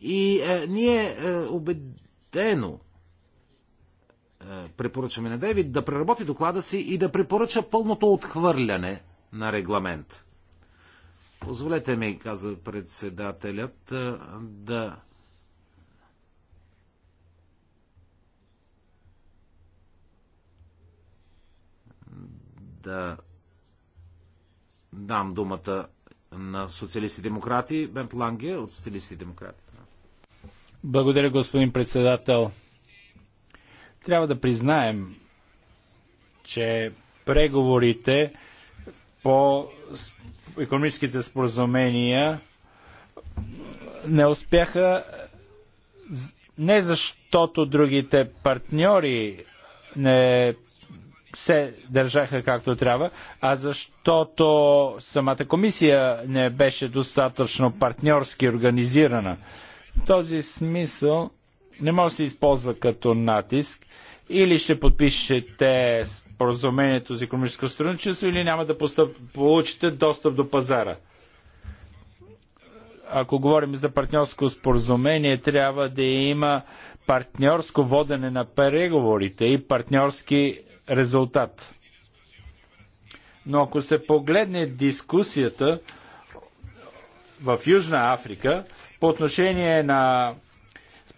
Speaker 4: И е, ние е, убедено е, препоръчваме на Дейвид да преработи доклада си и да препоръча пълното отхвърляне на регламент. Позволете ми, казва председателят, да да дам думата на социалисти демократи. Бент Ланге от социалисти демократи.
Speaker 3: Благодаря, господин председател. Трябва да признаем, че преговорите по економическите споразумения не успяха не защото другите партньори не се държаха както трябва, а защото самата комисия не беше достатъчно партньорски организирана. В този смисъл не може да се използва като натиск. Или ще подпишете споразумението за економическо сътрудничество или няма да постъп, получите достъп до пазара. Ако говорим за партньорско споразумение, трябва да има партньорско водене на преговорите и партньорски резултат. Но ако се погледне дискусията в Южна Африка по отношение на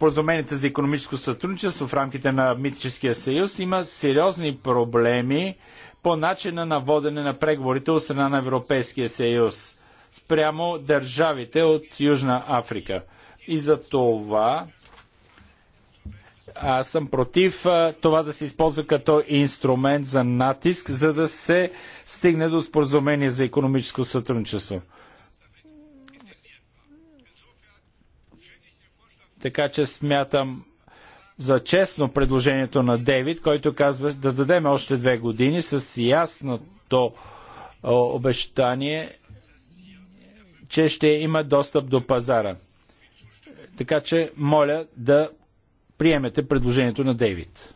Speaker 3: Споразумението за економическо сътрудничество в рамките на Митическия съюз има сериозни проблеми по начина на водене на преговорите от страна на Европейския съюз спрямо държавите от Южна Африка. И за това аз съм против това да се използва като инструмент за натиск, за да се стигне до споразумение за економическо сътрудничество. Така че смятам за честно предложението на Девид, който казва да дадем още две години с ясното обещание, че ще има достъп до пазара. Така че моля да приемете предложението на Дейвид.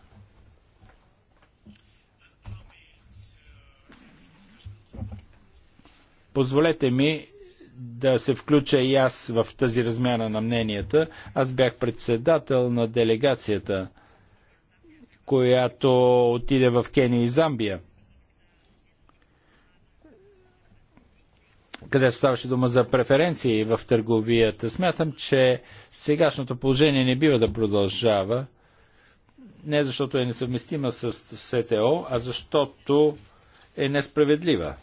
Speaker 3: Позволете ми да се включа и аз в тази размяна на мненията. Аз бях председател на делегацията, която отиде в Кения и Замбия. къде ставаше дума за преференции в търговията. Смятам, че сегашното положение не бива да продължава. Не защото е несъвместима с СТО, а защото е несправедлива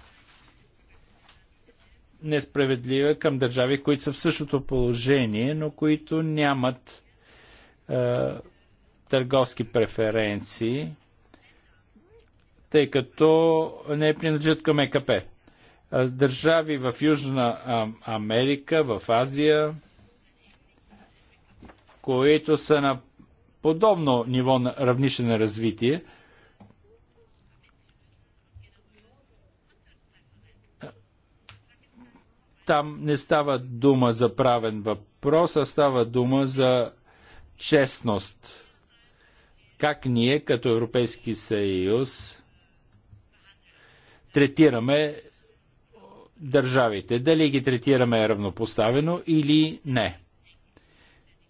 Speaker 3: несправедлива към държави, които са в същото положение, но които нямат е, търговски преференции, тъй като не принадлежат към ЕКП. Е, държави в Южна Америка, в Азия, които са на подобно ниво на равнище на развитие – Там не става дума за правен въпрос, а става дума за честност. Как ние, като Европейски съюз, третираме държавите? Дали ги третираме равнопоставено или не?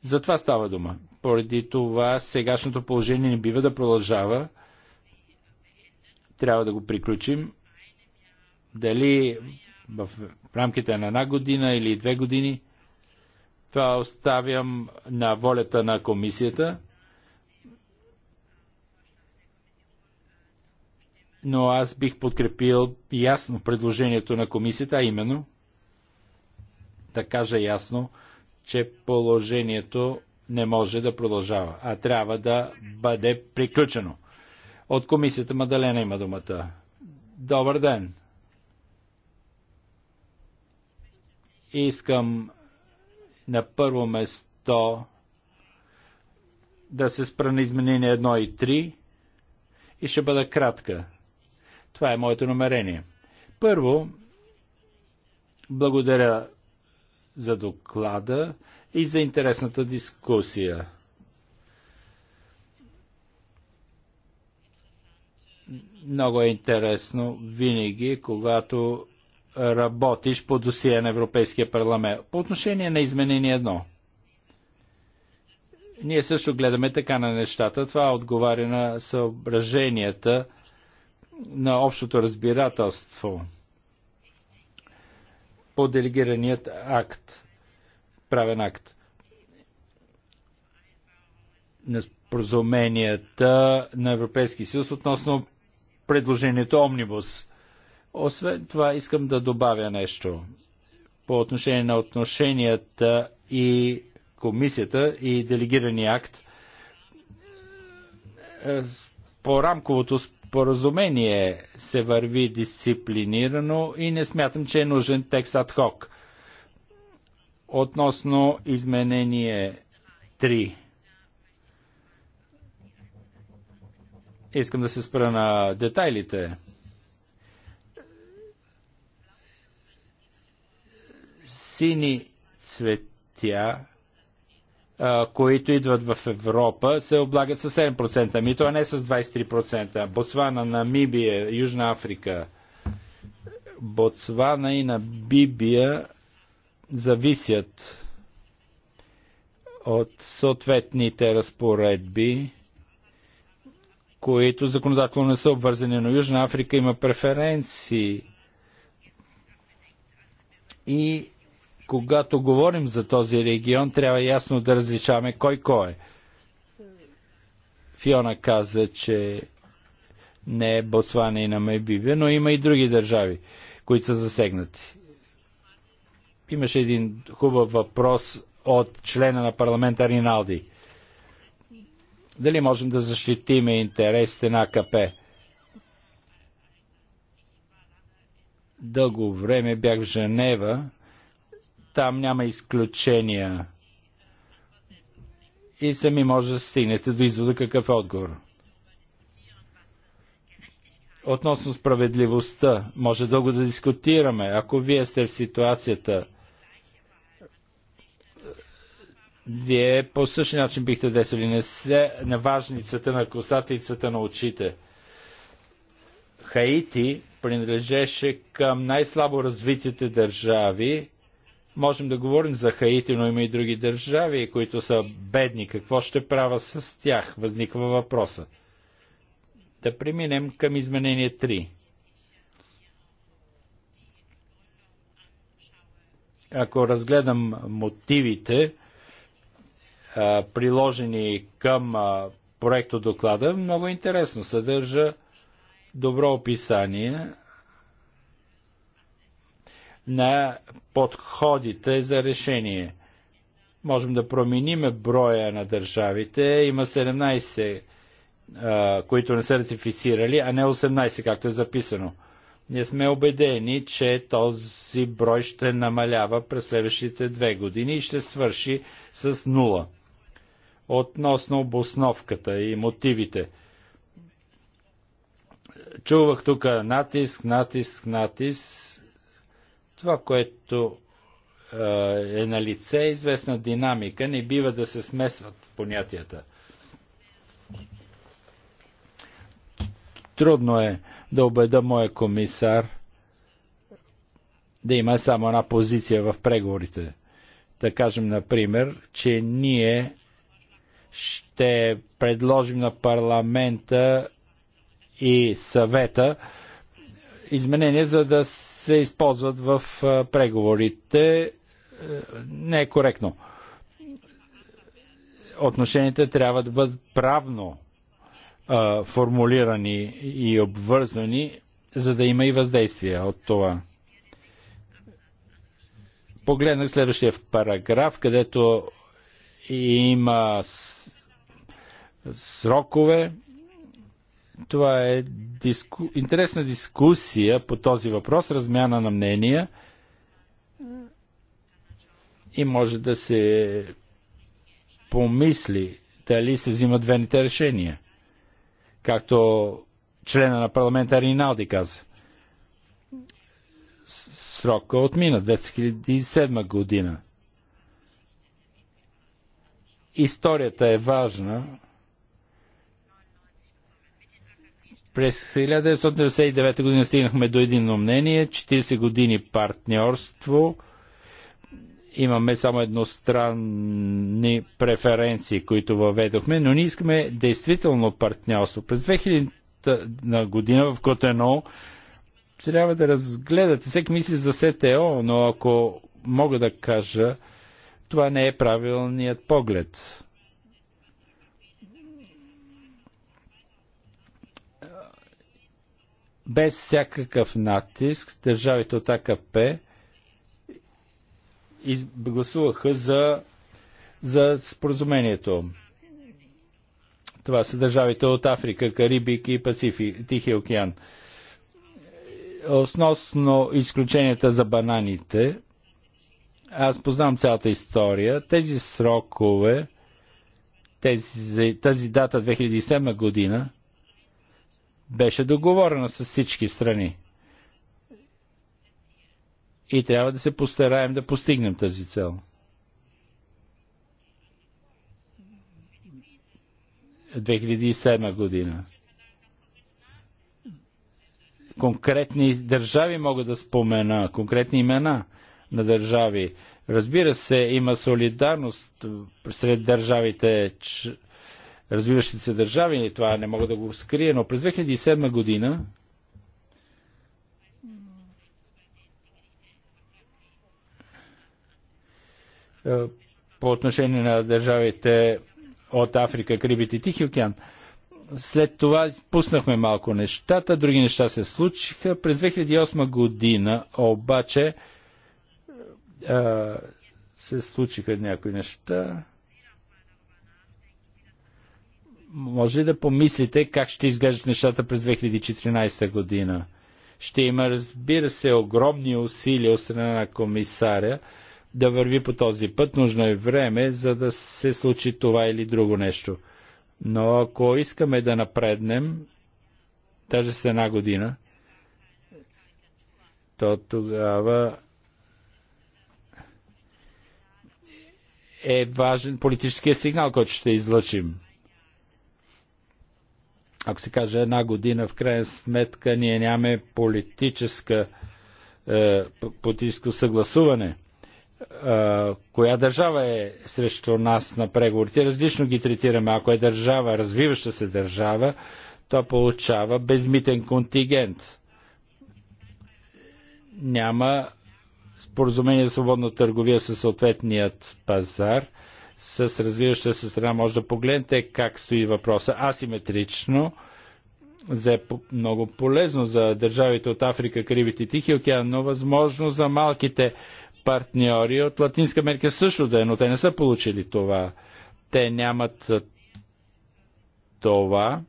Speaker 3: За това става дума. Поради това сегашното положение не бива да продължава. Трябва да го приключим. Дали в рамките на една година или две години. Това оставям на волята на комисията. Но аз бих подкрепил ясно предложението на комисията, а именно да кажа ясно, че положението не може да продължава, а трябва да бъде приключено. От комисията Мадалена има думата. Добър ден! Искам на първо место да се спра на изменения 1 и 3 и ще бъда кратка. Това е моето намерение. Първо, благодаря за доклада и за интересната дискусия. Много е интересно винаги, когато работиш по досие на Европейския парламент. По отношение на изменение едно. Ние също гледаме така на нещата. Това отговаря на съображенията на общото разбирателство по делегираният акт, правен акт на споразуменията на Европейски съюз относно предложението Омнибус – освен това, искам да добавя нещо по отношение на отношенията и комисията и делегирания акт е, по рамковото споразумение се върви дисциплинирано и не смятам, че е нужен текст ад хок. Относно изменение 3. Искам да се спра на детайлите. сини цветя, а, които идват в Европа, се облагат с 7% ами а не с 23%. Ботсвана, Намибия, Южна Африка, Ботсвана и Набибия зависят от съответните разпоредби, които законодателно не са обвързани, но Южна Африка има преференции и когато говорим за този регион, трябва ясно да различаваме кой кой е. Фиона каза, че не е Ботсвана и Намибибия, но има и други държави, които са засегнати. Имаше един хубав въпрос от члена на парламента Риналди. Дали можем да защитим интересите на АКП? Дълго време бях в Женева там няма изключения. И сами може да стигнете до извода какъв е отговор. Относно справедливостта, може дълго да дискутираме. Ако вие сте в ситуацията, вие по същия начин бихте десали. Не се неважни цвета на косата и цвета на очите. Хаити принадлежеше към най-слабо развитите държави Можем да говорим за Хаити, но има и други държави, които са бедни. Какво ще правя с тях? Възниква въпроса. Да преминем към изменение 3. Ако разгледам мотивите, приложени към проекто доклада, много интересно. Съдържа добро описание на подходите за решение. Можем да промениме броя на държавите. Има 17, които не са ратифицирали, а не 18, както е записано. Ние сме убедени, че този брой ще намалява през следващите две години и ще свърши с нула. Относно обосновката и мотивите. Чувах тук натиск, натиск, натиск това, което е на лице е известна динамика, не бива да се смесват понятията. Трудно е да убеда моя комисар да има само една позиция в преговорите. Да кажем, например, че ние ще предложим на парламента и съвета изменения, за да се използват в преговорите. Е, не е коректно. Отношенията трябва да бъдат правно а, формулирани и обвързани, за да има и въздействие от това. Погледнах следващия параграф, където има срокове това е диску... интересна дискусия по този въпрос, размяна на мнения и може да се помисли дали се взимат двените решения. Както члена на парламента Риналди каза. Срока отмина 2007 година. Историята е важна, През 1999 година стигнахме до едино мнение, 40 години партньорство, имаме само едностранни преференции, които въведохме, но ние искаме действително партньорство. През 2000 година в Котено трябва да разгледате. Всеки мисли за СТО, но ако мога да кажа, това не е правилният поглед. без всякакъв натиск държавите от АКП гласуваха за, за споразумението. Това са държавите от Африка, Карибик и Пацифи, Тихи океан. Основно изключенията за бананите, аз познавам цялата история. Тези срокове, тези, тази дата 2007 година – беше договорена с всички страни. И трябва да се постараем да постигнем тази цел. В 2007 година. Конкретни държави мога да спомена, конкретни имена на държави. Разбира се, има солидарност сред държавите развиващите се държави, и това не мога да го скрия, но през 2007 година е, по отношение на държавите от Африка, Карибите и Тихи океан. След това пуснахме малко нещата, други неща се случиха. През 2008 година обаче е, се случиха някои неща може ли да помислите как ще изглеждат нещата през 2014 година? Ще има, разбира се, огромни усилия от страна на комисаря да върви по този път. Нужно е време, за да се случи това или друго нещо. Но ако искаме да напреднем, даже с една година, то тогава е важен политическия сигнал, който ще излъчим ако се каже една година, в крайна сметка ние нямаме политическа, е, политическо съгласуване. Е, коя държава е срещу нас на преговорите? Различно ги третираме. Ако е държава, развиваща се държава, то получава безмитен контингент. Няма споразумение за свободна търговия със съответният пазар с развиваща се страна. Може да погледнете как стои въпроса. Асиметрично за е много полезно за държавите от Африка, Карибите и Тихи океан, но възможно за малките партньори от Латинска Америка също да е, но те не са получили това. Те нямат това.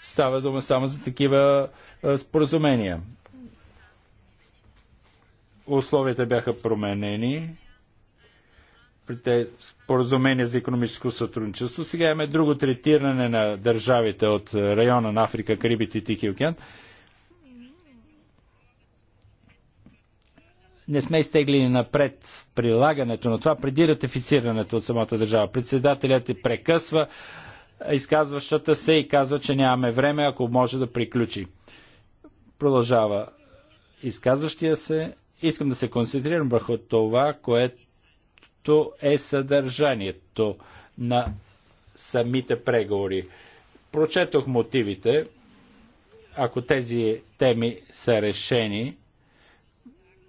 Speaker 3: Става дума само за такива споразумения условията бяха променени при те споразумения за економическо сътрудничество. Сега имаме друго третиране на държавите от района на Африка, Карибите и Тихи океан. Не сме изтегли напред прилагането на това преди ратифицирането от самата държава. Председателят е прекъсва изказващата се и казва, че нямаме време, ако може да приключи. Продължава изказващия се Искам да се концентрирам върху това, което е съдържанието на самите преговори. Прочетох мотивите. Ако тези теми са решени,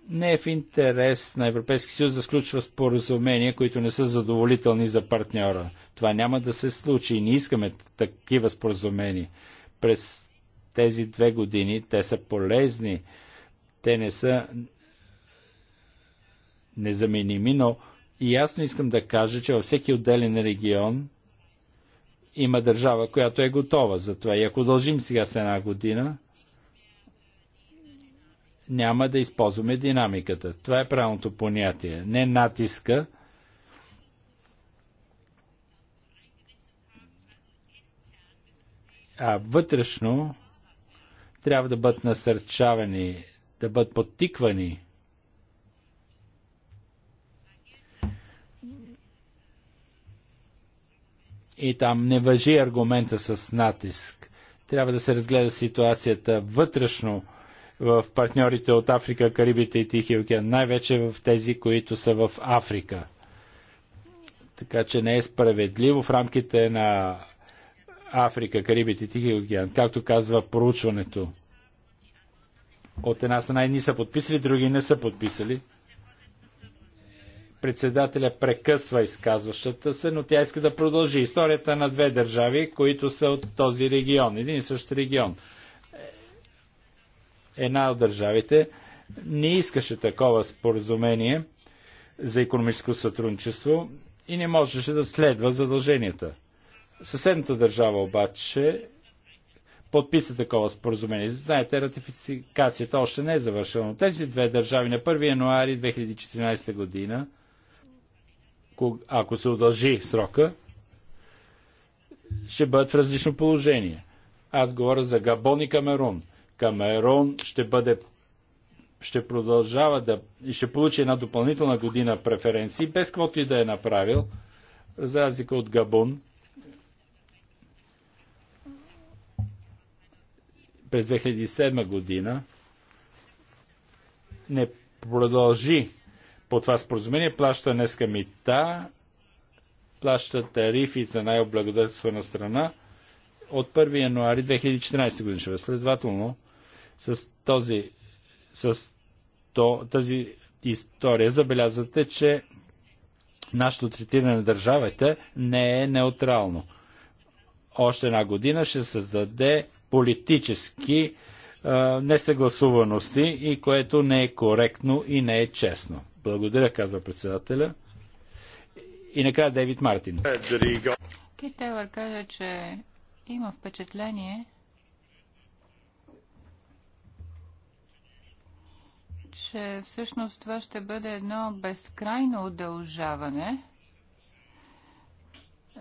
Speaker 3: не е в интерес на Европейския съюз да сключва споразумения, които не са задоволителни за партньора. Това няма да се случи и не искаме такива споразумения. През тези две години те са полезни. Те не са незаменими, но и ясно искам да кажа, че във всеки отделен регион има държава, която е готова за това. И ако дължим сега с една година, няма да използваме динамиката. Това е правилното понятие. Не натиска. А вътрешно трябва да бъдат насърчавани, да бъдат подтиквани и там не въжи аргумента с натиск. Трябва да се разгледа ситуацията вътрешно в партньорите от Африка, Карибите и Тихия океан, най-вече в тези, които са в Африка. Така че не е справедливо в рамките на Африка, Карибите и Тихия океан, както казва проучването. От една страна едни са подписали, други не са подписали. Председателя прекъсва изказващата се, но тя иска да продължи историята на две държави, които са от този регион, един и същ регион. Една от държавите не искаше такова споразумение за економическо сътрудничество и не можеше да следва задълженията. Съседната държава обаче подписа такова споразумение. Знаете, ратификацията още не е завършена. Тези две държави на 1 януари 2014 година ако се удължи срока, ще бъдат в различно положение. Аз говоря за Габон и Камерун. Камерун ще бъде ще продължава да ще получи една допълнителна година преференции, без каквото и да е направил, за разлика от Габон. През 2007 година не продължи по това споразумение плаща днеска мита, плаща тарифи за най-облагодетелствена страна от 1 януари 2014 година. Следователно, с, този, с то, тази история забелязвате, че нашето третиране на държавите не е неутрално. Още една година ще създаде политически несъгласуваности и което не е коректно и не е честно. Благодаря, казва председателя. И накрая Дейвид Мартин.
Speaker 2: Кит Тейлър каза, че има впечатление, че всъщност това ще бъде едно безкрайно удължаване –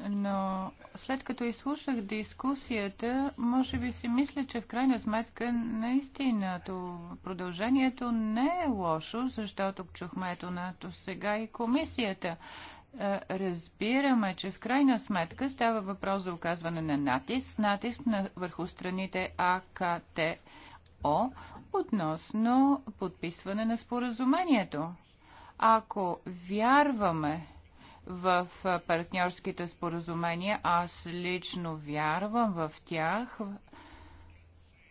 Speaker 2: но след като изслушах дискусията, може би си мисля, че в крайна сметка наистина продължението не е лошо, защото чухме ето на то сега и комисията. Е, разбираме, че в крайна сметка става въпрос за оказване на натиск, натиск на върху страните АКТО относно подписване на споразумението. Ако вярваме в партньорските споразумения. Аз лично вярвам в тях.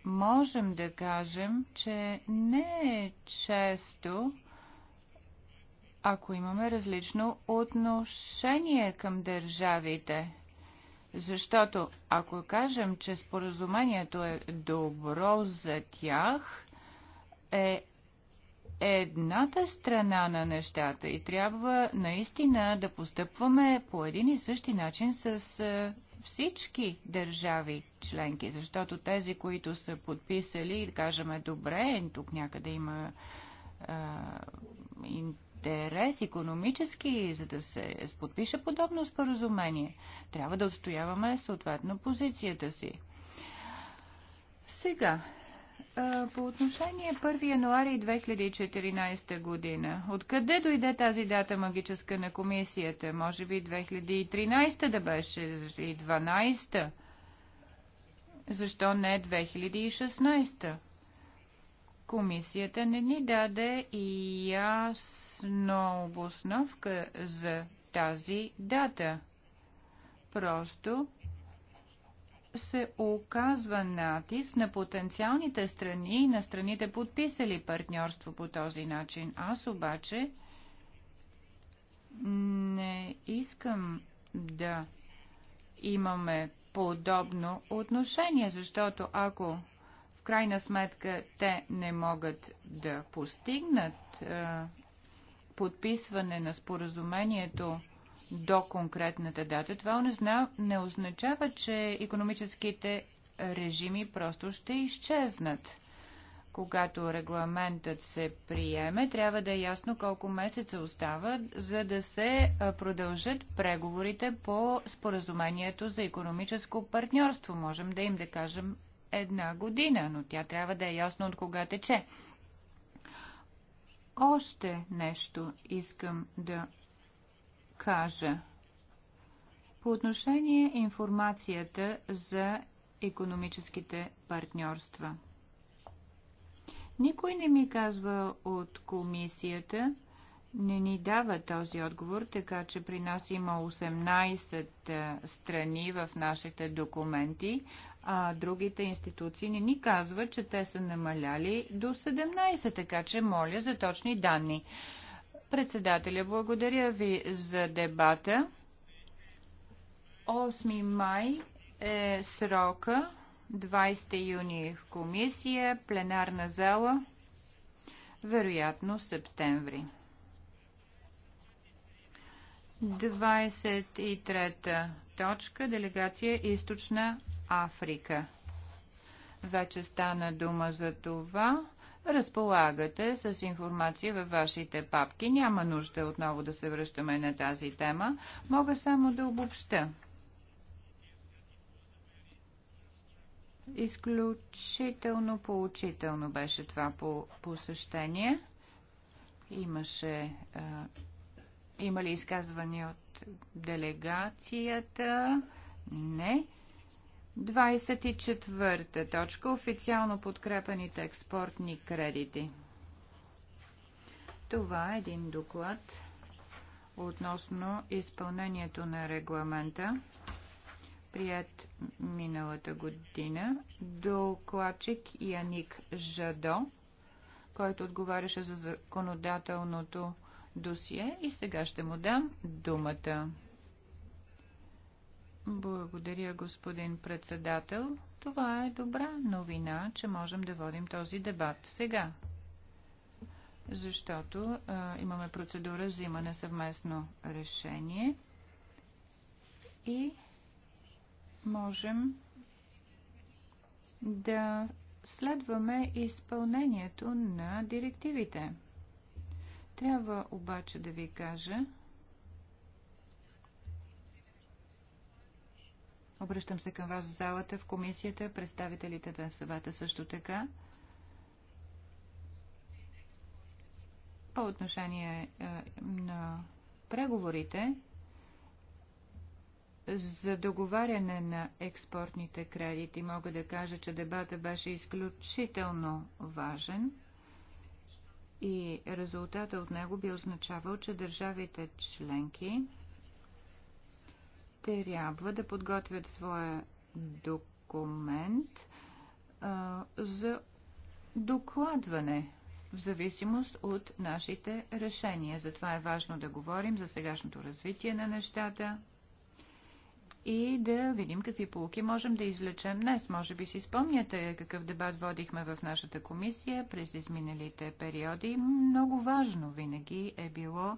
Speaker 2: Можем да кажем, че не е често ако имаме различно отношение към държавите. Защото ако кажем, че споразумението е добро за тях, е едната страна на нещата и трябва наистина да постъпваме по един и същи начин с е, всички държави членки, защото тези, които са подписали, кажем, добре, тук някъде има а, е, интерес економически, за да се подпише подобно споразумение, трябва да отстояваме съответно позицията си. Сега, по отношение 1 януари 2014 година. Откъде дойде тази дата магическа на комисията? Може би 2013 да беше и 12 Защо не 2016 Комисията не ни даде и ясно обосновка за тази дата. Просто се оказва натиск на потенциалните страни и на страните подписали партньорство по този начин. Аз обаче не искам да имаме подобно отношение, защото ако в крайна сметка те не могат да постигнат е, подписване на споразумението до конкретната дата, това не означава, че економическите режими просто ще изчезнат. Когато регламентът се приеме, трябва да е ясно колко месеца остават, за да се продължат преговорите по споразумението за економическо партньорство. Можем да им да кажем една година, но тя трябва да е ясно от кога тече. Още нещо искам да кажа. По отношение информацията за економическите партньорства. Никой не ми казва от комисията, не ни дава този отговор, така че при нас има 18 страни в нашите документи, а другите институции не ни казват, че те са намаляли до 17, така че моля за точни данни. Председателя, благодаря ви за дебата. 8 май е срока, 20 юни е в комисия, пленарна зала, вероятно септември. 23 та точка делегация Източна Африка. Вече стана дума за това разполагате с информация във вашите папки. Няма нужда отново да се връщаме на тази тема. Мога само да обобща. Изключително поучително беше това по посещение. Имаше. А, има ли изказвания от делегацията? Не. 24 точка. Официално подкрепените експортни кредити. Това е един доклад относно изпълнението на регламента, прият миналата година. Докладчик Яник Жадо, който отговаряше за законодателното досие и сега ще му дам думата. Благодаря, господин председател. Това е добра новина, че можем да водим този дебат сега. Защото а, имаме процедура взимане съвместно решение и можем да следваме изпълнението на директивите. Трябва обаче да ви кажа, Обръщам се към вас в залата, в комисията, представителите на съвета също така. По отношение е, на преговорите за договаряне на експортните кредити, мога да кажа, че дебата беше изключително важен и резултата от него би означавал, че държавите членки трябва да подготвят своя документ а, за докладване в зависимост от нашите решения. Затова е важно да говорим за сегашното развитие на нещата и да видим какви полуки можем да извлечем днес. Може би си спомняте какъв дебат водихме в нашата комисия през изминалите периоди. Много важно винаги е било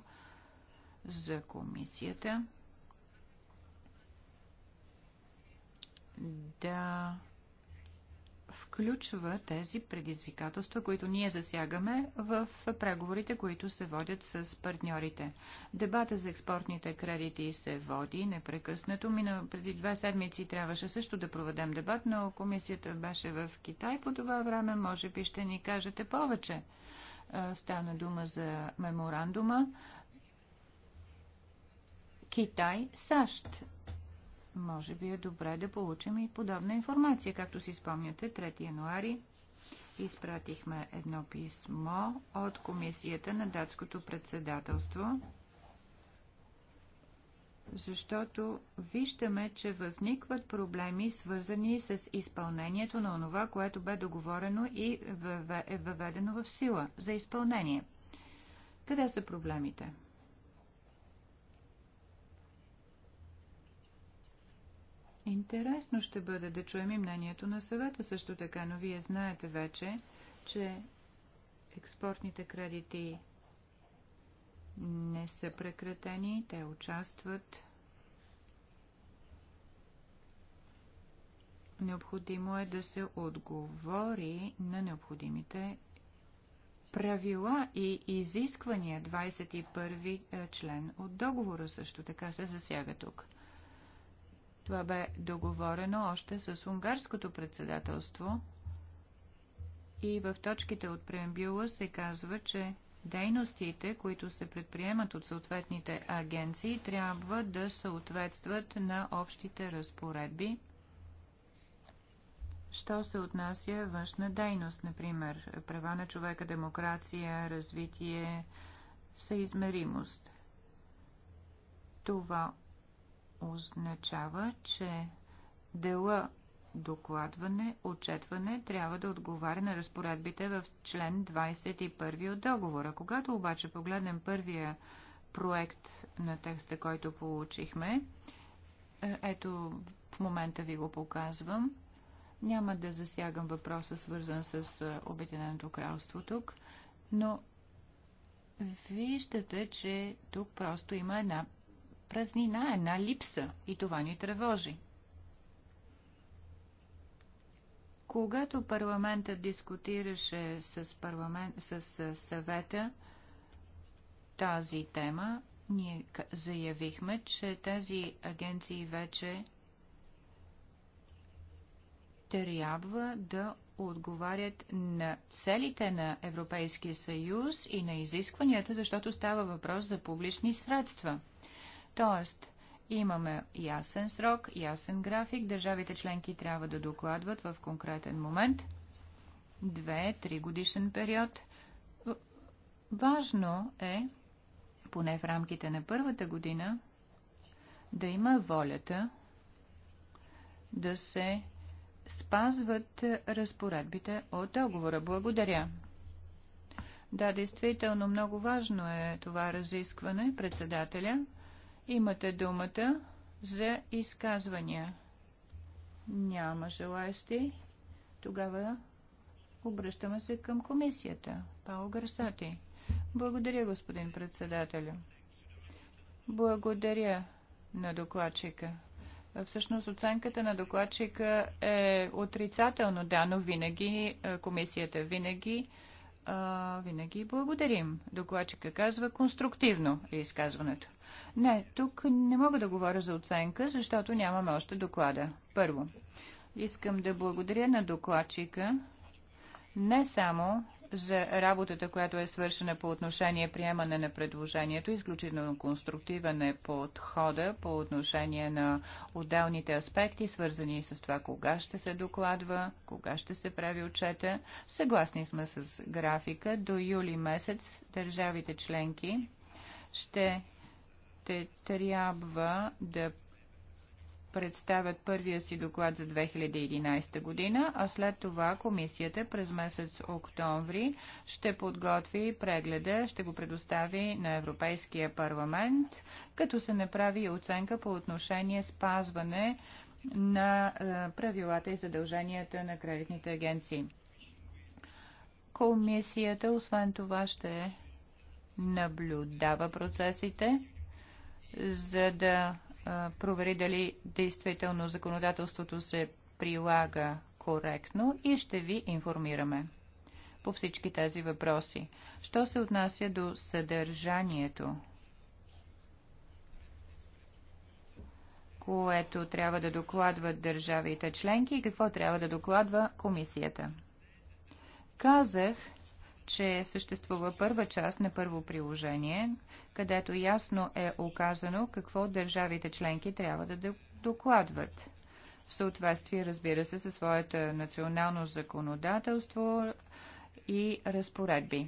Speaker 2: за комисията да включва тези предизвикателства, които ние засягаме в преговорите, които се водят с партньорите. Дебата за експортните кредити се води непрекъснато. Мина преди две седмици трябваше също да проведем дебат, но комисията беше в Китай по това време. Може би ще ни кажете повече. Стана дума за меморандума. Китай, САЩ може би е добре да получим и подобна информация. Както си спомняте, 3 януари изпратихме едно писмо от комисията на датското председателство, защото виждаме, че възникват проблеми, свързани с изпълнението на онова, което бе договорено и е въведено в сила за изпълнение. Къде са проблемите? Интересно ще бъде да чуем и мнението на съвета също така, но вие знаете вече, че експортните кредити не са прекратени, те участват. Необходимо е да се отговори на необходимите правила и изисквания 21 е, член от договора също така се засяга тук. Това бе договорено още с унгарското председателство и в точките от преамбюла се казва, че дейностите, които се предприемат от съответните агенции, трябва да съответстват на общите разпоредби. Що се отнася външна дейност, например, права на човека, демокрация, развитие, съизмеримост. Това означава, че дела докладване, отчетване трябва да отговаря на разпоредбите в член 21 от договора. Когато обаче погледнем първия проект на текста, който получихме, е, ето в момента ви го показвам. Няма да засягам въпроса, свързан с е, Обединеното кралство тук, но виждате, че тук просто има една празнина, една липса и това ни тревожи. Когато парламентът дискутираше с, парламент, с съвета тази тема, ние заявихме, че тези агенции вече трябва да отговарят на целите на Европейския съюз и на изискванията, защото става въпрос за публични средства – Тоест, имаме ясен срок, ясен график, държавите членки трябва да докладват в конкретен момент, две-три годишен период. Важно е, поне в рамките на първата година, да има волята да се спазват разпоредбите от договора. Благодаря. Да, действително много важно е това разискване, председателя. Имате думата за изказвания. Няма желаящи. Тогава обръщаме се към комисията. Пао Гарсати. Благодаря, господин председателю. Благодаря на докладчика. Всъщност оценката на докладчика е отрицателно, да, но винаги е, комисията винаги а, е, винаги благодарим. Докладчика казва конструктивно е изказването. Не, тук не мога да говоря за оценка, защото нямаме още доклада. Първо, искам да благодаря на докладчика не само за работата, която е свършена по отношение приемане на предложението. Изключително конструктивен е подхода по отношение на отделните аспекти, свързани с това кога ще се докладва, кога ще се прави отчета. Съгласни сме с графика. До юли месец държавите членки ще ще трябва да представят първия си доклад за 2011 година, а след това комисията през месец октомври ще подготви прегледа, ще го предостави на Европейския парламент, като се направи оценка по отношение спазване на е, правилата и задълженията на кредитните агенции. Комисията, освен това, ще наблюдава процесите за да провери дали действително законодателството се прилага коректно и ще ви информираме по всички тези въпроси. Що се отнася до съдържанието, което трябва да докладват държавите членки и какво трябва да докладва комисията? Казах, че съществува първа част на първо приложение, където ясно е оказано какво държавите членки трябва да докладват. В съответствие, разбира се, със своето национално законодателство и разпоредби.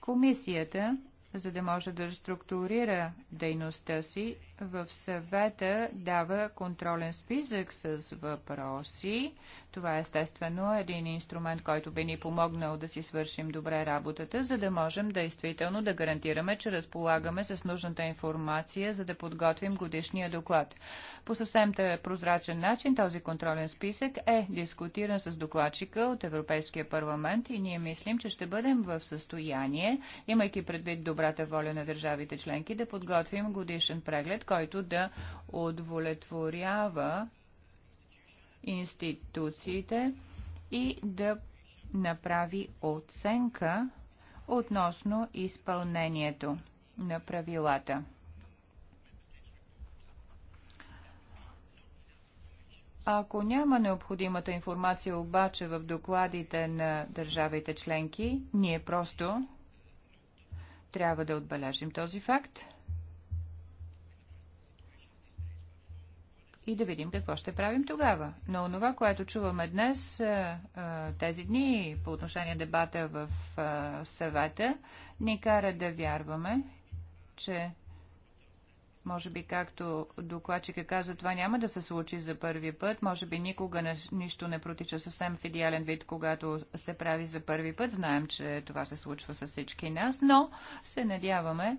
Speaker 2: Комисията, за да може да структурира дейността си, в съвета дава контролен списък с въпроси. Това е естествено един инструмент, който би ни помогнал да си свършим добре работата, за да можем действително да гарантираме, че разполагаме с нужната информация, за да подготвим годишния доклад. По съвсем прозрачен начин този контролен списък е дискутиран с докладчика от Европейския парламент и ние мислим, че ще бъдем в състояние, имайки предвид добрата воля на държавите членки, да подготвим годишен преглед, който да удовлетворява институциите и да направи оценка относно изпълнението на правилата. Ако няма необходимата информация обаче в докладите на държавите членки, ние просто трябва да отбележим този факт и да видим какво ще правим тогава. Но това, което чуваме днес, е, е, тези дни по отношение на дебата е, в съвета, ни кара да вярваме, че може би, както докладчика каза, това няма да се случи за първи път. Може би никога не, нищо не протича съвсем в идеален вид, когато се прави за първи път. Знаем, че това се случва с всички нас, но се надяваме,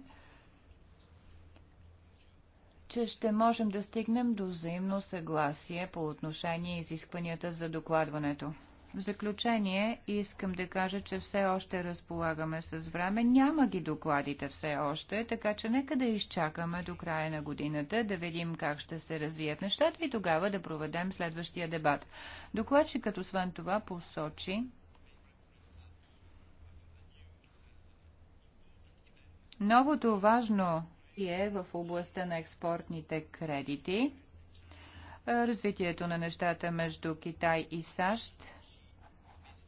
Speaker 2: че ще можем да стигнем до взаимно съгласие по отношение изискванията за докладването. В заключение искам да кажа, че все още разполагаме с време. Няма ги докладите все още, така че нека да изчакаме до края на годината, да видим как ще се развият нещата и тогава да проведем следващия дебат. Докладчикът освен това посочи, новото важно развитие в областта на експортните кредити, развитието на нещата между Китай и САЩ,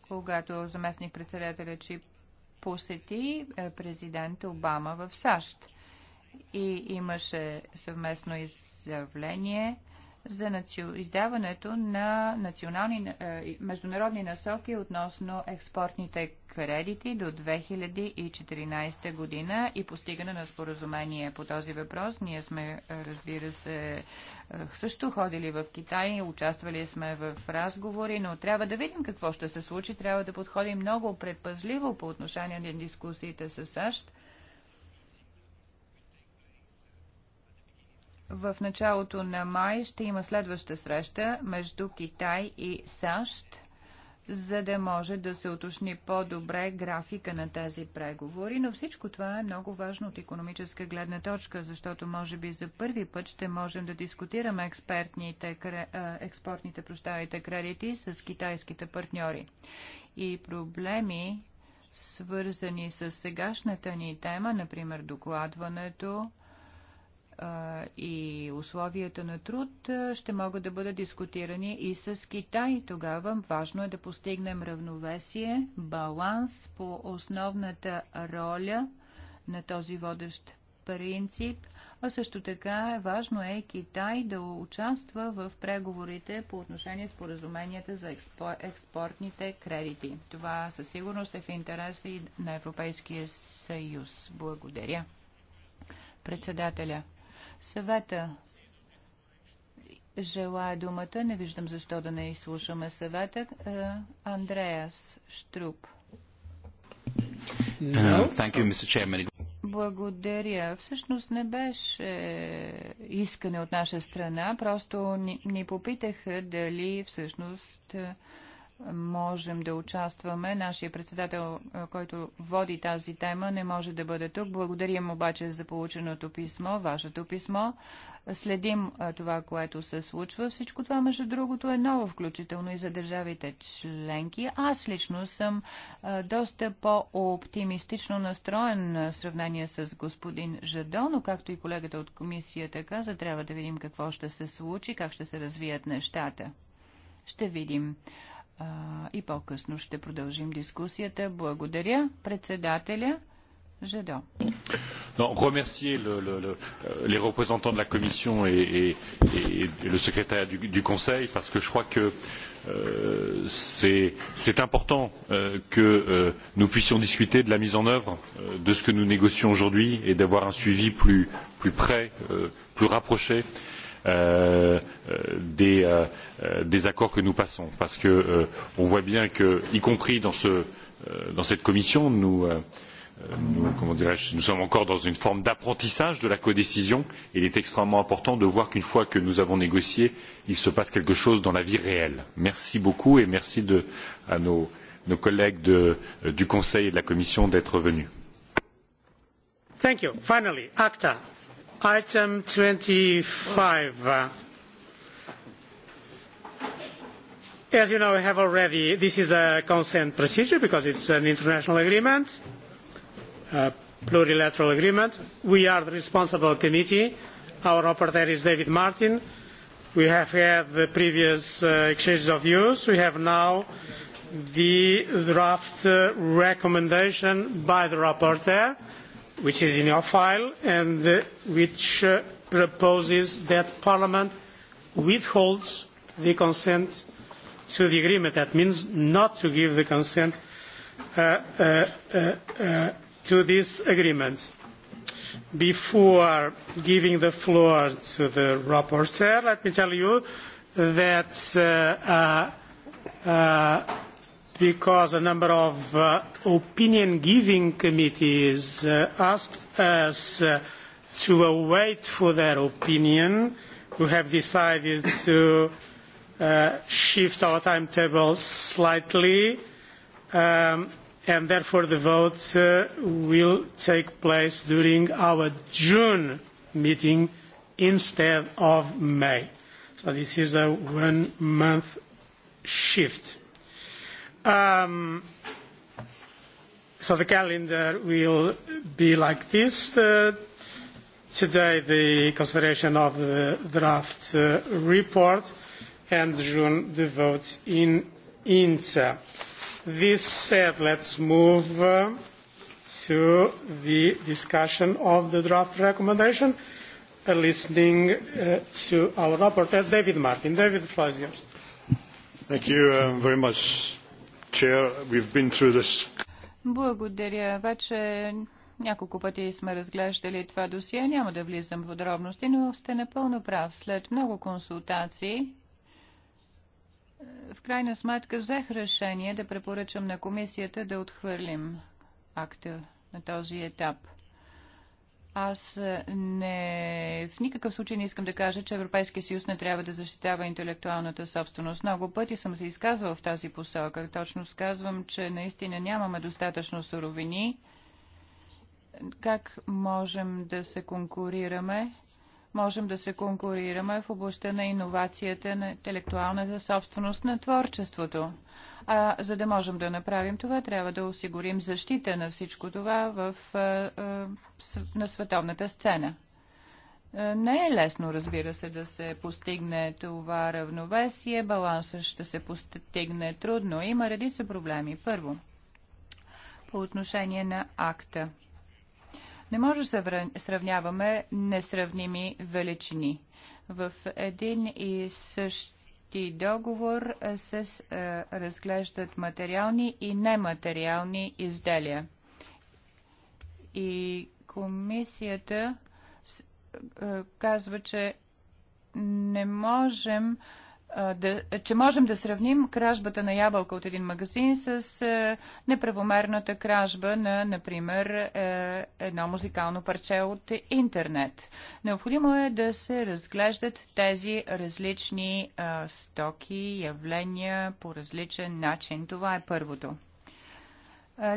Speaker 2: когато заместник председателя Чи посети е, президент Обама в САЩ и имаше съвместно изявление – за издаването на национални е, международни насоки относно експортните кредити до 2014 година и постигане на споразумение по този въпрос. Ние сме, е, разбира се, е, също ходили в Китай, участвали сме в разговори, но трябва да видим какво ще се случи. Трябва да подходим много предпазливо по отношение на дискусиите с САЩ В началото на май ще има следваща среща между Китай и САЩ, за да може да се уточни по-добре графика на тези преговори. Но всичко това е много важно от економическа гледна точка, защото може би за първи път ще можем да дискутираме експертните, експортните прощавайте, кредити с китайските партньори. И проблеми, свързани с сегашната ни тема, например докладването, и условията на труд ще могат да бъдат дискутирани и с Китай. Тогава важно е да постигнем равновесие, баланс по основната роля на този водещ принцип, а също така е важно е Китай да участва в преговорите по отношение с поразуменията за експортните кредити. Това със сигурност е в интерес и на Европейския съюз. Благодаря. Председателя. Съвета желая думата. Не виждам защо да не изслушаме съвета. Е, Андреас Штруп.
Speaker 3: Е,
Speaker 2: Благодаря. Всъщност не беше искане от наша страна, просто ни, ни попитаха дали всъщност е, можем да участваме. Нашия председател, който води тази тема, не може да бъде тук. Благодарим обаче за полученото писмо, вашето писмо. Следим това, което се случва. Всичко това, между другото, е ново, включително и за държавите членки. Аз лично съм доста по-оптимистично настроен в сравнение с господин Жадо, но както и колегата от комисията каза, трябва да видим какво ще се случи, как ще се развият нещата. Ще видим и по-късно ще продължим дискусията. Благодаря председателя Жадо.
Speaker 3: Non, remercier le, le, le, les représentants de la Commission et, et, et le secrétariat du, du Conseil parce que je crois que euh, c'est important euh, que euh, nous puissions discuter de la mise en œuvre euh, de ce que nous négocions aujourd'hui et d'avoir un suivi plus, plus près, euh, plus rapproché euh, des, accords que nous passons. Parce que on voit bien que, y compris dans, ce dans cette commission, nous, sommes encore dans une forme d'apprentissage de la codécision. et Il est extrêmement important de voir qu'une fois que nous avons négocié, il se passe quelque chose dans la vie réelle. Merci beaucoup et merci à nos, collègues du Conseil et de la Commission d'être venus.
Speaker 1: Thank you. Finally, ACTA Item 25. As you know, we have already, this is a consent procedure because it's an international agreement, a plurilateral agreement. We are the responsible committee. Our rapporteur is David Martin. We have had the previous exchanges of views. We have now the draft recommendation by the rapporteur which is in your file and which proposes that Parliament withholds the consent to the agreement. That means not to give the consent to this agreement. Before giving the floor to the rapporteur, let me tell you that because a number of opinion giving committees asked us to wait for their opinion. We have decided to shift our timetable slightly, and therefore the vote will take place during our June meeting instead of May. So this is a one-month shift. Um, so the calendar will be like this. Uh, today, the consideration of the draft uh, report and June the vote in INTA. This said, let's move uh, to the discussion of the draft recommendation, uh, listening uh, to our rapporteur, David Martin. David, the floor is yours. Thank you um, very much,
Speaker 2: благодаря. Вече няколко пъти сме разглеждали това досие. Няма да влизам в подробности, но сте напълно прав. След много консултации, в крайна сметка взех решение да препоръчам на комисията да отхвърлим акта на този етап – аз е, не, в никакъв случай не искам да кажа, че Европейския съюз не трябва да защитава интелектуалната собственост. Много пъти съм се изказвал в тази посока. Точно сказвам, че наистина нямаме достатъчно суровини. Как можем да се конкурираме? Можем да се конкурираме в областта на иновацията, на интелектуалната собственост, на творчеството. А за да можем да направим това, трябва да осигурим защита на всичко това в, на световната сцена. Не е лесно, разбира се, да се постигне това равновесие. Балансът ще се постигне трудно. Има редица проблеми. Първо, по отношение на акта. Не може да сравняваме несравними величини. В един и същ и договор е, се е, разглеждат материални и нематериални изделия. И комисията е, казва, че не можем да, че можем да сравним кражбата на ябълка от един магазин с е, неправомерната кражба на, например, е, едно музикално парче от интернет. Необходимо е да се разглеждат тези различни е, стоки, явления по различен начин. Това е първото.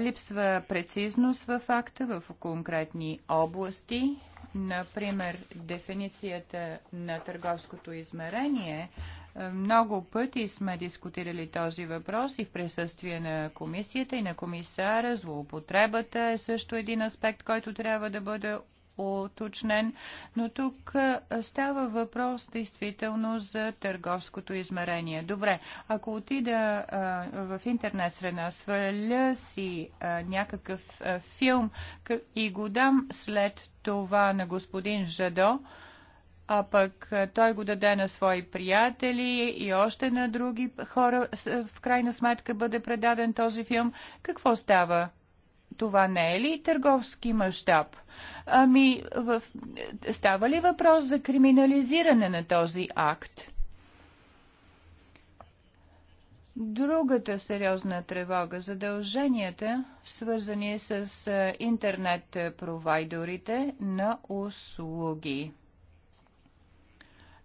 Speaker 2: Липсва прецизност в факта, в конкретни области. Например, дефиницията на търговското измерение – много пъти сме дискутирали този въпрос и в присъствие на комисията и на комисара. Злоупотребата е също един аспект, който трябва да бъде уточнен, но тук става въпрос действително за търговското измерение. Добре, ако отида а, в интернет среда, сваля си а, някакъв а, филм и го дам след това на господин Жадо, а пък той го даде на свои приятели и още на други хора. В крайна сметка бъде предаден този филм. Какво става? Това не е ли търговски мащаб? Ами, в... става ли въпрос за криминализиране на този акт? Другата сериозна тревога – задълженията, свързани с интернет-провайдорите на услуги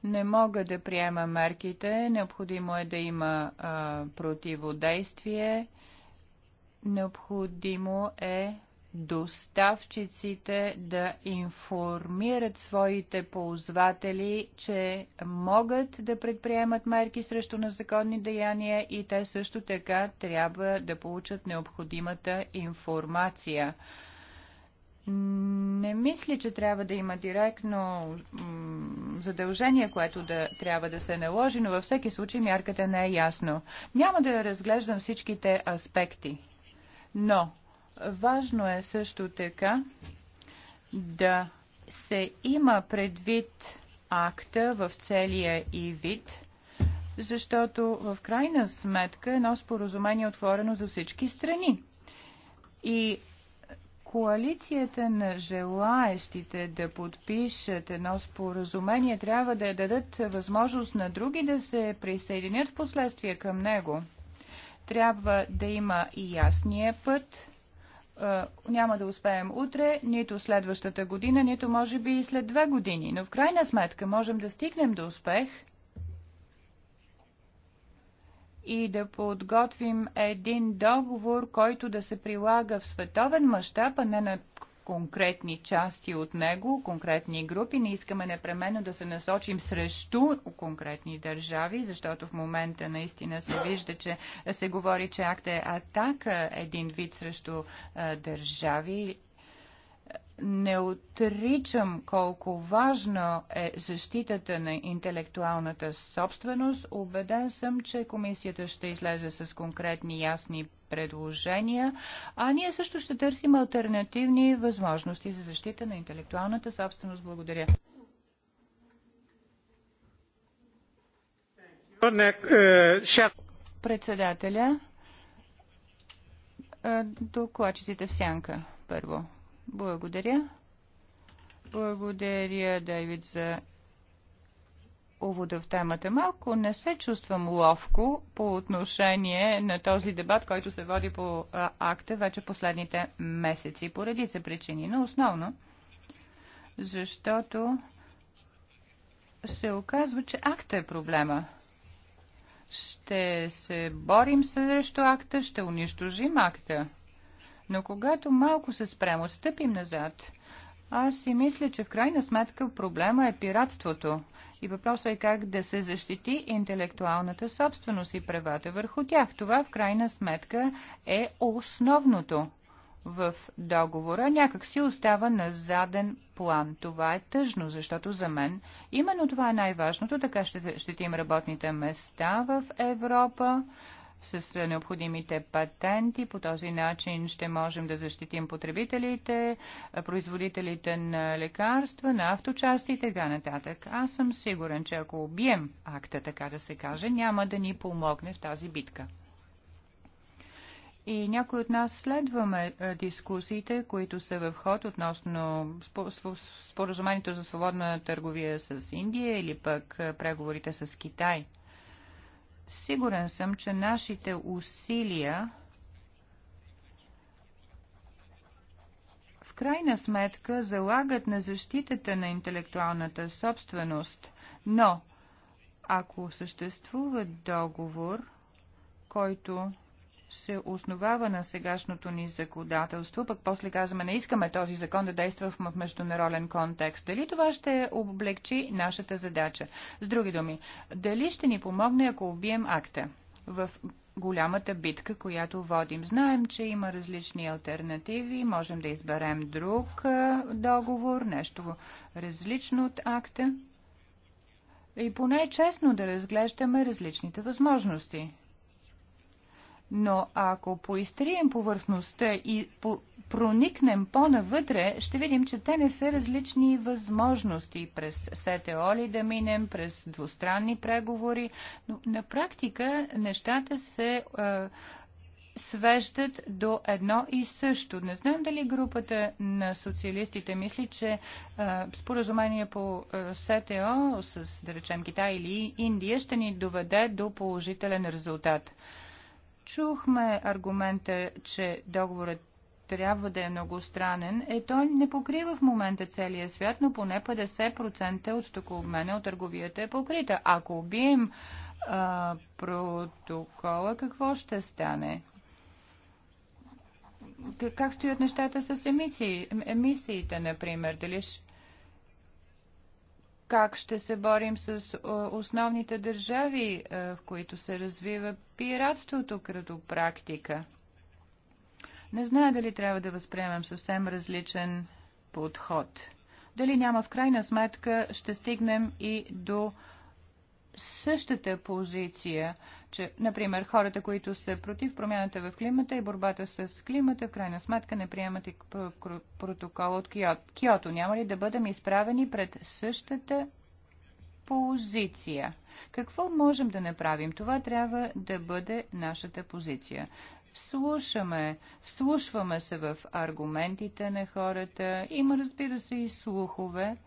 Speaker 2: не мога да приема мерките. Необходимо е да има а, противодействие. Необходимо е доставчиците да информират своите ползватели, че могат да предприемат мерки срещу незаконни деяния и те също така трябва да получат необходимата информация. Не мисля, че трябва да има директно задължение, което да трябва да се наложи, но във всеки случай мярката не е ясно. Няма да разглеждам всичките аспекти, но важно е също така да се има предвид акта в целия и вид, защото в крайна сметка е едно споразумение е отворено за всички страни. И Коалицията на желаещите да подпишат едно споразумение трябва да дадат възможност на други да се присъединят в последствие към него. Трябва да има и ясния път. Е, няма да успеем утре, нито следващата година, нито може би и след две години, но в крайна сметка можем да стигнем до успех – и да подготвим един договор, който да се прилага в световен мащаб, а не на конкретни части от него, конкретни групи. Не искаме непременно да се насочим срещу конкретни държави, защото в момента наистина се вижда, че се говори, че акта е атака един вид срещу а, държави не отричам колко важна е защитата на интелектуалната собственост. Обеден съм, че комисията ще излезе с конкретни ясни предложения, а ние също ще търсим альтернативни възможности за защита на интелектуалната собственост. Благодаря. Председателя, е, докладчиците в сянка първо. Благодаря. Благодаря, Дайвид, за увода в темата. Малко не се чувствам ловко по отношение на този дебат, който се води по а, акта вече последните месеци, по редица причини, но основно защото се оказва, че акта е проблема. Ще се борим срещу акта, ще унищожим акта. Но когато малко се спрем, отстъпим назад, аз си мисля, че в крайна сметка проблема е пиратството. И въпросът е как да се защити интелектуалната собственост и правата върху тях. Това в крайна сметка е основното в договора. Някак си остава на заден план. Това е тъжно, защото за мен именно това е най-важното. Така ще, ще им работните места в Европа с необходимите патенти. По този начин ще можем да защитим потребителите, производителите на лекарства, на авточасти и така нататък. Аз съм сигурен, че ако убием акта, така да се каже, няма да ни помогне в тази битка. И някои от нас следваме е, дискусиите, които са в ход относно споразумението за свободна търговия с Индия или пък е, преговорите с Китай – Сигурен съм, че нашите усилия в крайна сметка залагат на защитата на интелектуалната собственост, но ако съществува договор, който се основава на сегашното ни законодателство, пък после казваме, не искаме този закон да действа в международен контекст. Дали това ще облегчи нашата задача? С други думи, дали ще ни помогне, ако убием акта в голямата битка, която водим? Знаем, че има различни альтернативи, можем да изберем друг договор, нещо различно от акта. И поне е честно да разглеждаме различните възможности. Но ако поистрием повърхността и по проникнем по-навътре, ще видим, че те не са различни възможности през СТО ли да минем, през двустранни преговори, но на практика нещата се е, свеждат до едно и също. Не знам дали групата на социалистите мисли, че е, споразумение по е, СТО с, да речем, Китай или Индия ще ни доведе до положителен резултат чухме аргумента, че договорът трябва да е многостранен, е той не покрива в момента целия свят, но поне 50% от стокообмена от търговията е покрита. Ако убием а, протокола, какво ще стане? Как стоят нещата с емисии, емисиите, например? Дали ще? как ще се борим с е, основните държави, е, в които се развива пиратството като практика. Не знае дали трябва да възприемем съвсем различен подход. Дали няма в крайна сметка ще стигнем и до същата позиция – че, например, хората, които са против промяната в климата и борбата с климата, в крайна сметка не приемат и протокола от Киото. Няма ли да бъдем изправени пред същата позиция? Какво можем да направим? Това трябва да бъде нашата позиция. Слушаме, вслушваме се в аргументите на хората. Има, разбира се, и слухове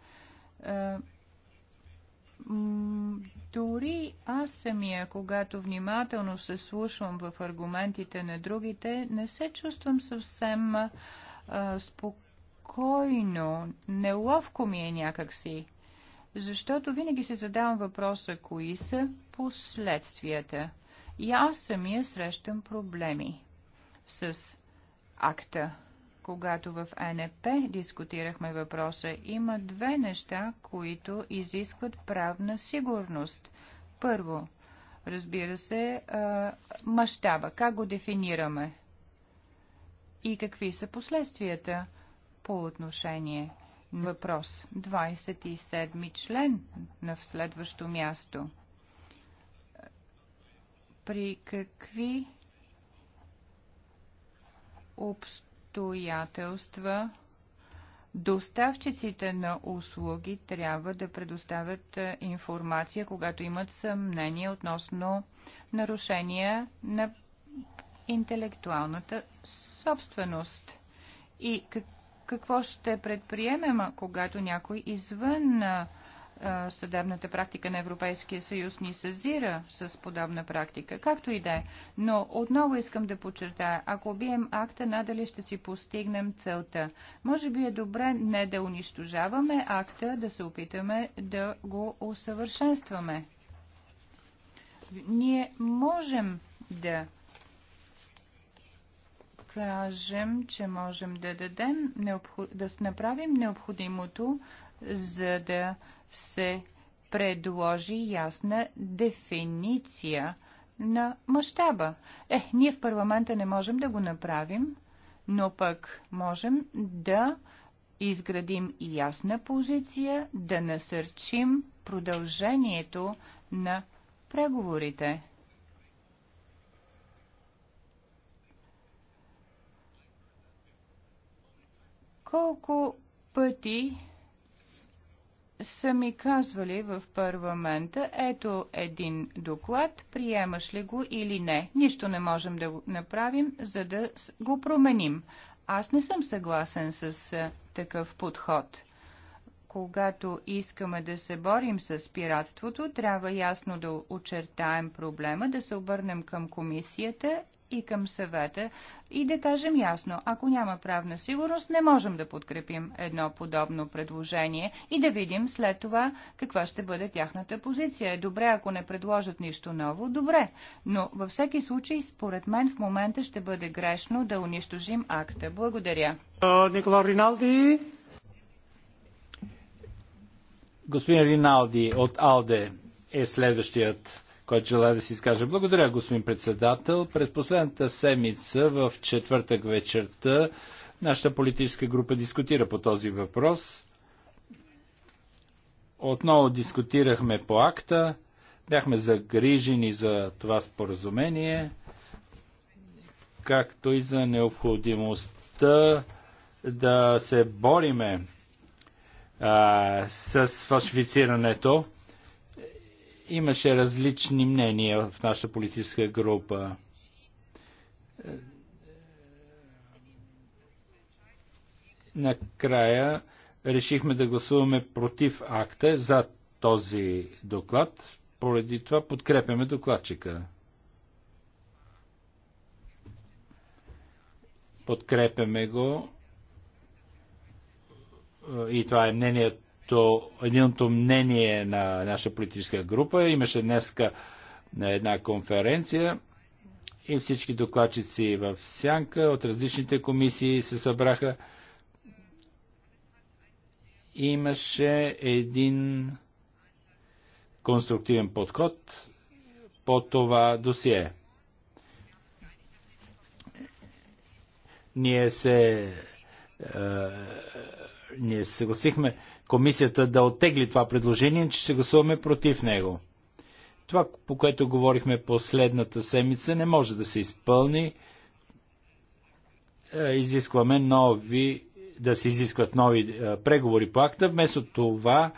Speaker 2: е, дори аз самия, когато внимателно се слушвам в аргументите на другите, не се чувствам съвсем а, спокойно. Неловко ми е някакси. Защото винаги се задавам въпроса, кои са последствията. И аз самия срещам проблеми с акта когато в НП дискутирахме въпроса, има две неща, които изискват правна сигурност. Първо, разбира се, мащаба. Как го дефинираме? И какви са последствията по отношение? Въпрос. 27 член на следващо място. При какви обстоятелства обстоятелства доставчиците на услуги трябва да предоставят е, информация, когато имат съмнение относно нарушения на интелектуалната собственост. И какво ще предприемем, когато някой извън съдебната практика на Европейския съюз ни съзира с подобна практика, както и да е. Но отново искам да подчертая, ако убием акта, надали ще си постигнем целта. Може би е добре не да унищожаваме акта, да се опитаме да го усъвършенстваме. Ние можем да кажем, че можем да дадем, да направим необходимото, за да се предложи ясна дефиниция на мащаба. Е, ние в парламента не можем да го направим, но пък можем да изградим ясна позиция, да насърчим продължението на преговорите. Колко пъти са ми казвали в парламента, ето един доклад, приемаш ли го или не. Нищо не можем да го направим, за да го променим. Аз не съм съгласен с такъв подход когато искаме да се борим с пиратството, трябва ясно да очертаем проблема, да се обърнем към комисията и към съвета и да кажем ясно, ако няма правна сигурност, не можем да подкрепим едно подобно предложение и да видим след това каква ще бъде тяхната позиция. Е Добре, ако не предложат нищо ново, добре, но във всеки случай, според мен, в момента ще бъде грешно да унищожим акта. Благодаря.
Speaker 3: Никола Риналди. Господин Риналди от Алде е следващият, който желая да си изкаже. Благодаря, господин председател. През последната седмица, в четвъртък вечерта, нашата политическа група дискутира по този въпрос. Отново дискутирахме по акта, бяхме загрижени за това споразумение, както и за необходимостта да се бориме а, с фалшифицирането. Имаше различни мнения в нашата политическа група. Накрая решихме да гласуваме против акта за този доклад. Поради това подкрепяме докладчика. Подкрепяме го и това е мнението, единото мнение на наша политическа група. Имаше днеска на една конференция и всички докладчици в Сянка от различните комисии се събраха. Имаше един конструктивен подход по това досие. Ние се е, ние съгласихме комисията да оттегли това предложение, че ще гласуваме против него. Това, по което говорихме последната седмица, не може да се изпълни. Е, изискваме нови, да се изискват нови е, преговори по акта. Вместо това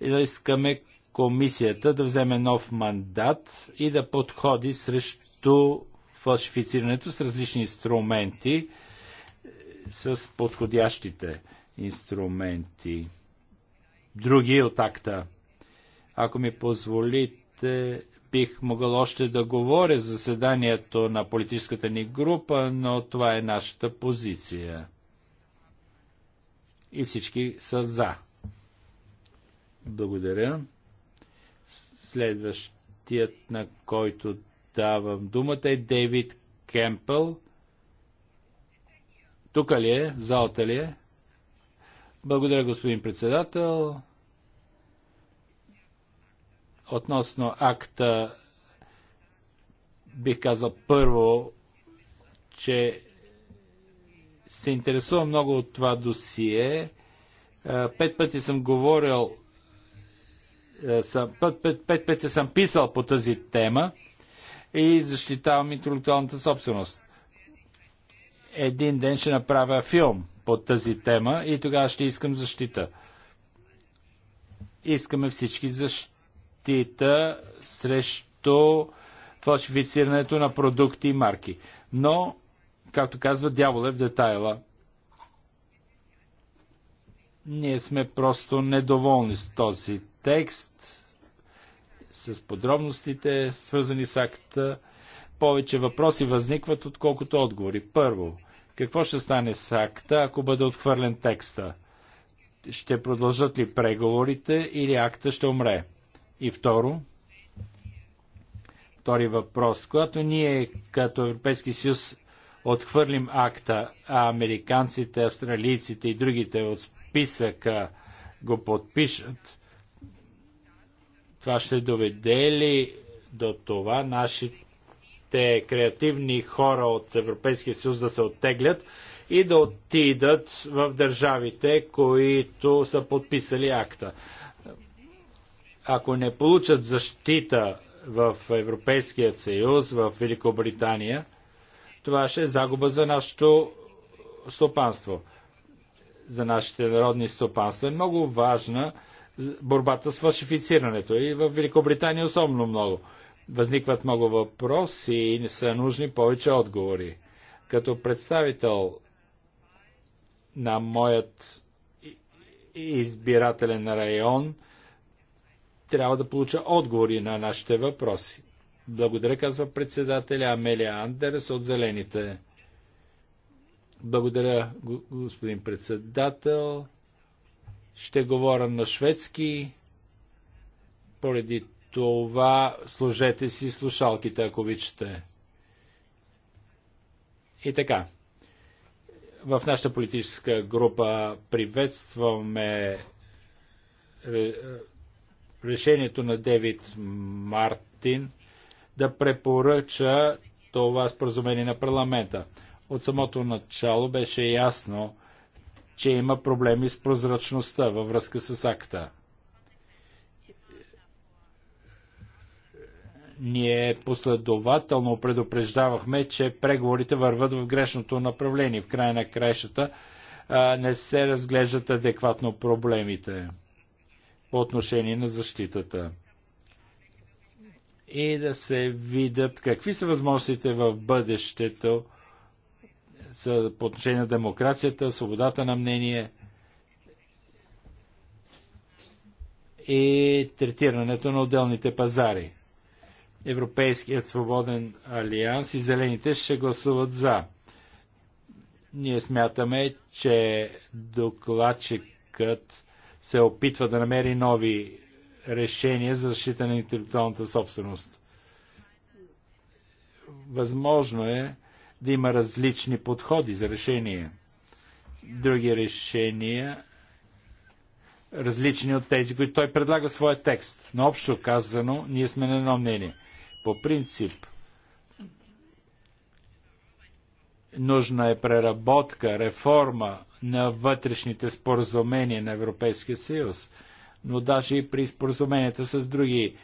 Speaker 3: е, искаме комисията да вземе нов мандат и да подходи срещу фалшифицирането с различни инструменти, с подходящите инструменти. Други от акта. Ако ми позволите, бих могъл още да говоря за заседанието на политическата ни група, но това е нашата позиция. И всички са за. Благодаря. Следващият, на който давам думата е Дейвид Кемпъл. Тук ли е? В залата ли е? Благодаря, господин председател. Относно акта, бих казал първо, че се интересува много от това досие. Пет пъти съм говорил, съм, пет, пет, пет пъти съм писал по тази тема и защитавам интелектуалната собственост. Един ден ще направя филм по тази тема и тогава ще искам защита. Искаме всички защита срещу фалшифицирането на продукти и марки. Но, както казва, дявол е в детайла. Ние сме просто недоволни с този текст, с подробностите, свързани с акта. Повече въпроси възникват, отколкото отговори. Първо, какво ще стане с акта, ако бъде отхвърлен текста? Ще продължат ли преговорите или акта ще умре? И второ, втори въпрос. Когато ние като Европейски съюз отхвърлим акта, а американците, австралийците и другите от списъка го подпишат, това ще доведе ли до това нашите младите креативни хора от Европейския съюз да се оттеглят и да отидат в държавите, които са подписали акта. Ако не получат защита в Европейския съюз, в Великобритания, това ще е загуба за нашето стопанство, за нашите народни стопанства. Е много важна борбата с фалшифицирането и в Великобритания особено много. Възникват много въпроси и не са нужни повече отговори. Като представител на моят избирателен район, трябва да получа отговори на нашите въпроси. Благодаря, казва председателя Амелия Андерс от Зелените. Благодаря, господин председател. Ще говоря на шведски. Поради това служете си слушалките, ако обичате. И така. В нашата политическа група приветстваме е, решението на Девид Мартин да препоръча това споразумение на парламента. От самото начало беше ясно, че има проблеми с прозрачността във връзка с акта. Ние последователно предупреждавахме, че преговорите върват в грешното направление. В края на краищата не се разглеждат адекватно проблемите по отношение на защитата. И да се видят какви са възможностите в бъдещето са по отношение на демокрацията, свободата на мнение и третирането на отделните пазари. Европейският свободен алианс и зелените ще гласуват за. Ние смятаме, че докладчикът се опитва да намери нови решения за защита на интелектуалната собственост. Възможно е да има различни подходи за решение. Други решения, различни от тези, които той предлага в своя текст. Но общо казано, ние сме на едно мнение – по принцип нужна е преработка, реформа на вътрешните споразумения на Европейския съюз, но даже и при споразуменията с други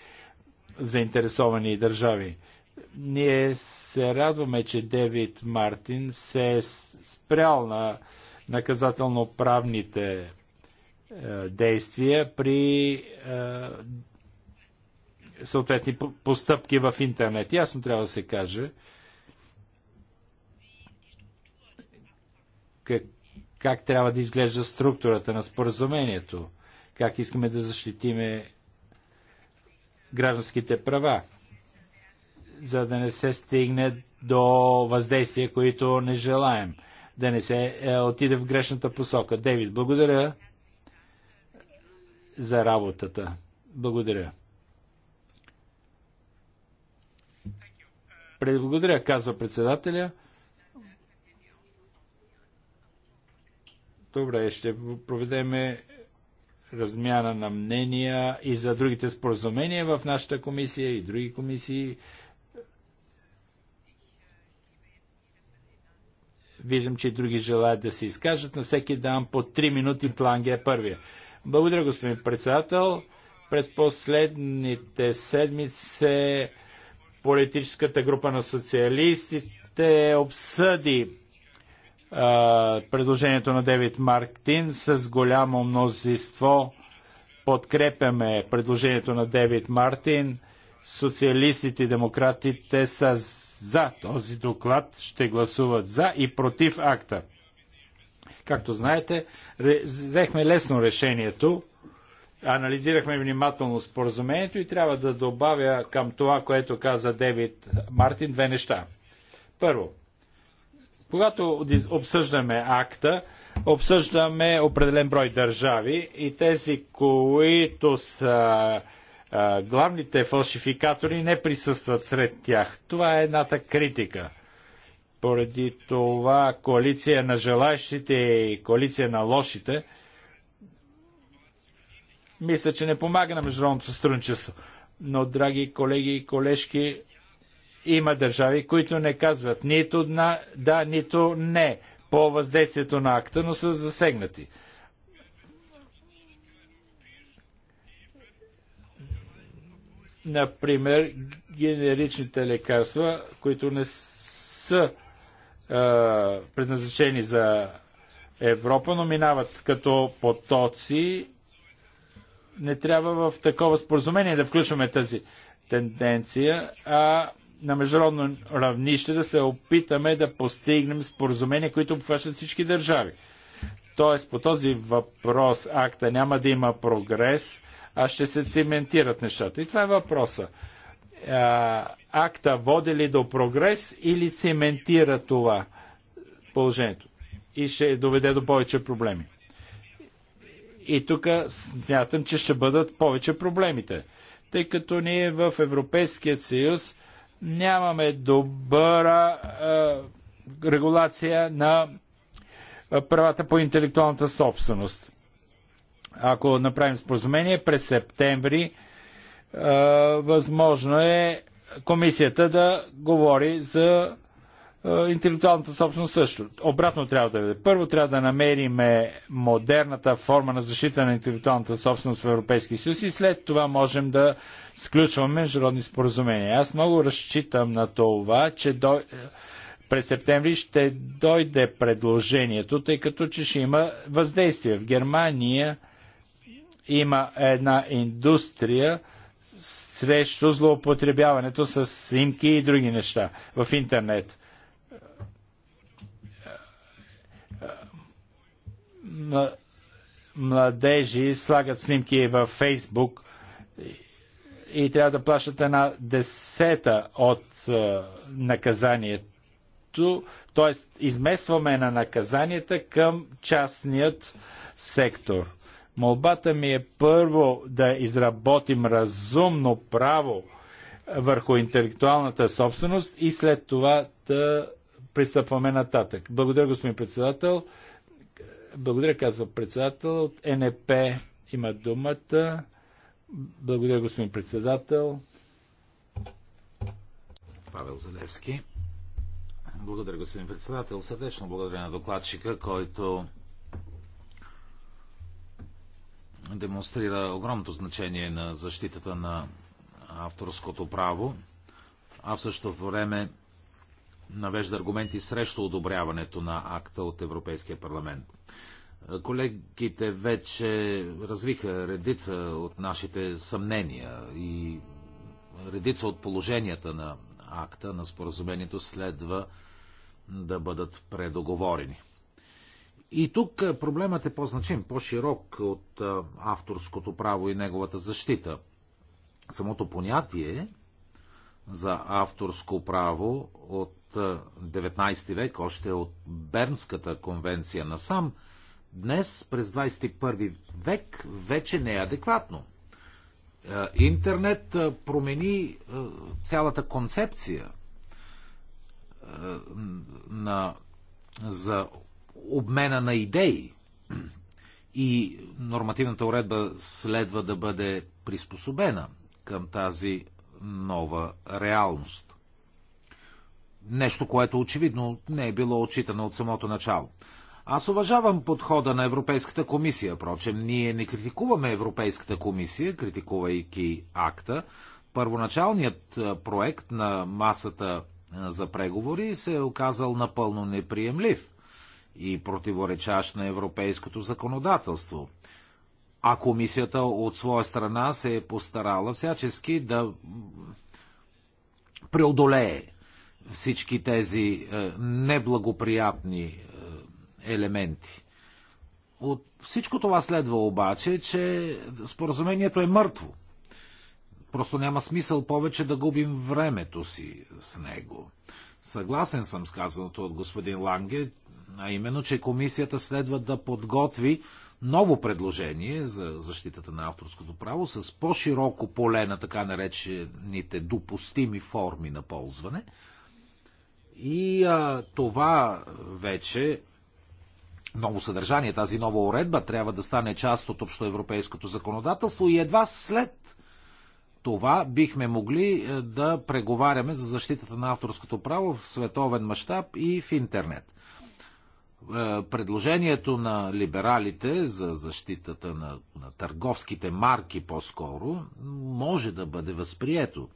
Speaker 3: заинтересовани държави. Ние се радваме, че Девид Мартин се е спрял на наказателно-правните е, действия при е, съответни постъпки в интернет. Ясно трябва да се каже как, как трябва да изглежда структурата на споразумението, как искаме да защитиме гражданските права, за да не се стигне до въздействия, които не желаем, да не се е, отиде в грешната посока. Девид, благодаря за работата. Благодаря. Преблагодаря, казва председателя. Добре, ще проведем размяна на мнения и за другите споразумения в нашата комисия и други комисии. Виждам, че и други желаят да се изкажат. На всеки дам по 3 минути. Планге е първия. Благодаря, господин председател. През последните седмици политическата група на социалистите обсъди а, предложението на Девит Мартин с голямо мнозинство. Подкрепяме предложението на Девит Мартин. Социалистите и демократите са за този доклад, ще гласуват за и против акта. Както знаете, взехме лесно решението анализирахме внимателно споразумението и трябва да добавя към това, което каза Девид Мартин, две неща. Първо, когато обсъждаме акта, обсъждаме определен брой държави и тези, които са а, главните фалшификатори, не присъстват сред тях. Това е едната критика. Поради това коалиция на желащите и коалиция на лошите – мисля, че не помага на международното сътрудничество. Но, драги колеги и колежки, има държави, които не казват нито на, да, нито не по въздействието на акта, но са засегнати. Например, генеричните лекарства, които не са е, предназначени за Европа, но минават като потоци не трябва в такова споразумение да включваме тази тенденция, а на международно равнище да се опитаме да постигнем споразумения, които обхващат всички държави. Тоест по този въпрос акта няма да има прогрес, а ще се циментират нещата. И това е въпроса. А, акта води ли до прогрес или циментира това положението? И ще доведе до повече проблеми. И тук смятам, че ще бъдат повече проблемите, тъй като ние в Европейският съюз нямаме добра е, регулация на правата по интелектуалната собственост. Ако направим споразумение през септември, е, възможно е комисията да говори за е, интелектуалната собственост също. Обратно трябва да бъде. Първо трябва да намериме модерната форма на защита на интелектуалната собственост в Европейския съюз и след това можем да сключваме международни споразумения. Аз много разчитам на това, че до... Е, през септември ще дойде предложението, тъй като че ще има въздействие. В Германия има една индустрия, срещу злоупотребяването с снимки и други неща в интернет. младежи слагат снимки във Фейсбук и трябва да плащат една десета от наказанието, т.е. изместваме на наказанията към частният сектор. Молбата ми е първо да изработим разумно право върху интелектуалната собственост и след това да пристъпваме нататък. Благодаря, господин председател. Благодаря, казва председател. От НП има думата. Благодаря, господин председател. Павел Залевски. Благодаря, господин председател.
Speaker 4: Сърдечно благодаря на докладчика, който демонстрира огромното значение на защитата на авторското право, а в същото време навежда аргументи срещу одобряването на акта от Европейския парламент. Колегите вече развиха редица от нашите съмнения и редица от положенията на акта на споразумението следва да бъдат предоговорени. И тук проблемът е по-значим, по-широк от авторското право и неговата защита. Самото понятие за авторско право от 19 е, век, още от Бернската конвенция насам, днес, през 21 век, вече не е адекватно. Е, интернет е, промени цялата концепция на, за обмена на идеи и нормативната уредба следва да бъде приспособена към тази нова реалност. Нещо, което очевидно не е било отчитано от самото начало. Аз уважавам подхода на Европейската комисия, прочем, ние не критикуваме Европейската комисия, критикувайки акта. Първоначалният проект на масата за преговори се е оказал напълно неприемлив и противоречащ на европейското законодателство. А комисията от своя страна се е постарала всячески да преодолее всички тези е, неблагоприятни е, елементи. От всичко това следва обаче, че споразумението е мъртво. Просто няма смисъл повече да губим времето си с него. Съгласен съм с казаното от господин Ланге, а именно, че комисията следва да подготви ново предложение за защитата на авторското право с по-широко поле на така наречените допустими форми на ползване. И а, това вече ново съдържание, тази нова уредба трябва да стане част от общоевропейското законодателство и едва след това бихме могли е, да преговаряме за защитата на авторското право в световен мащаб и в интернет. Е, предложението на либералите за защитата на, на търговските марки по-скоро може да бъде възприето.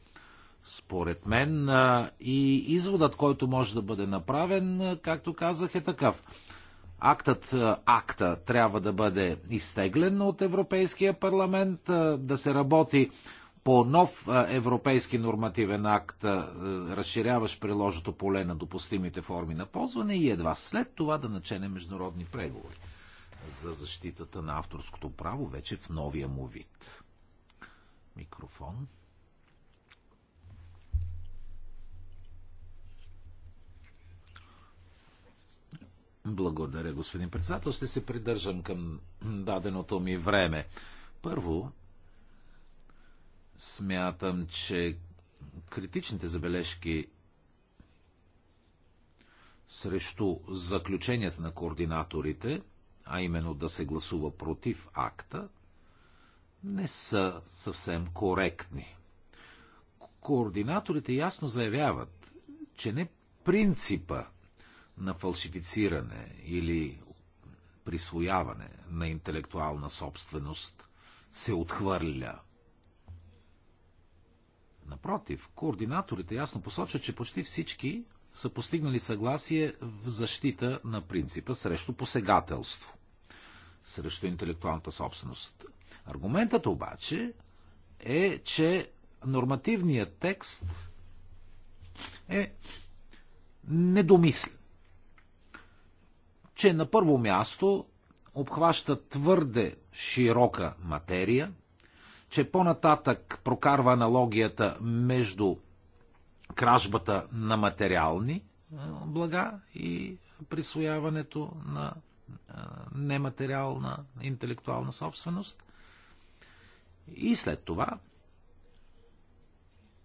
Speaker 4: Според мен е, и изводът, който може да бъде направен, е, както казах, е такъв. Актът, акта трябва да бъде изтеглен от Европейския парламент, да се работи по нов европейски нормативен акт, разширяващ приложното поле на допустимите форми на ползване и едва след това да начене международни преговори за защитата на авторското право вече в новия му вид. Микрофон. Благодаря, господин председател. Ще се придържам към даденото ми време. Първо, Смятам, че критичните забележки срещу заключенията на координаторите, а именно да се гласува против акта, не са съвсем коректни. Координаторите ясно заявяват, че не принципа на фалшифициране или присвояване на интелектуална собственост се отхвърля. Напротив, координаторите ясно посочват, че почти всички са постигнали съгласие в защита на принципа срещу посегателство, срещу интелектуалната собственост. Аргументът обаче е, че нормативният текст е недомислен. Че на първо място обхваща твърде широка материя – че по-нататък прокарва аналогията между кражбата на материални е, блага и присвояването на е, нематериална интелектуална собственост. И след това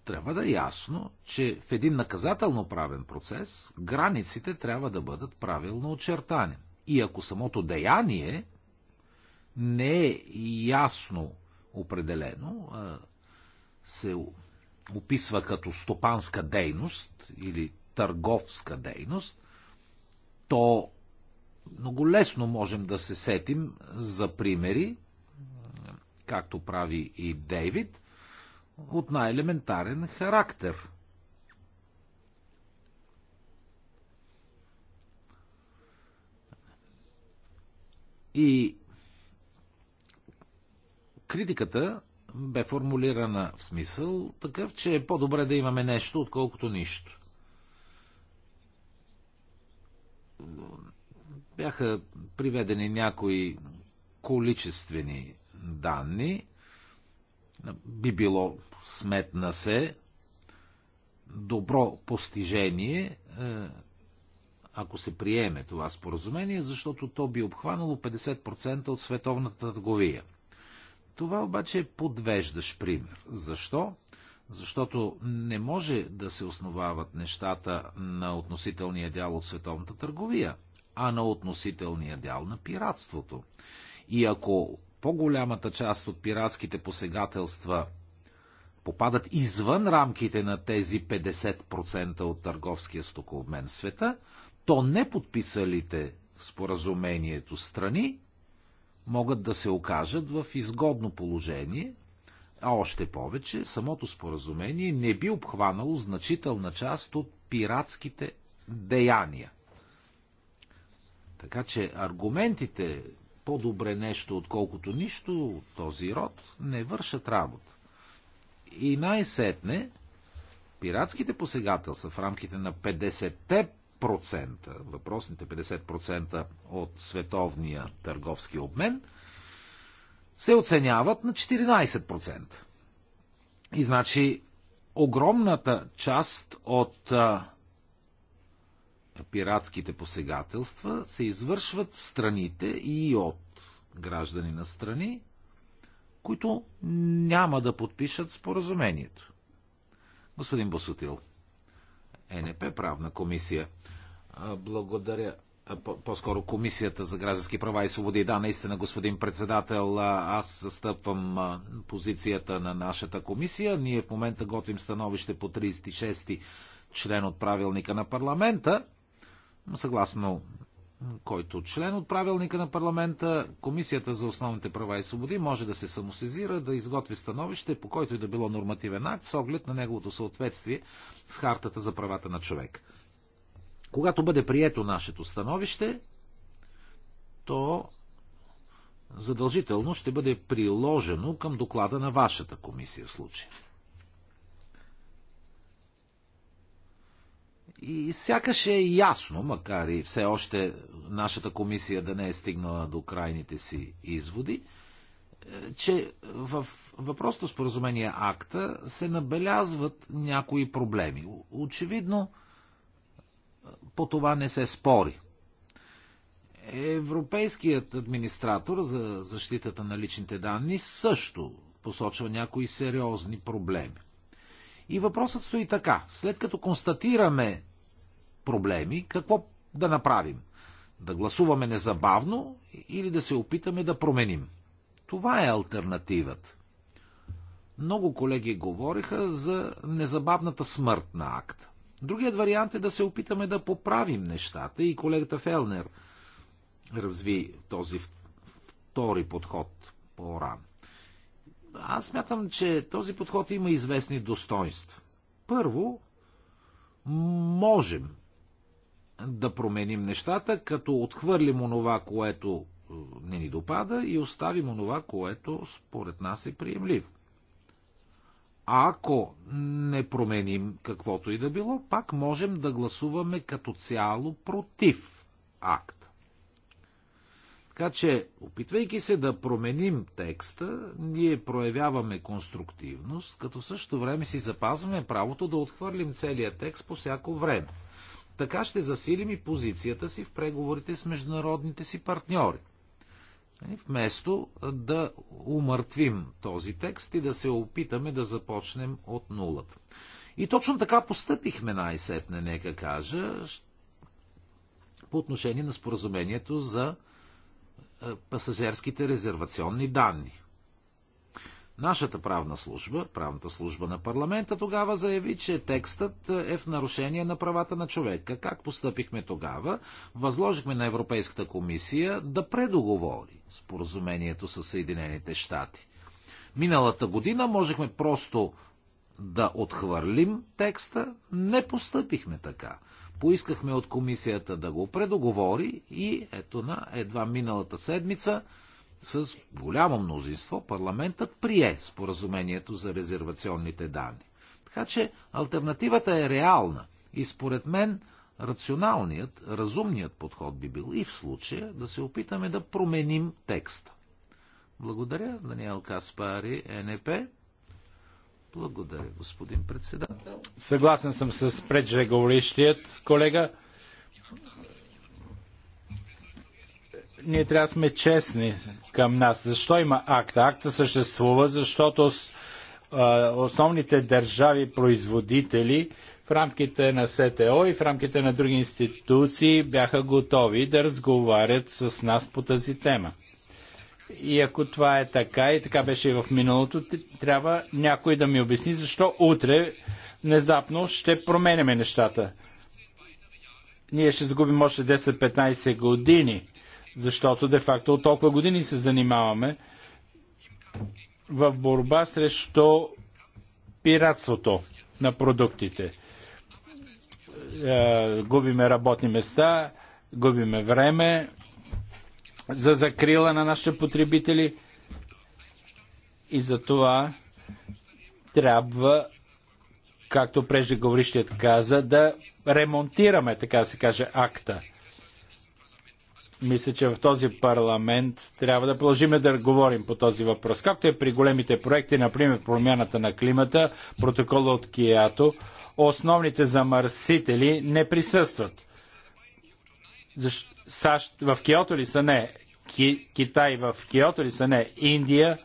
Speaker 4: трябва да е ясно, че в един наказателно-правен процес границите трябва да бъдат правилно очертани. И ако самото деяние не е ясно определено се описва като стопанска дейност или търговска дейност, то много лесно можем да се сетим за примери, както прави и Дейвид, от най-елементарен характер. И Критиката бе формулирана в смисъл такъв, че е по-добре да имаме нещо, отколкото нищо. Бяха приведени някои количествени данни. Би било, сметна се, добро постижение, е, ако се приеме това споразумение, защото то би обхванало 50% от световната търговия. Това обаче е подвеждащ пример. Защо? Защото не може да се основават нещата на относителния дял от световната търговия, а на относителния дял на пиратството. И ако по-голямата част от пиратските посегателства попадат извън рамките на тези 50% от търговския стокообмен света, то не подписалите споразумението страни могат да се окажат в изгодно положение, а още повече самото споразумение не би обхванало значителна част от пиратските деяния. Така че аргументите по-добре нещо, отколкото нищо от този род не вършат работа. И най-сетне, пиратските посегателства в рамките на 50-те 50%, въпросните 50% от световния търговски обмен, се оценяват на 14%. И значи огромната част от а, пиратските посегателства се извършват в страните и от граждани на страни, които няма да подпишат споразумението. Господин Босотил, ЕНП правна комисия. Благодаря. По-скоро Комисията за граждански права и свободи. Да, наистина, господин председател, аз застъпвам позицията на нашата комисия. Ние в момента готвим становище по 36 член от правилника на парламента. Съгласно който член от правилника на парламента, Комисията за основните права и свободи може да се самосезира, да изготви становище, по който и да било нормативен акт, с оглед на неговото съответствие с Хартата за правата на човек. Когато бъде прието нашето становище, то задължително ще бъде приложено към доклада на вашата комисия в случая. И сякаш е ясно, макар и все още нашата комисия да не е стигнала до крайните си изводи, е, че в въпросното споразумение акта се набелязват някои проблеми. Очевидно, по това не се спори. Европейският администратор за защитата на личните данни също посочва някои сериозни проблеми. И въпросът стои така. След като констатираме проблеми, какво да направим? Да гласуваме незабавно или да се опитаме да променим? Това е альтернативът. Много колеги говориха за незабавната смърт на акта. Другият вариант е да се опитаме да поправим нещата и колегата Фелнер разви този втори подход по Оран. Аз смятам, че този подход има известни достоинства. Първо, можем да променим нещата, като отхвърлим онова, което е, не ни допада и оставим онова, което според нас е приемливо. А ако не променим каквото и да било, пак можем да гласуваме като цяло против акта. Така че, опитвайки се да променим текста, ние проявяваме конструктивност, като в същото време си запазваме правото да отхвърлим целия текст по всяко време. Така ще засилим и позицията си в преговорите с международните си партньори. Нали, вместо да умъртвим този текст и да се опитаме да започнем от нулата. И точно така постъпихме най-сетне, нека кажа, по отношение на споразумението за е, пасажерските резервационни данни. Нашата правна служба, правната служба на парламента, тогава заяви, че текстът е в нарушение на правата на човека. Как постъпихме тогава? Възложихме на Европейската комисия да предоговори споразумението с Съединените щати. Миналата година можехме просто да отхвърлим текста, не постъпихме така. Поискахме от комисията да го предоговори и ето на едва миналата седмица с голямо мнозинство парламентът прие споразумението за резервационните данни. Така че альтернативата е реална и според мен рационалният, разумният подход би бил и в случая да се опитаме да променим текста. Благодаря, Даниел Каспари, НП. Благодаря, господин председател.
Speaker 3: Съгласен съм с преждеговорившият колега ние трябва да сме честни към нас. Защо има акта? Акта съществува, защото основните държави производители в рамките на СТО и в рамките на други институции бяха готови да разговарят с нас по тази тема. И ако това е така, и така беше и в миналото, трябва някой да ми обясни защо утре внезапно ще променяме нещата. Ние ще загубим още 10-15 години защото де-факто от толкова години се занимаваме в борба срещу пиратството на продуктите. Е, губиме работни места, губиме време за закрила на нашите потребители и за това трябва, както преждеговорищият каза, да ремонтираме, така се каже, акта – мисля, че в този парламент трябва да продължим да говорим по този въпрос. Както е при големите проекти, например промяната на климата, протокола от Киято, основните замърсители не присъстват. Защ... САЩ в Киото ли са? Не. Ки... Китай в Киото ли са? Не. Индия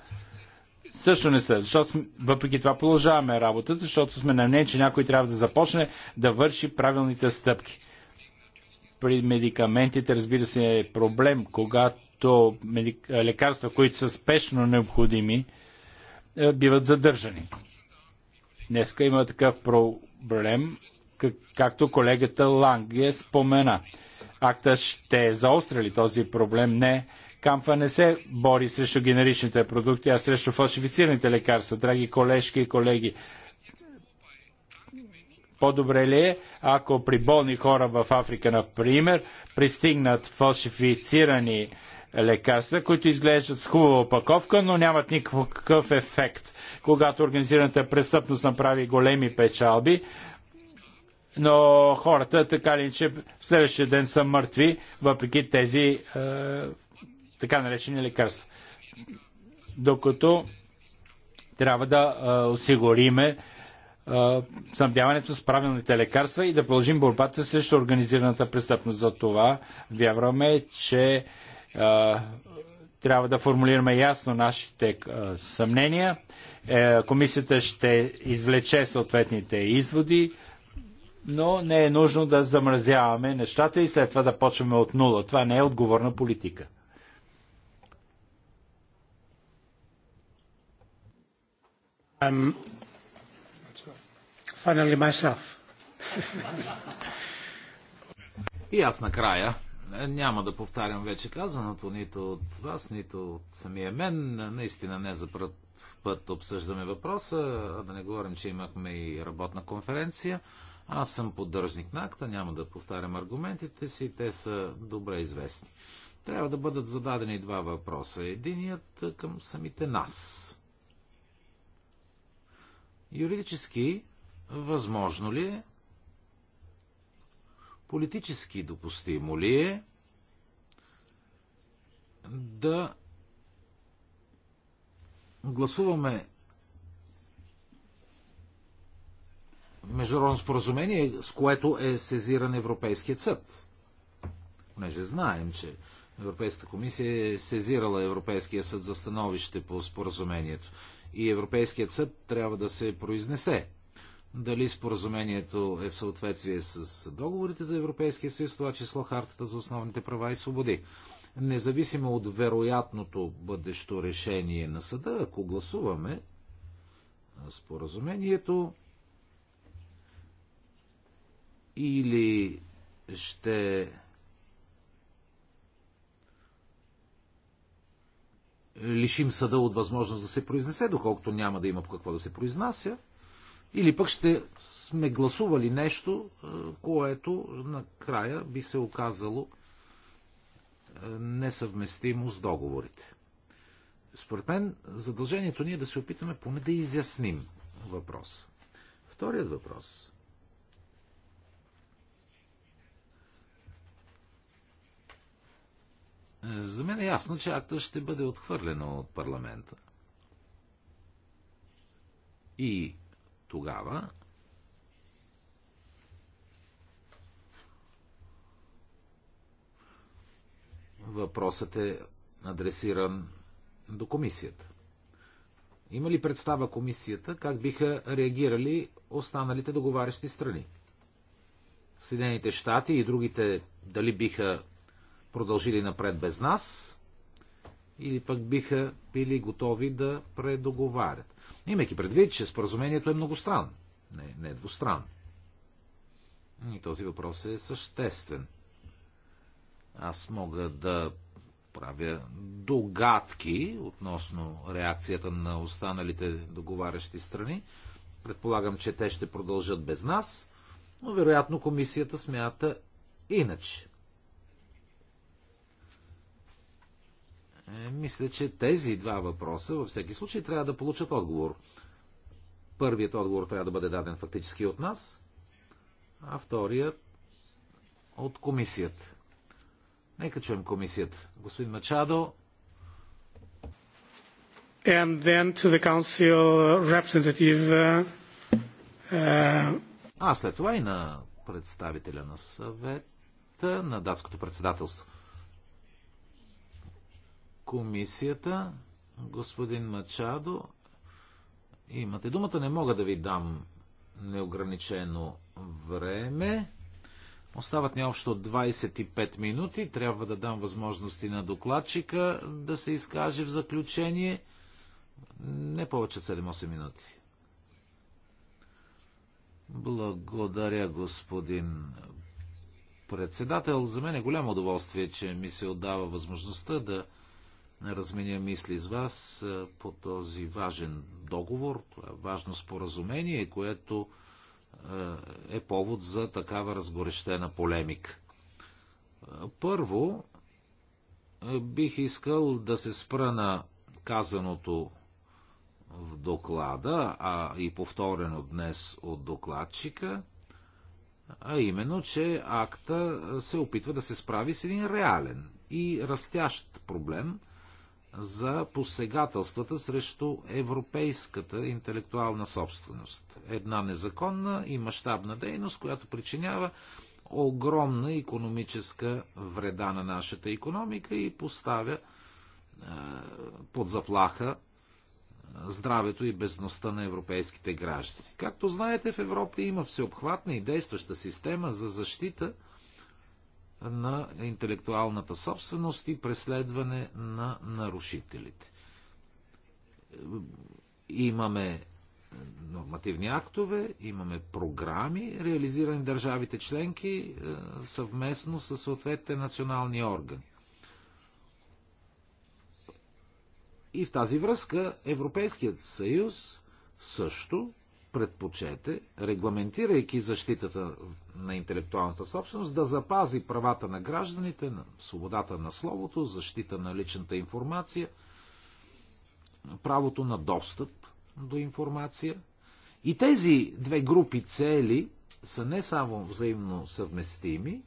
Speaker 3: също не са. Защото въпреки това продължаваме работата, защото сме на мнение, че някой трябва да започне да върши правилните стъпки. При медикаментите, разбира се, е проблем, когато лекарства, които са спешно необходими, е, биват задържани. Днеска има такъв проблем, както колегата е спомена. Акта ще ли този проблем. Не, Камфа не се бори срещу генеричните продукти, а срещу фалшифицираните лекарства. Драги колежки и колеги, по-добре ли е, ако при болни хора в Африка, например, пристигнат фалшифицирани лекарства, които изглеждат с хубава опаковка, но нямат никакъв ефект. Когато организираната престъпност направи големи печалби, но хората така ли, че в следващия ден са мъртви, въпреки тези е, така наречени лекарства. Докато трябва да е, осигуриме снабдяването с правилните лекарства и да продължим борбата срещу организираната престъпност. За това вярваме, че а, трябва да формулираме ясно нашите а, съмнения. Е, комисията ще извлече съответните изводи, но не е нужно да замразяваме нещата и след това да почваме от нула. Това не е отговорна политика. Um finally
Speaker 1: myself.
Speaker 4: И аз накрая няма да повтарям вече казаното нито от вас, нито от самия мен. Наистина не за първ път обсъждаме въпроса, а да не говорим, че имахме и работна конференция. Аз съм поддържник на акта, няма да повтарям аргументите си, те са добре известни. Трябва да бъдат зададени два въпроса. Единият към самите нас. Юридически Възможно ли е? Политически допустимо ли е да гласуваме международно споразумение, с което е сезиран Европейският съд? Понеже знаем, че Европейската комисия е сезирала Европейския съд за становище по споразумението и Европейският съд трябва да се произнесе дали споразумението е в съответствие с договорите за Европейския съюз, това число Хартата за основните права и свободи. Независимо от вероятното бъдещо решение на съда, ако гласуваме споразумението или ще лишим съда от възможност да се произнесе, доколкото няма да има по какво да се произнася, или пък ще сме гласували нещо, е, което накрая би се оказало е, несъвместимо с договорите. Според мен задължението ни е да се опитаме поне да изясним въпрос. Вторият въпрос. Е, за мен е ясно, че акта ще бъде отхвърлено от парламента. И тогава въпросът е адресиран до комисията. Има ли представа комисията как биха реагирали останалите договарящи страни? Съединените щати и другите дали биха продължили напред без нас, или пък биха били готови да предоговарят. Имайки предвид, че споразумението е многостранно, не, не е двустранно. И този въпрос е съществен. Аз мога да правя догадки относно реакцията на останалите договарящи страни. Предполагам, че те ще продължат без нас, но вероятно комисията смята иначе. Е, мисля, че тези два въпроса във всеки случай трябва да получат отговор. Първият отговор трябва да бъде даден фактически от нас, а вторият от комисията. Нека чуем комисията. Господин Мачадо.
Speaker 1: And then to the council representative. Uh...
Speaker 4: А след това и на представителя на съвета на датското председателство комисията, господин Мачадо, имате думата. Не мога да ви дам неограничено време. Остават ни общо 25 минути. Трябва да дам възможности на докладчика да се изкаже в заключение. Не повече от 7-8 минути. Благодаря, господин председател. За мен е голямо удоволствие, че ми се отдава възможността да разменя мисли с вас по този важен договор, това е важно споразумение, което е повод за такава разгорещена полемика. Първо, бих искал да се спра на казаното в доклада, а и повторено днес от докладчика, а именно, че акта се опитва да се справи с един реален и растящ проблем, за посегателствата срещу европейската интелектуална собственост. Една незаконна и мащабна дейност, която причинява огромна економическа вреда на нашата економика и поставя е, под заплаха е, здравето и безността на европейските граждани. Както знаете, в Европа има всеобхватна и действаща система за защита – на интелектуалната собственост и преследване на нарушителите. Имаме нормативни актове, имаме програми, реализирани държавите членки е, съвместно с съответните национални органи. И в тази връзка Европейският съюз също предпочете, регламентирайки защитата на интелектуалната собственост, да запази правата на гражданите, на свободата на словото, защита на личната информация, правото на достъп до информация. И тези две групи цели са не само взаимно съвместими,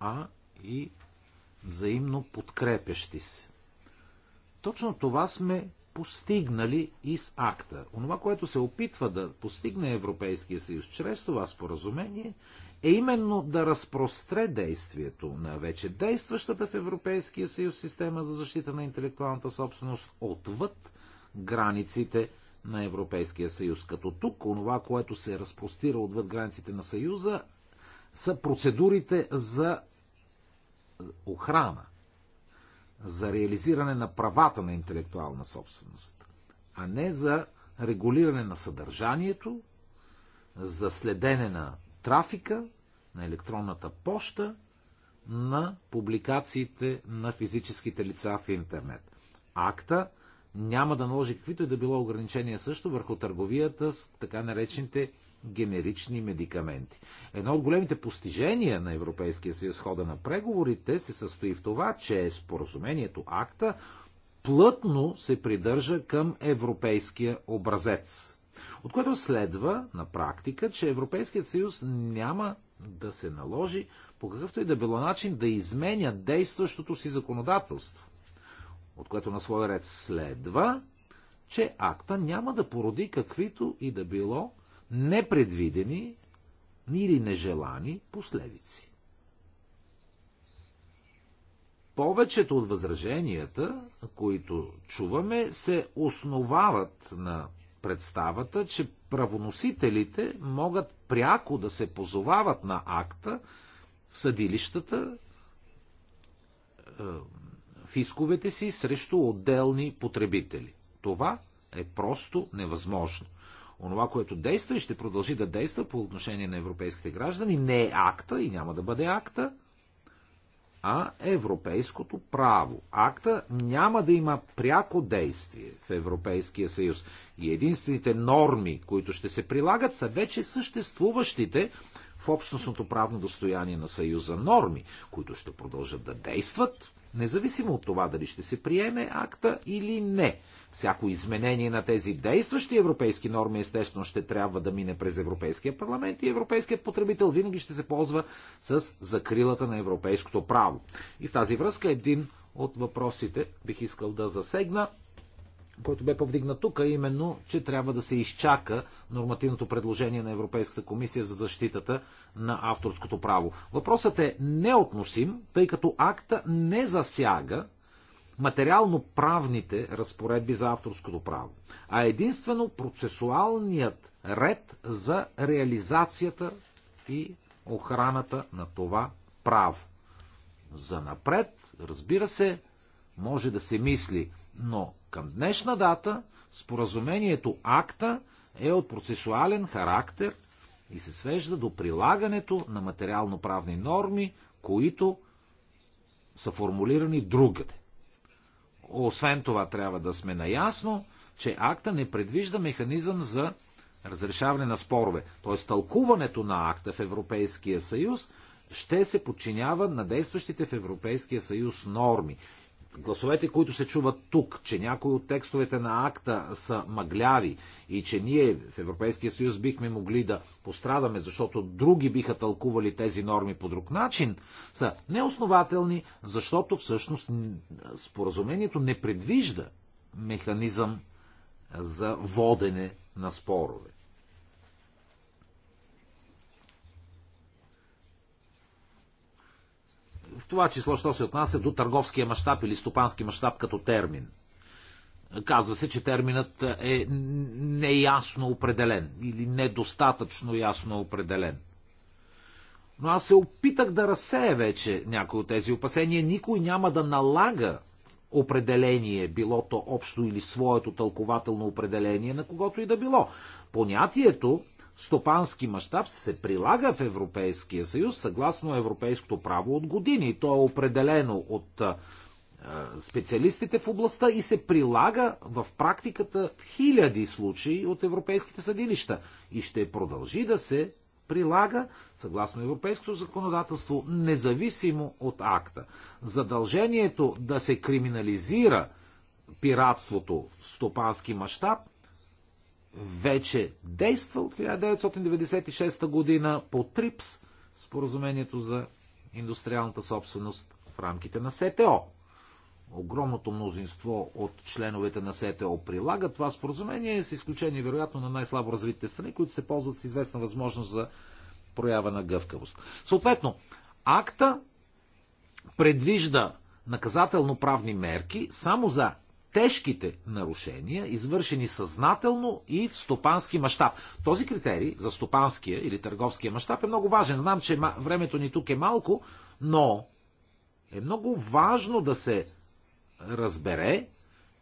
Speaker 4: а и взаимно подкрепящи се. Точно това сме постигнали и с акта. Онова, което се опитва да постигне Европейския съюз чрез това споразумение, е именно да разпростре действието на вече действащата в Европейския съюз система за защита на интелектуалната собственост отвъд границите на Европейския съюз. Като тук, онова, което се разпростира отвъд границите на съюза, са процедурите за охрана за реализиране на правата на интелектуална собственост, а не за регулиране на съдържанието, за следене на трафика, на електронната поща, на публикациите на физическите лица в интернет. Акта няма да наложи каквито и да било ограничения също върху търговията с така наречените генерични медикаменти. Едно от големите постижения на Европейския съюз хода на преговорите се състои в това, че споразумението акта плътно се придържа към европейския образец. От което следва на практика, че Европейският съюз няма да се наложи по какъвто и да било начин да изменя действащото си законодателство. От което на своя ред следва, че акта няма да породи каквито и да било непредвидени или нежелани последици. Повечето от възраженията, които чуваме, се основават на представата, че правоносителите могат пряко да се позовават на акта в съдилищата, е, в исковете си срещу отделни потребители. Това е просто невъзможно онова, което действа и ще продължи да действа по отношение на европейските граждани, не е акта и няма да бъде акта, а европейското право. Акта няма да има пряко действие в Европейския съюз. И единствените норми, които ще се прилагат, са вече съществуващите в общностното правно достояние на съюза норми, които ще продължат да действат независимо от това дали ще се приеме акта или не. Всяко изменение на тези действащи европейски норми естествено ще трябва да мине през Европейския парламент и европейският потребител винаги ще се ползва с закрилата на европейското право. И в тази връзка един от въпросите бих искал да засегна който бе повдигнат тук, а именно, че трябва да се изчака нормативното предложение на Европейската комисия за защитата на авторското право. Въпросът е неотносим, тъй като акта не засяга материално-правните разпоредби за авторското право, а единствено процесуалният ред за реализацията и охраната на това право. За напред, разбира се, може да се мисли но към днешна дата споразумението акта е от процесуален характер и се свежда до прилагането на материално-правни норми, които са формулирани другаде. Освен това, трябва да сме наясно, че акта не предвижда механизъм за разрешаване на спорове. Т.е. тълкуването на акта в Европейския съюз ще се подчинява на действащите в Европейския съюз норми гласовете, които се чуват тук, че някои от текстовете на акта са мъгляви и че ние в Европейския съюз бихме могли да пострадаме, защото други биха тълкували тези норми по друг начин, са неоснователни, защото всъщност споразумението не предвижда механизъм за водене на спорове. в това число, що се отнася до търговския мащаб или стопански мащаб като термин. Казва се, че терминът е неясно определен или недостатъчно ясно определен. Но аз се опитах да разсея вече някои от тези опасения. Никой няма да налага определение, било то общо или своето тълкователно определение на когото и да било. Понятието стопански мащаб се прилага в Европейския съюз съгласно европейското право от години. То е определено от специалистите в областта и се прилага в практиката в хиляди случаи от европейските съдилища и ще продължи да се прилага съгласно европейското законодателство, независимо от акта. Задължението да се криминализира пиратството в стопански мащаб вече действа от 1996 година по ТРИПС, споразумението за индустриалната собственост в рамките на СТО. Огромното мнозинство от членовете на СТО прилагат това споразумение, с изключение вероятно на най-слабо развитите страни, които се ползват с известна възможност за проява на гъвкавост. Съответно, акта предвижда наказателно-правни мерки само за тежките нарушения, извършени съзнателно и в стопански мащаб. Този критерий за стопанския или търговския мащаб е много важен. Знам, че времето ни тук е малко, но е много важно да се разбере,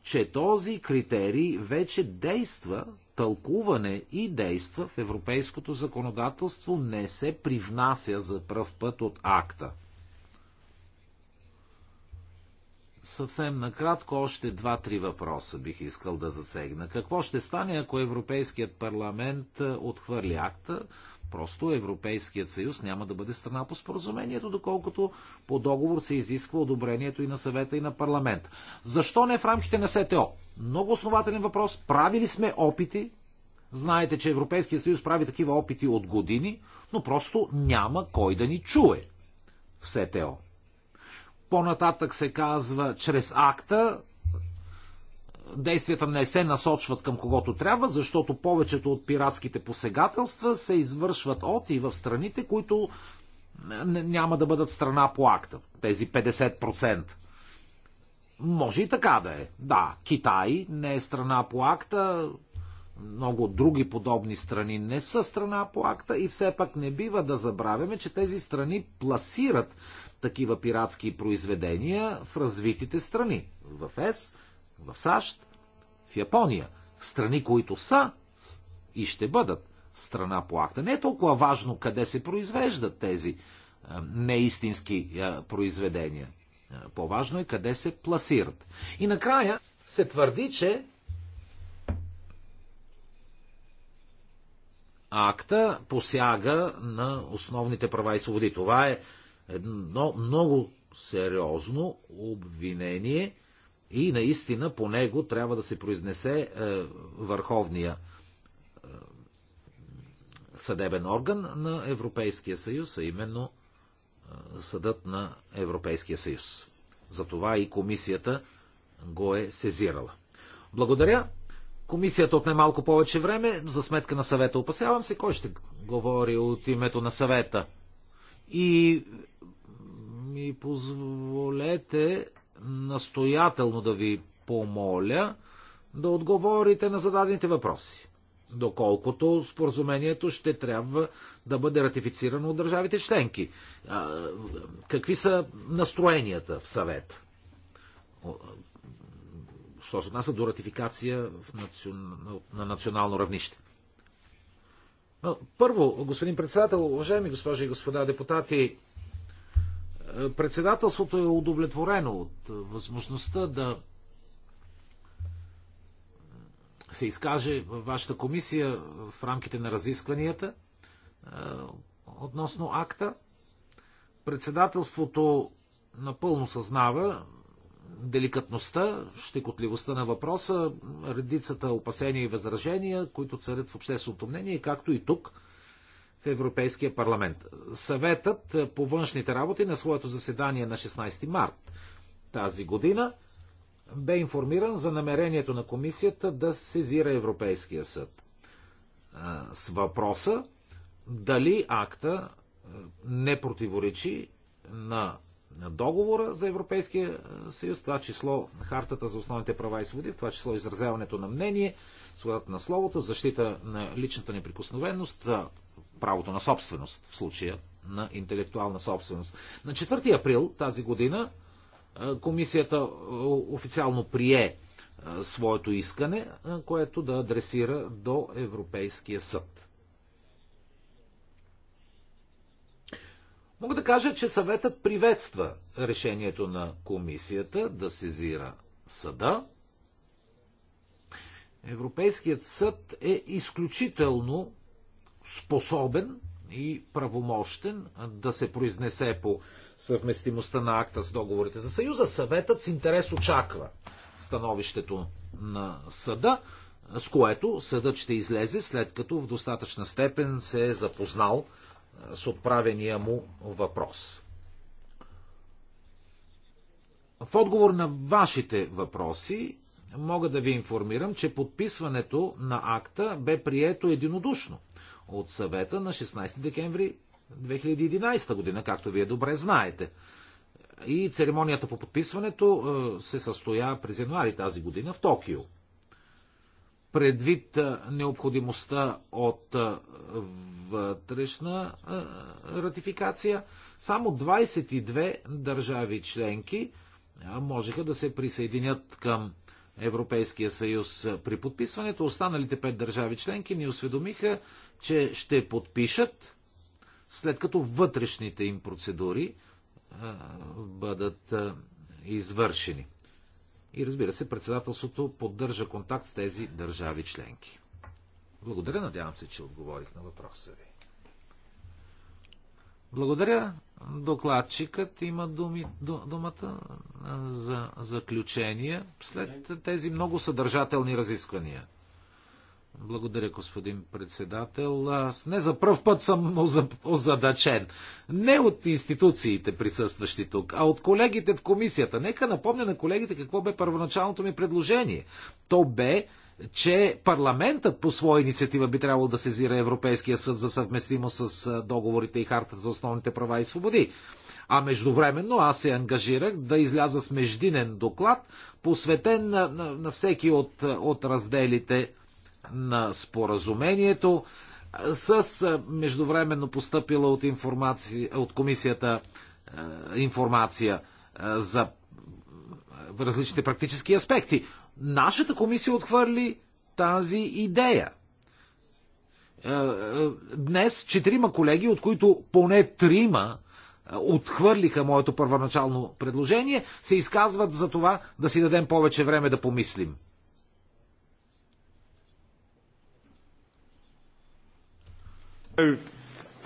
Speaker 4: че този критерий вече действа, тълкуване и действа в европейското законодателство, не се привнася за пръв път от акта. съвсем накратко още два-три въпроса бих искал да засегна. Какво ще стане, ако Европейският парламент е, отхвърли акта? Просто Европейският съюз няма да бъде страна по споразумението, доколкото по договор се изисква одобрението и на съвета и на парламент. Защо не в рамките на СТО? Много основателен въпрос. Правили сме опити. Знаете, че Европейският съюз прави такива опити от години, но просто няма кой да ни чуе в СТО. По-нататък се казва чрез акта. Действията не се насочват към когото трябва, защото повечето от пиратските посегателства се извършват от и в страните, които няма да бъдат страна по акта. Тези 50%. Може и така да е. Да, Китай не е страна по акта, много други подобни страни не са страна по акта и все пак не бива да забравяме, че тези страни пласират такива пиратски произведения в развитите страни. В ЕС, в САЩ, в Япония. Страни, които са и ще бъдат страна по акта. Не е толкова важно къде се произвеждат тези е, неистински е, произведения. Е, по-важно е къде се пласират. И накрая се твърди, че акта посяга на основните права и свободи. Това е едно много сериозно обвинение и наистина по него трябва да се произнесе е, върховния е, съдебен орган на Европейския съюз, а именно е, съдът на Европейския съюз. Затова и комисията го е сезирала. Благодаря комисията отне малко повече време, за сметка на съвета. Опасявам се, кой ще говори от името на съвета. И ми позволете настоятелно да ви помоля да отговорите на зададените въпроси. Доколкото споразумението ще трябва да бъде ратифицирано от държавите членки. Какви са настроенията в съвет? що се отнася до ратификация на национално равнище. Първо, господин председател, уважаеми госпожи и господа депутати, е, председателството е удовлетворено от възможността да се изкаже във вашата комисия в рамките на разискванията е, относно акта. Председателството напълно съзнава деликатността, щекотливостта на въпроса, редицата опасения и възражения, които царят в общественото мнение, както и тук в Европейския парламент. Съветът по външните работи на своето заседание на 16 март тази година бе информиран за намерението на комисията да сезира Европейския съд с въпроса дали акта не противоречи на договора за Европейския е, съюз, това число хартата за основните права и свободи, това число изразяването на мнение, свободата на словото, защита на личната неприкосновеност, правото на собственост, в случая на интелектуална собственост. На 4 април тази година е, комисията е, официално прие своето искане, което да адресира до Европейския съд. Мога да кажа, че съветът приветства решението на комисията да сезира съда. Европейският съд е изключително способен и правомощен да се произнесе по съвместимостта на акта с договорите за Съюза. Съветът с интерес очаква становището на съда, с което съдът ще излезе след като в достатъчна степен се е запознал с отправения му въпрос. В отговор на вашите въпроси мога да ви информирам, че подписването на акта бе прието единодушно от съвета на 16 декември 2011 година, както вие добре знаете. И церемонията по подписването е, се състоя през януари тази година в Токио предвид необходимостта от вътрешна ратификация, само 22 държави членки можеха да се присъединят към Европейския съюз при подписването. Останалите пет държави членки ни осведомиха, че ще подпишат след като вътрешните им процедури бъдат извършени. И разбира се, председателството поддържа контакт с тези държави членки. Благодаря, надявам се, че отговорих на въпроса ви. Благодаря. Докладчикът има думи, думата за заключение след тези много съдържателни разисквания. Благодаря, господин председател. Аз не за първ път съм озадачен. Не от институциите присъстващи тук, а от колегите в комисията. Нека напомня на колегите какво бе първоначалното ми предложение. То бе че парламентът по своя инициатива би трябвало да сезира Европейския съд за съвместимост с договорите и хартата за основните права и свободи. А междувременно аз се ангажирах да изляза с междинен доклад, посветен на, на, на всеки от, от разделите на споразумението с междувременно поступила от, от комисията информация за различните практически аспекти. Нашата комисия отхвърли тази идея. Днес четирима колеги, от които поне трима отхвърлиха моето първоначално предложение, се изказват за това да си дадем повече време да помислим.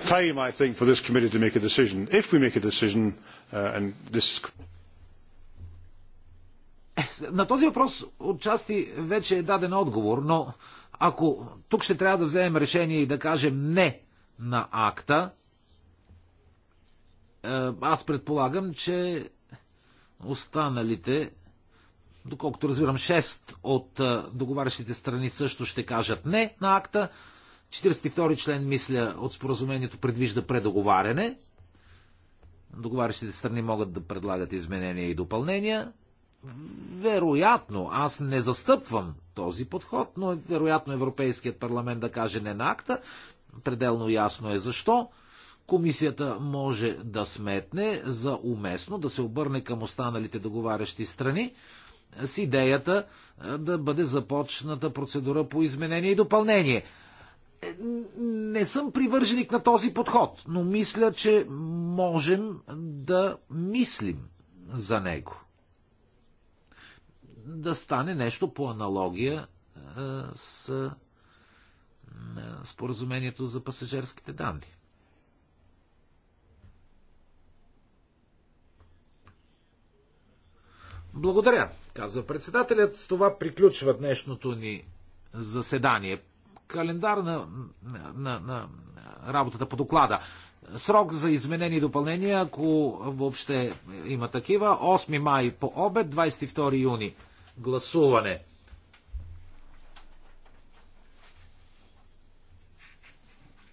Speaker 4: time, I think, for this committee to make a decision. If we make a decision, uh, and this is... На този въпрос отчасти вече е даден отговор, но ако тук ще трябва да вземем решение и да кажем не на акта, е, аз предполагам, че останалите, доколкото разбирам, 6 от е, договарящите страни също ще кажат не на акта, 42 член, мисля, от споразумението предвижда предоговаряне. Договарящите страни могат да предлагат изменения и допълнения. Вероятно, аз не застъпвам този подход, но е вероятно Европейският парламент да каже не на акта. Пределно ясно е защо. Комисията може да сметне за уместно да се обърне към останалите договарящи страни с идеята да бъде започната процедура по изменение и допълнение не съм привърженик на този подход, но мисля, че можем да мислим за него. Да стане нещо по аналогия е, с е, споразумението за пасажирските данни. Благодаря, казва председателят. С това приключва днешното ни заседание календар на, на, на работата по доклада. Срок за изменени и допълнения, ако въобще има такива, 8 май по обед, 22 юни гласуване.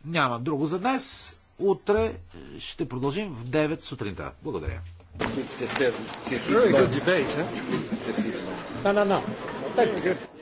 Speaker 4: Няма друго за днес. Утре ще продължим в 9 сутринта. Благодаря. Very good debate, huh? No, no, no. Thank you.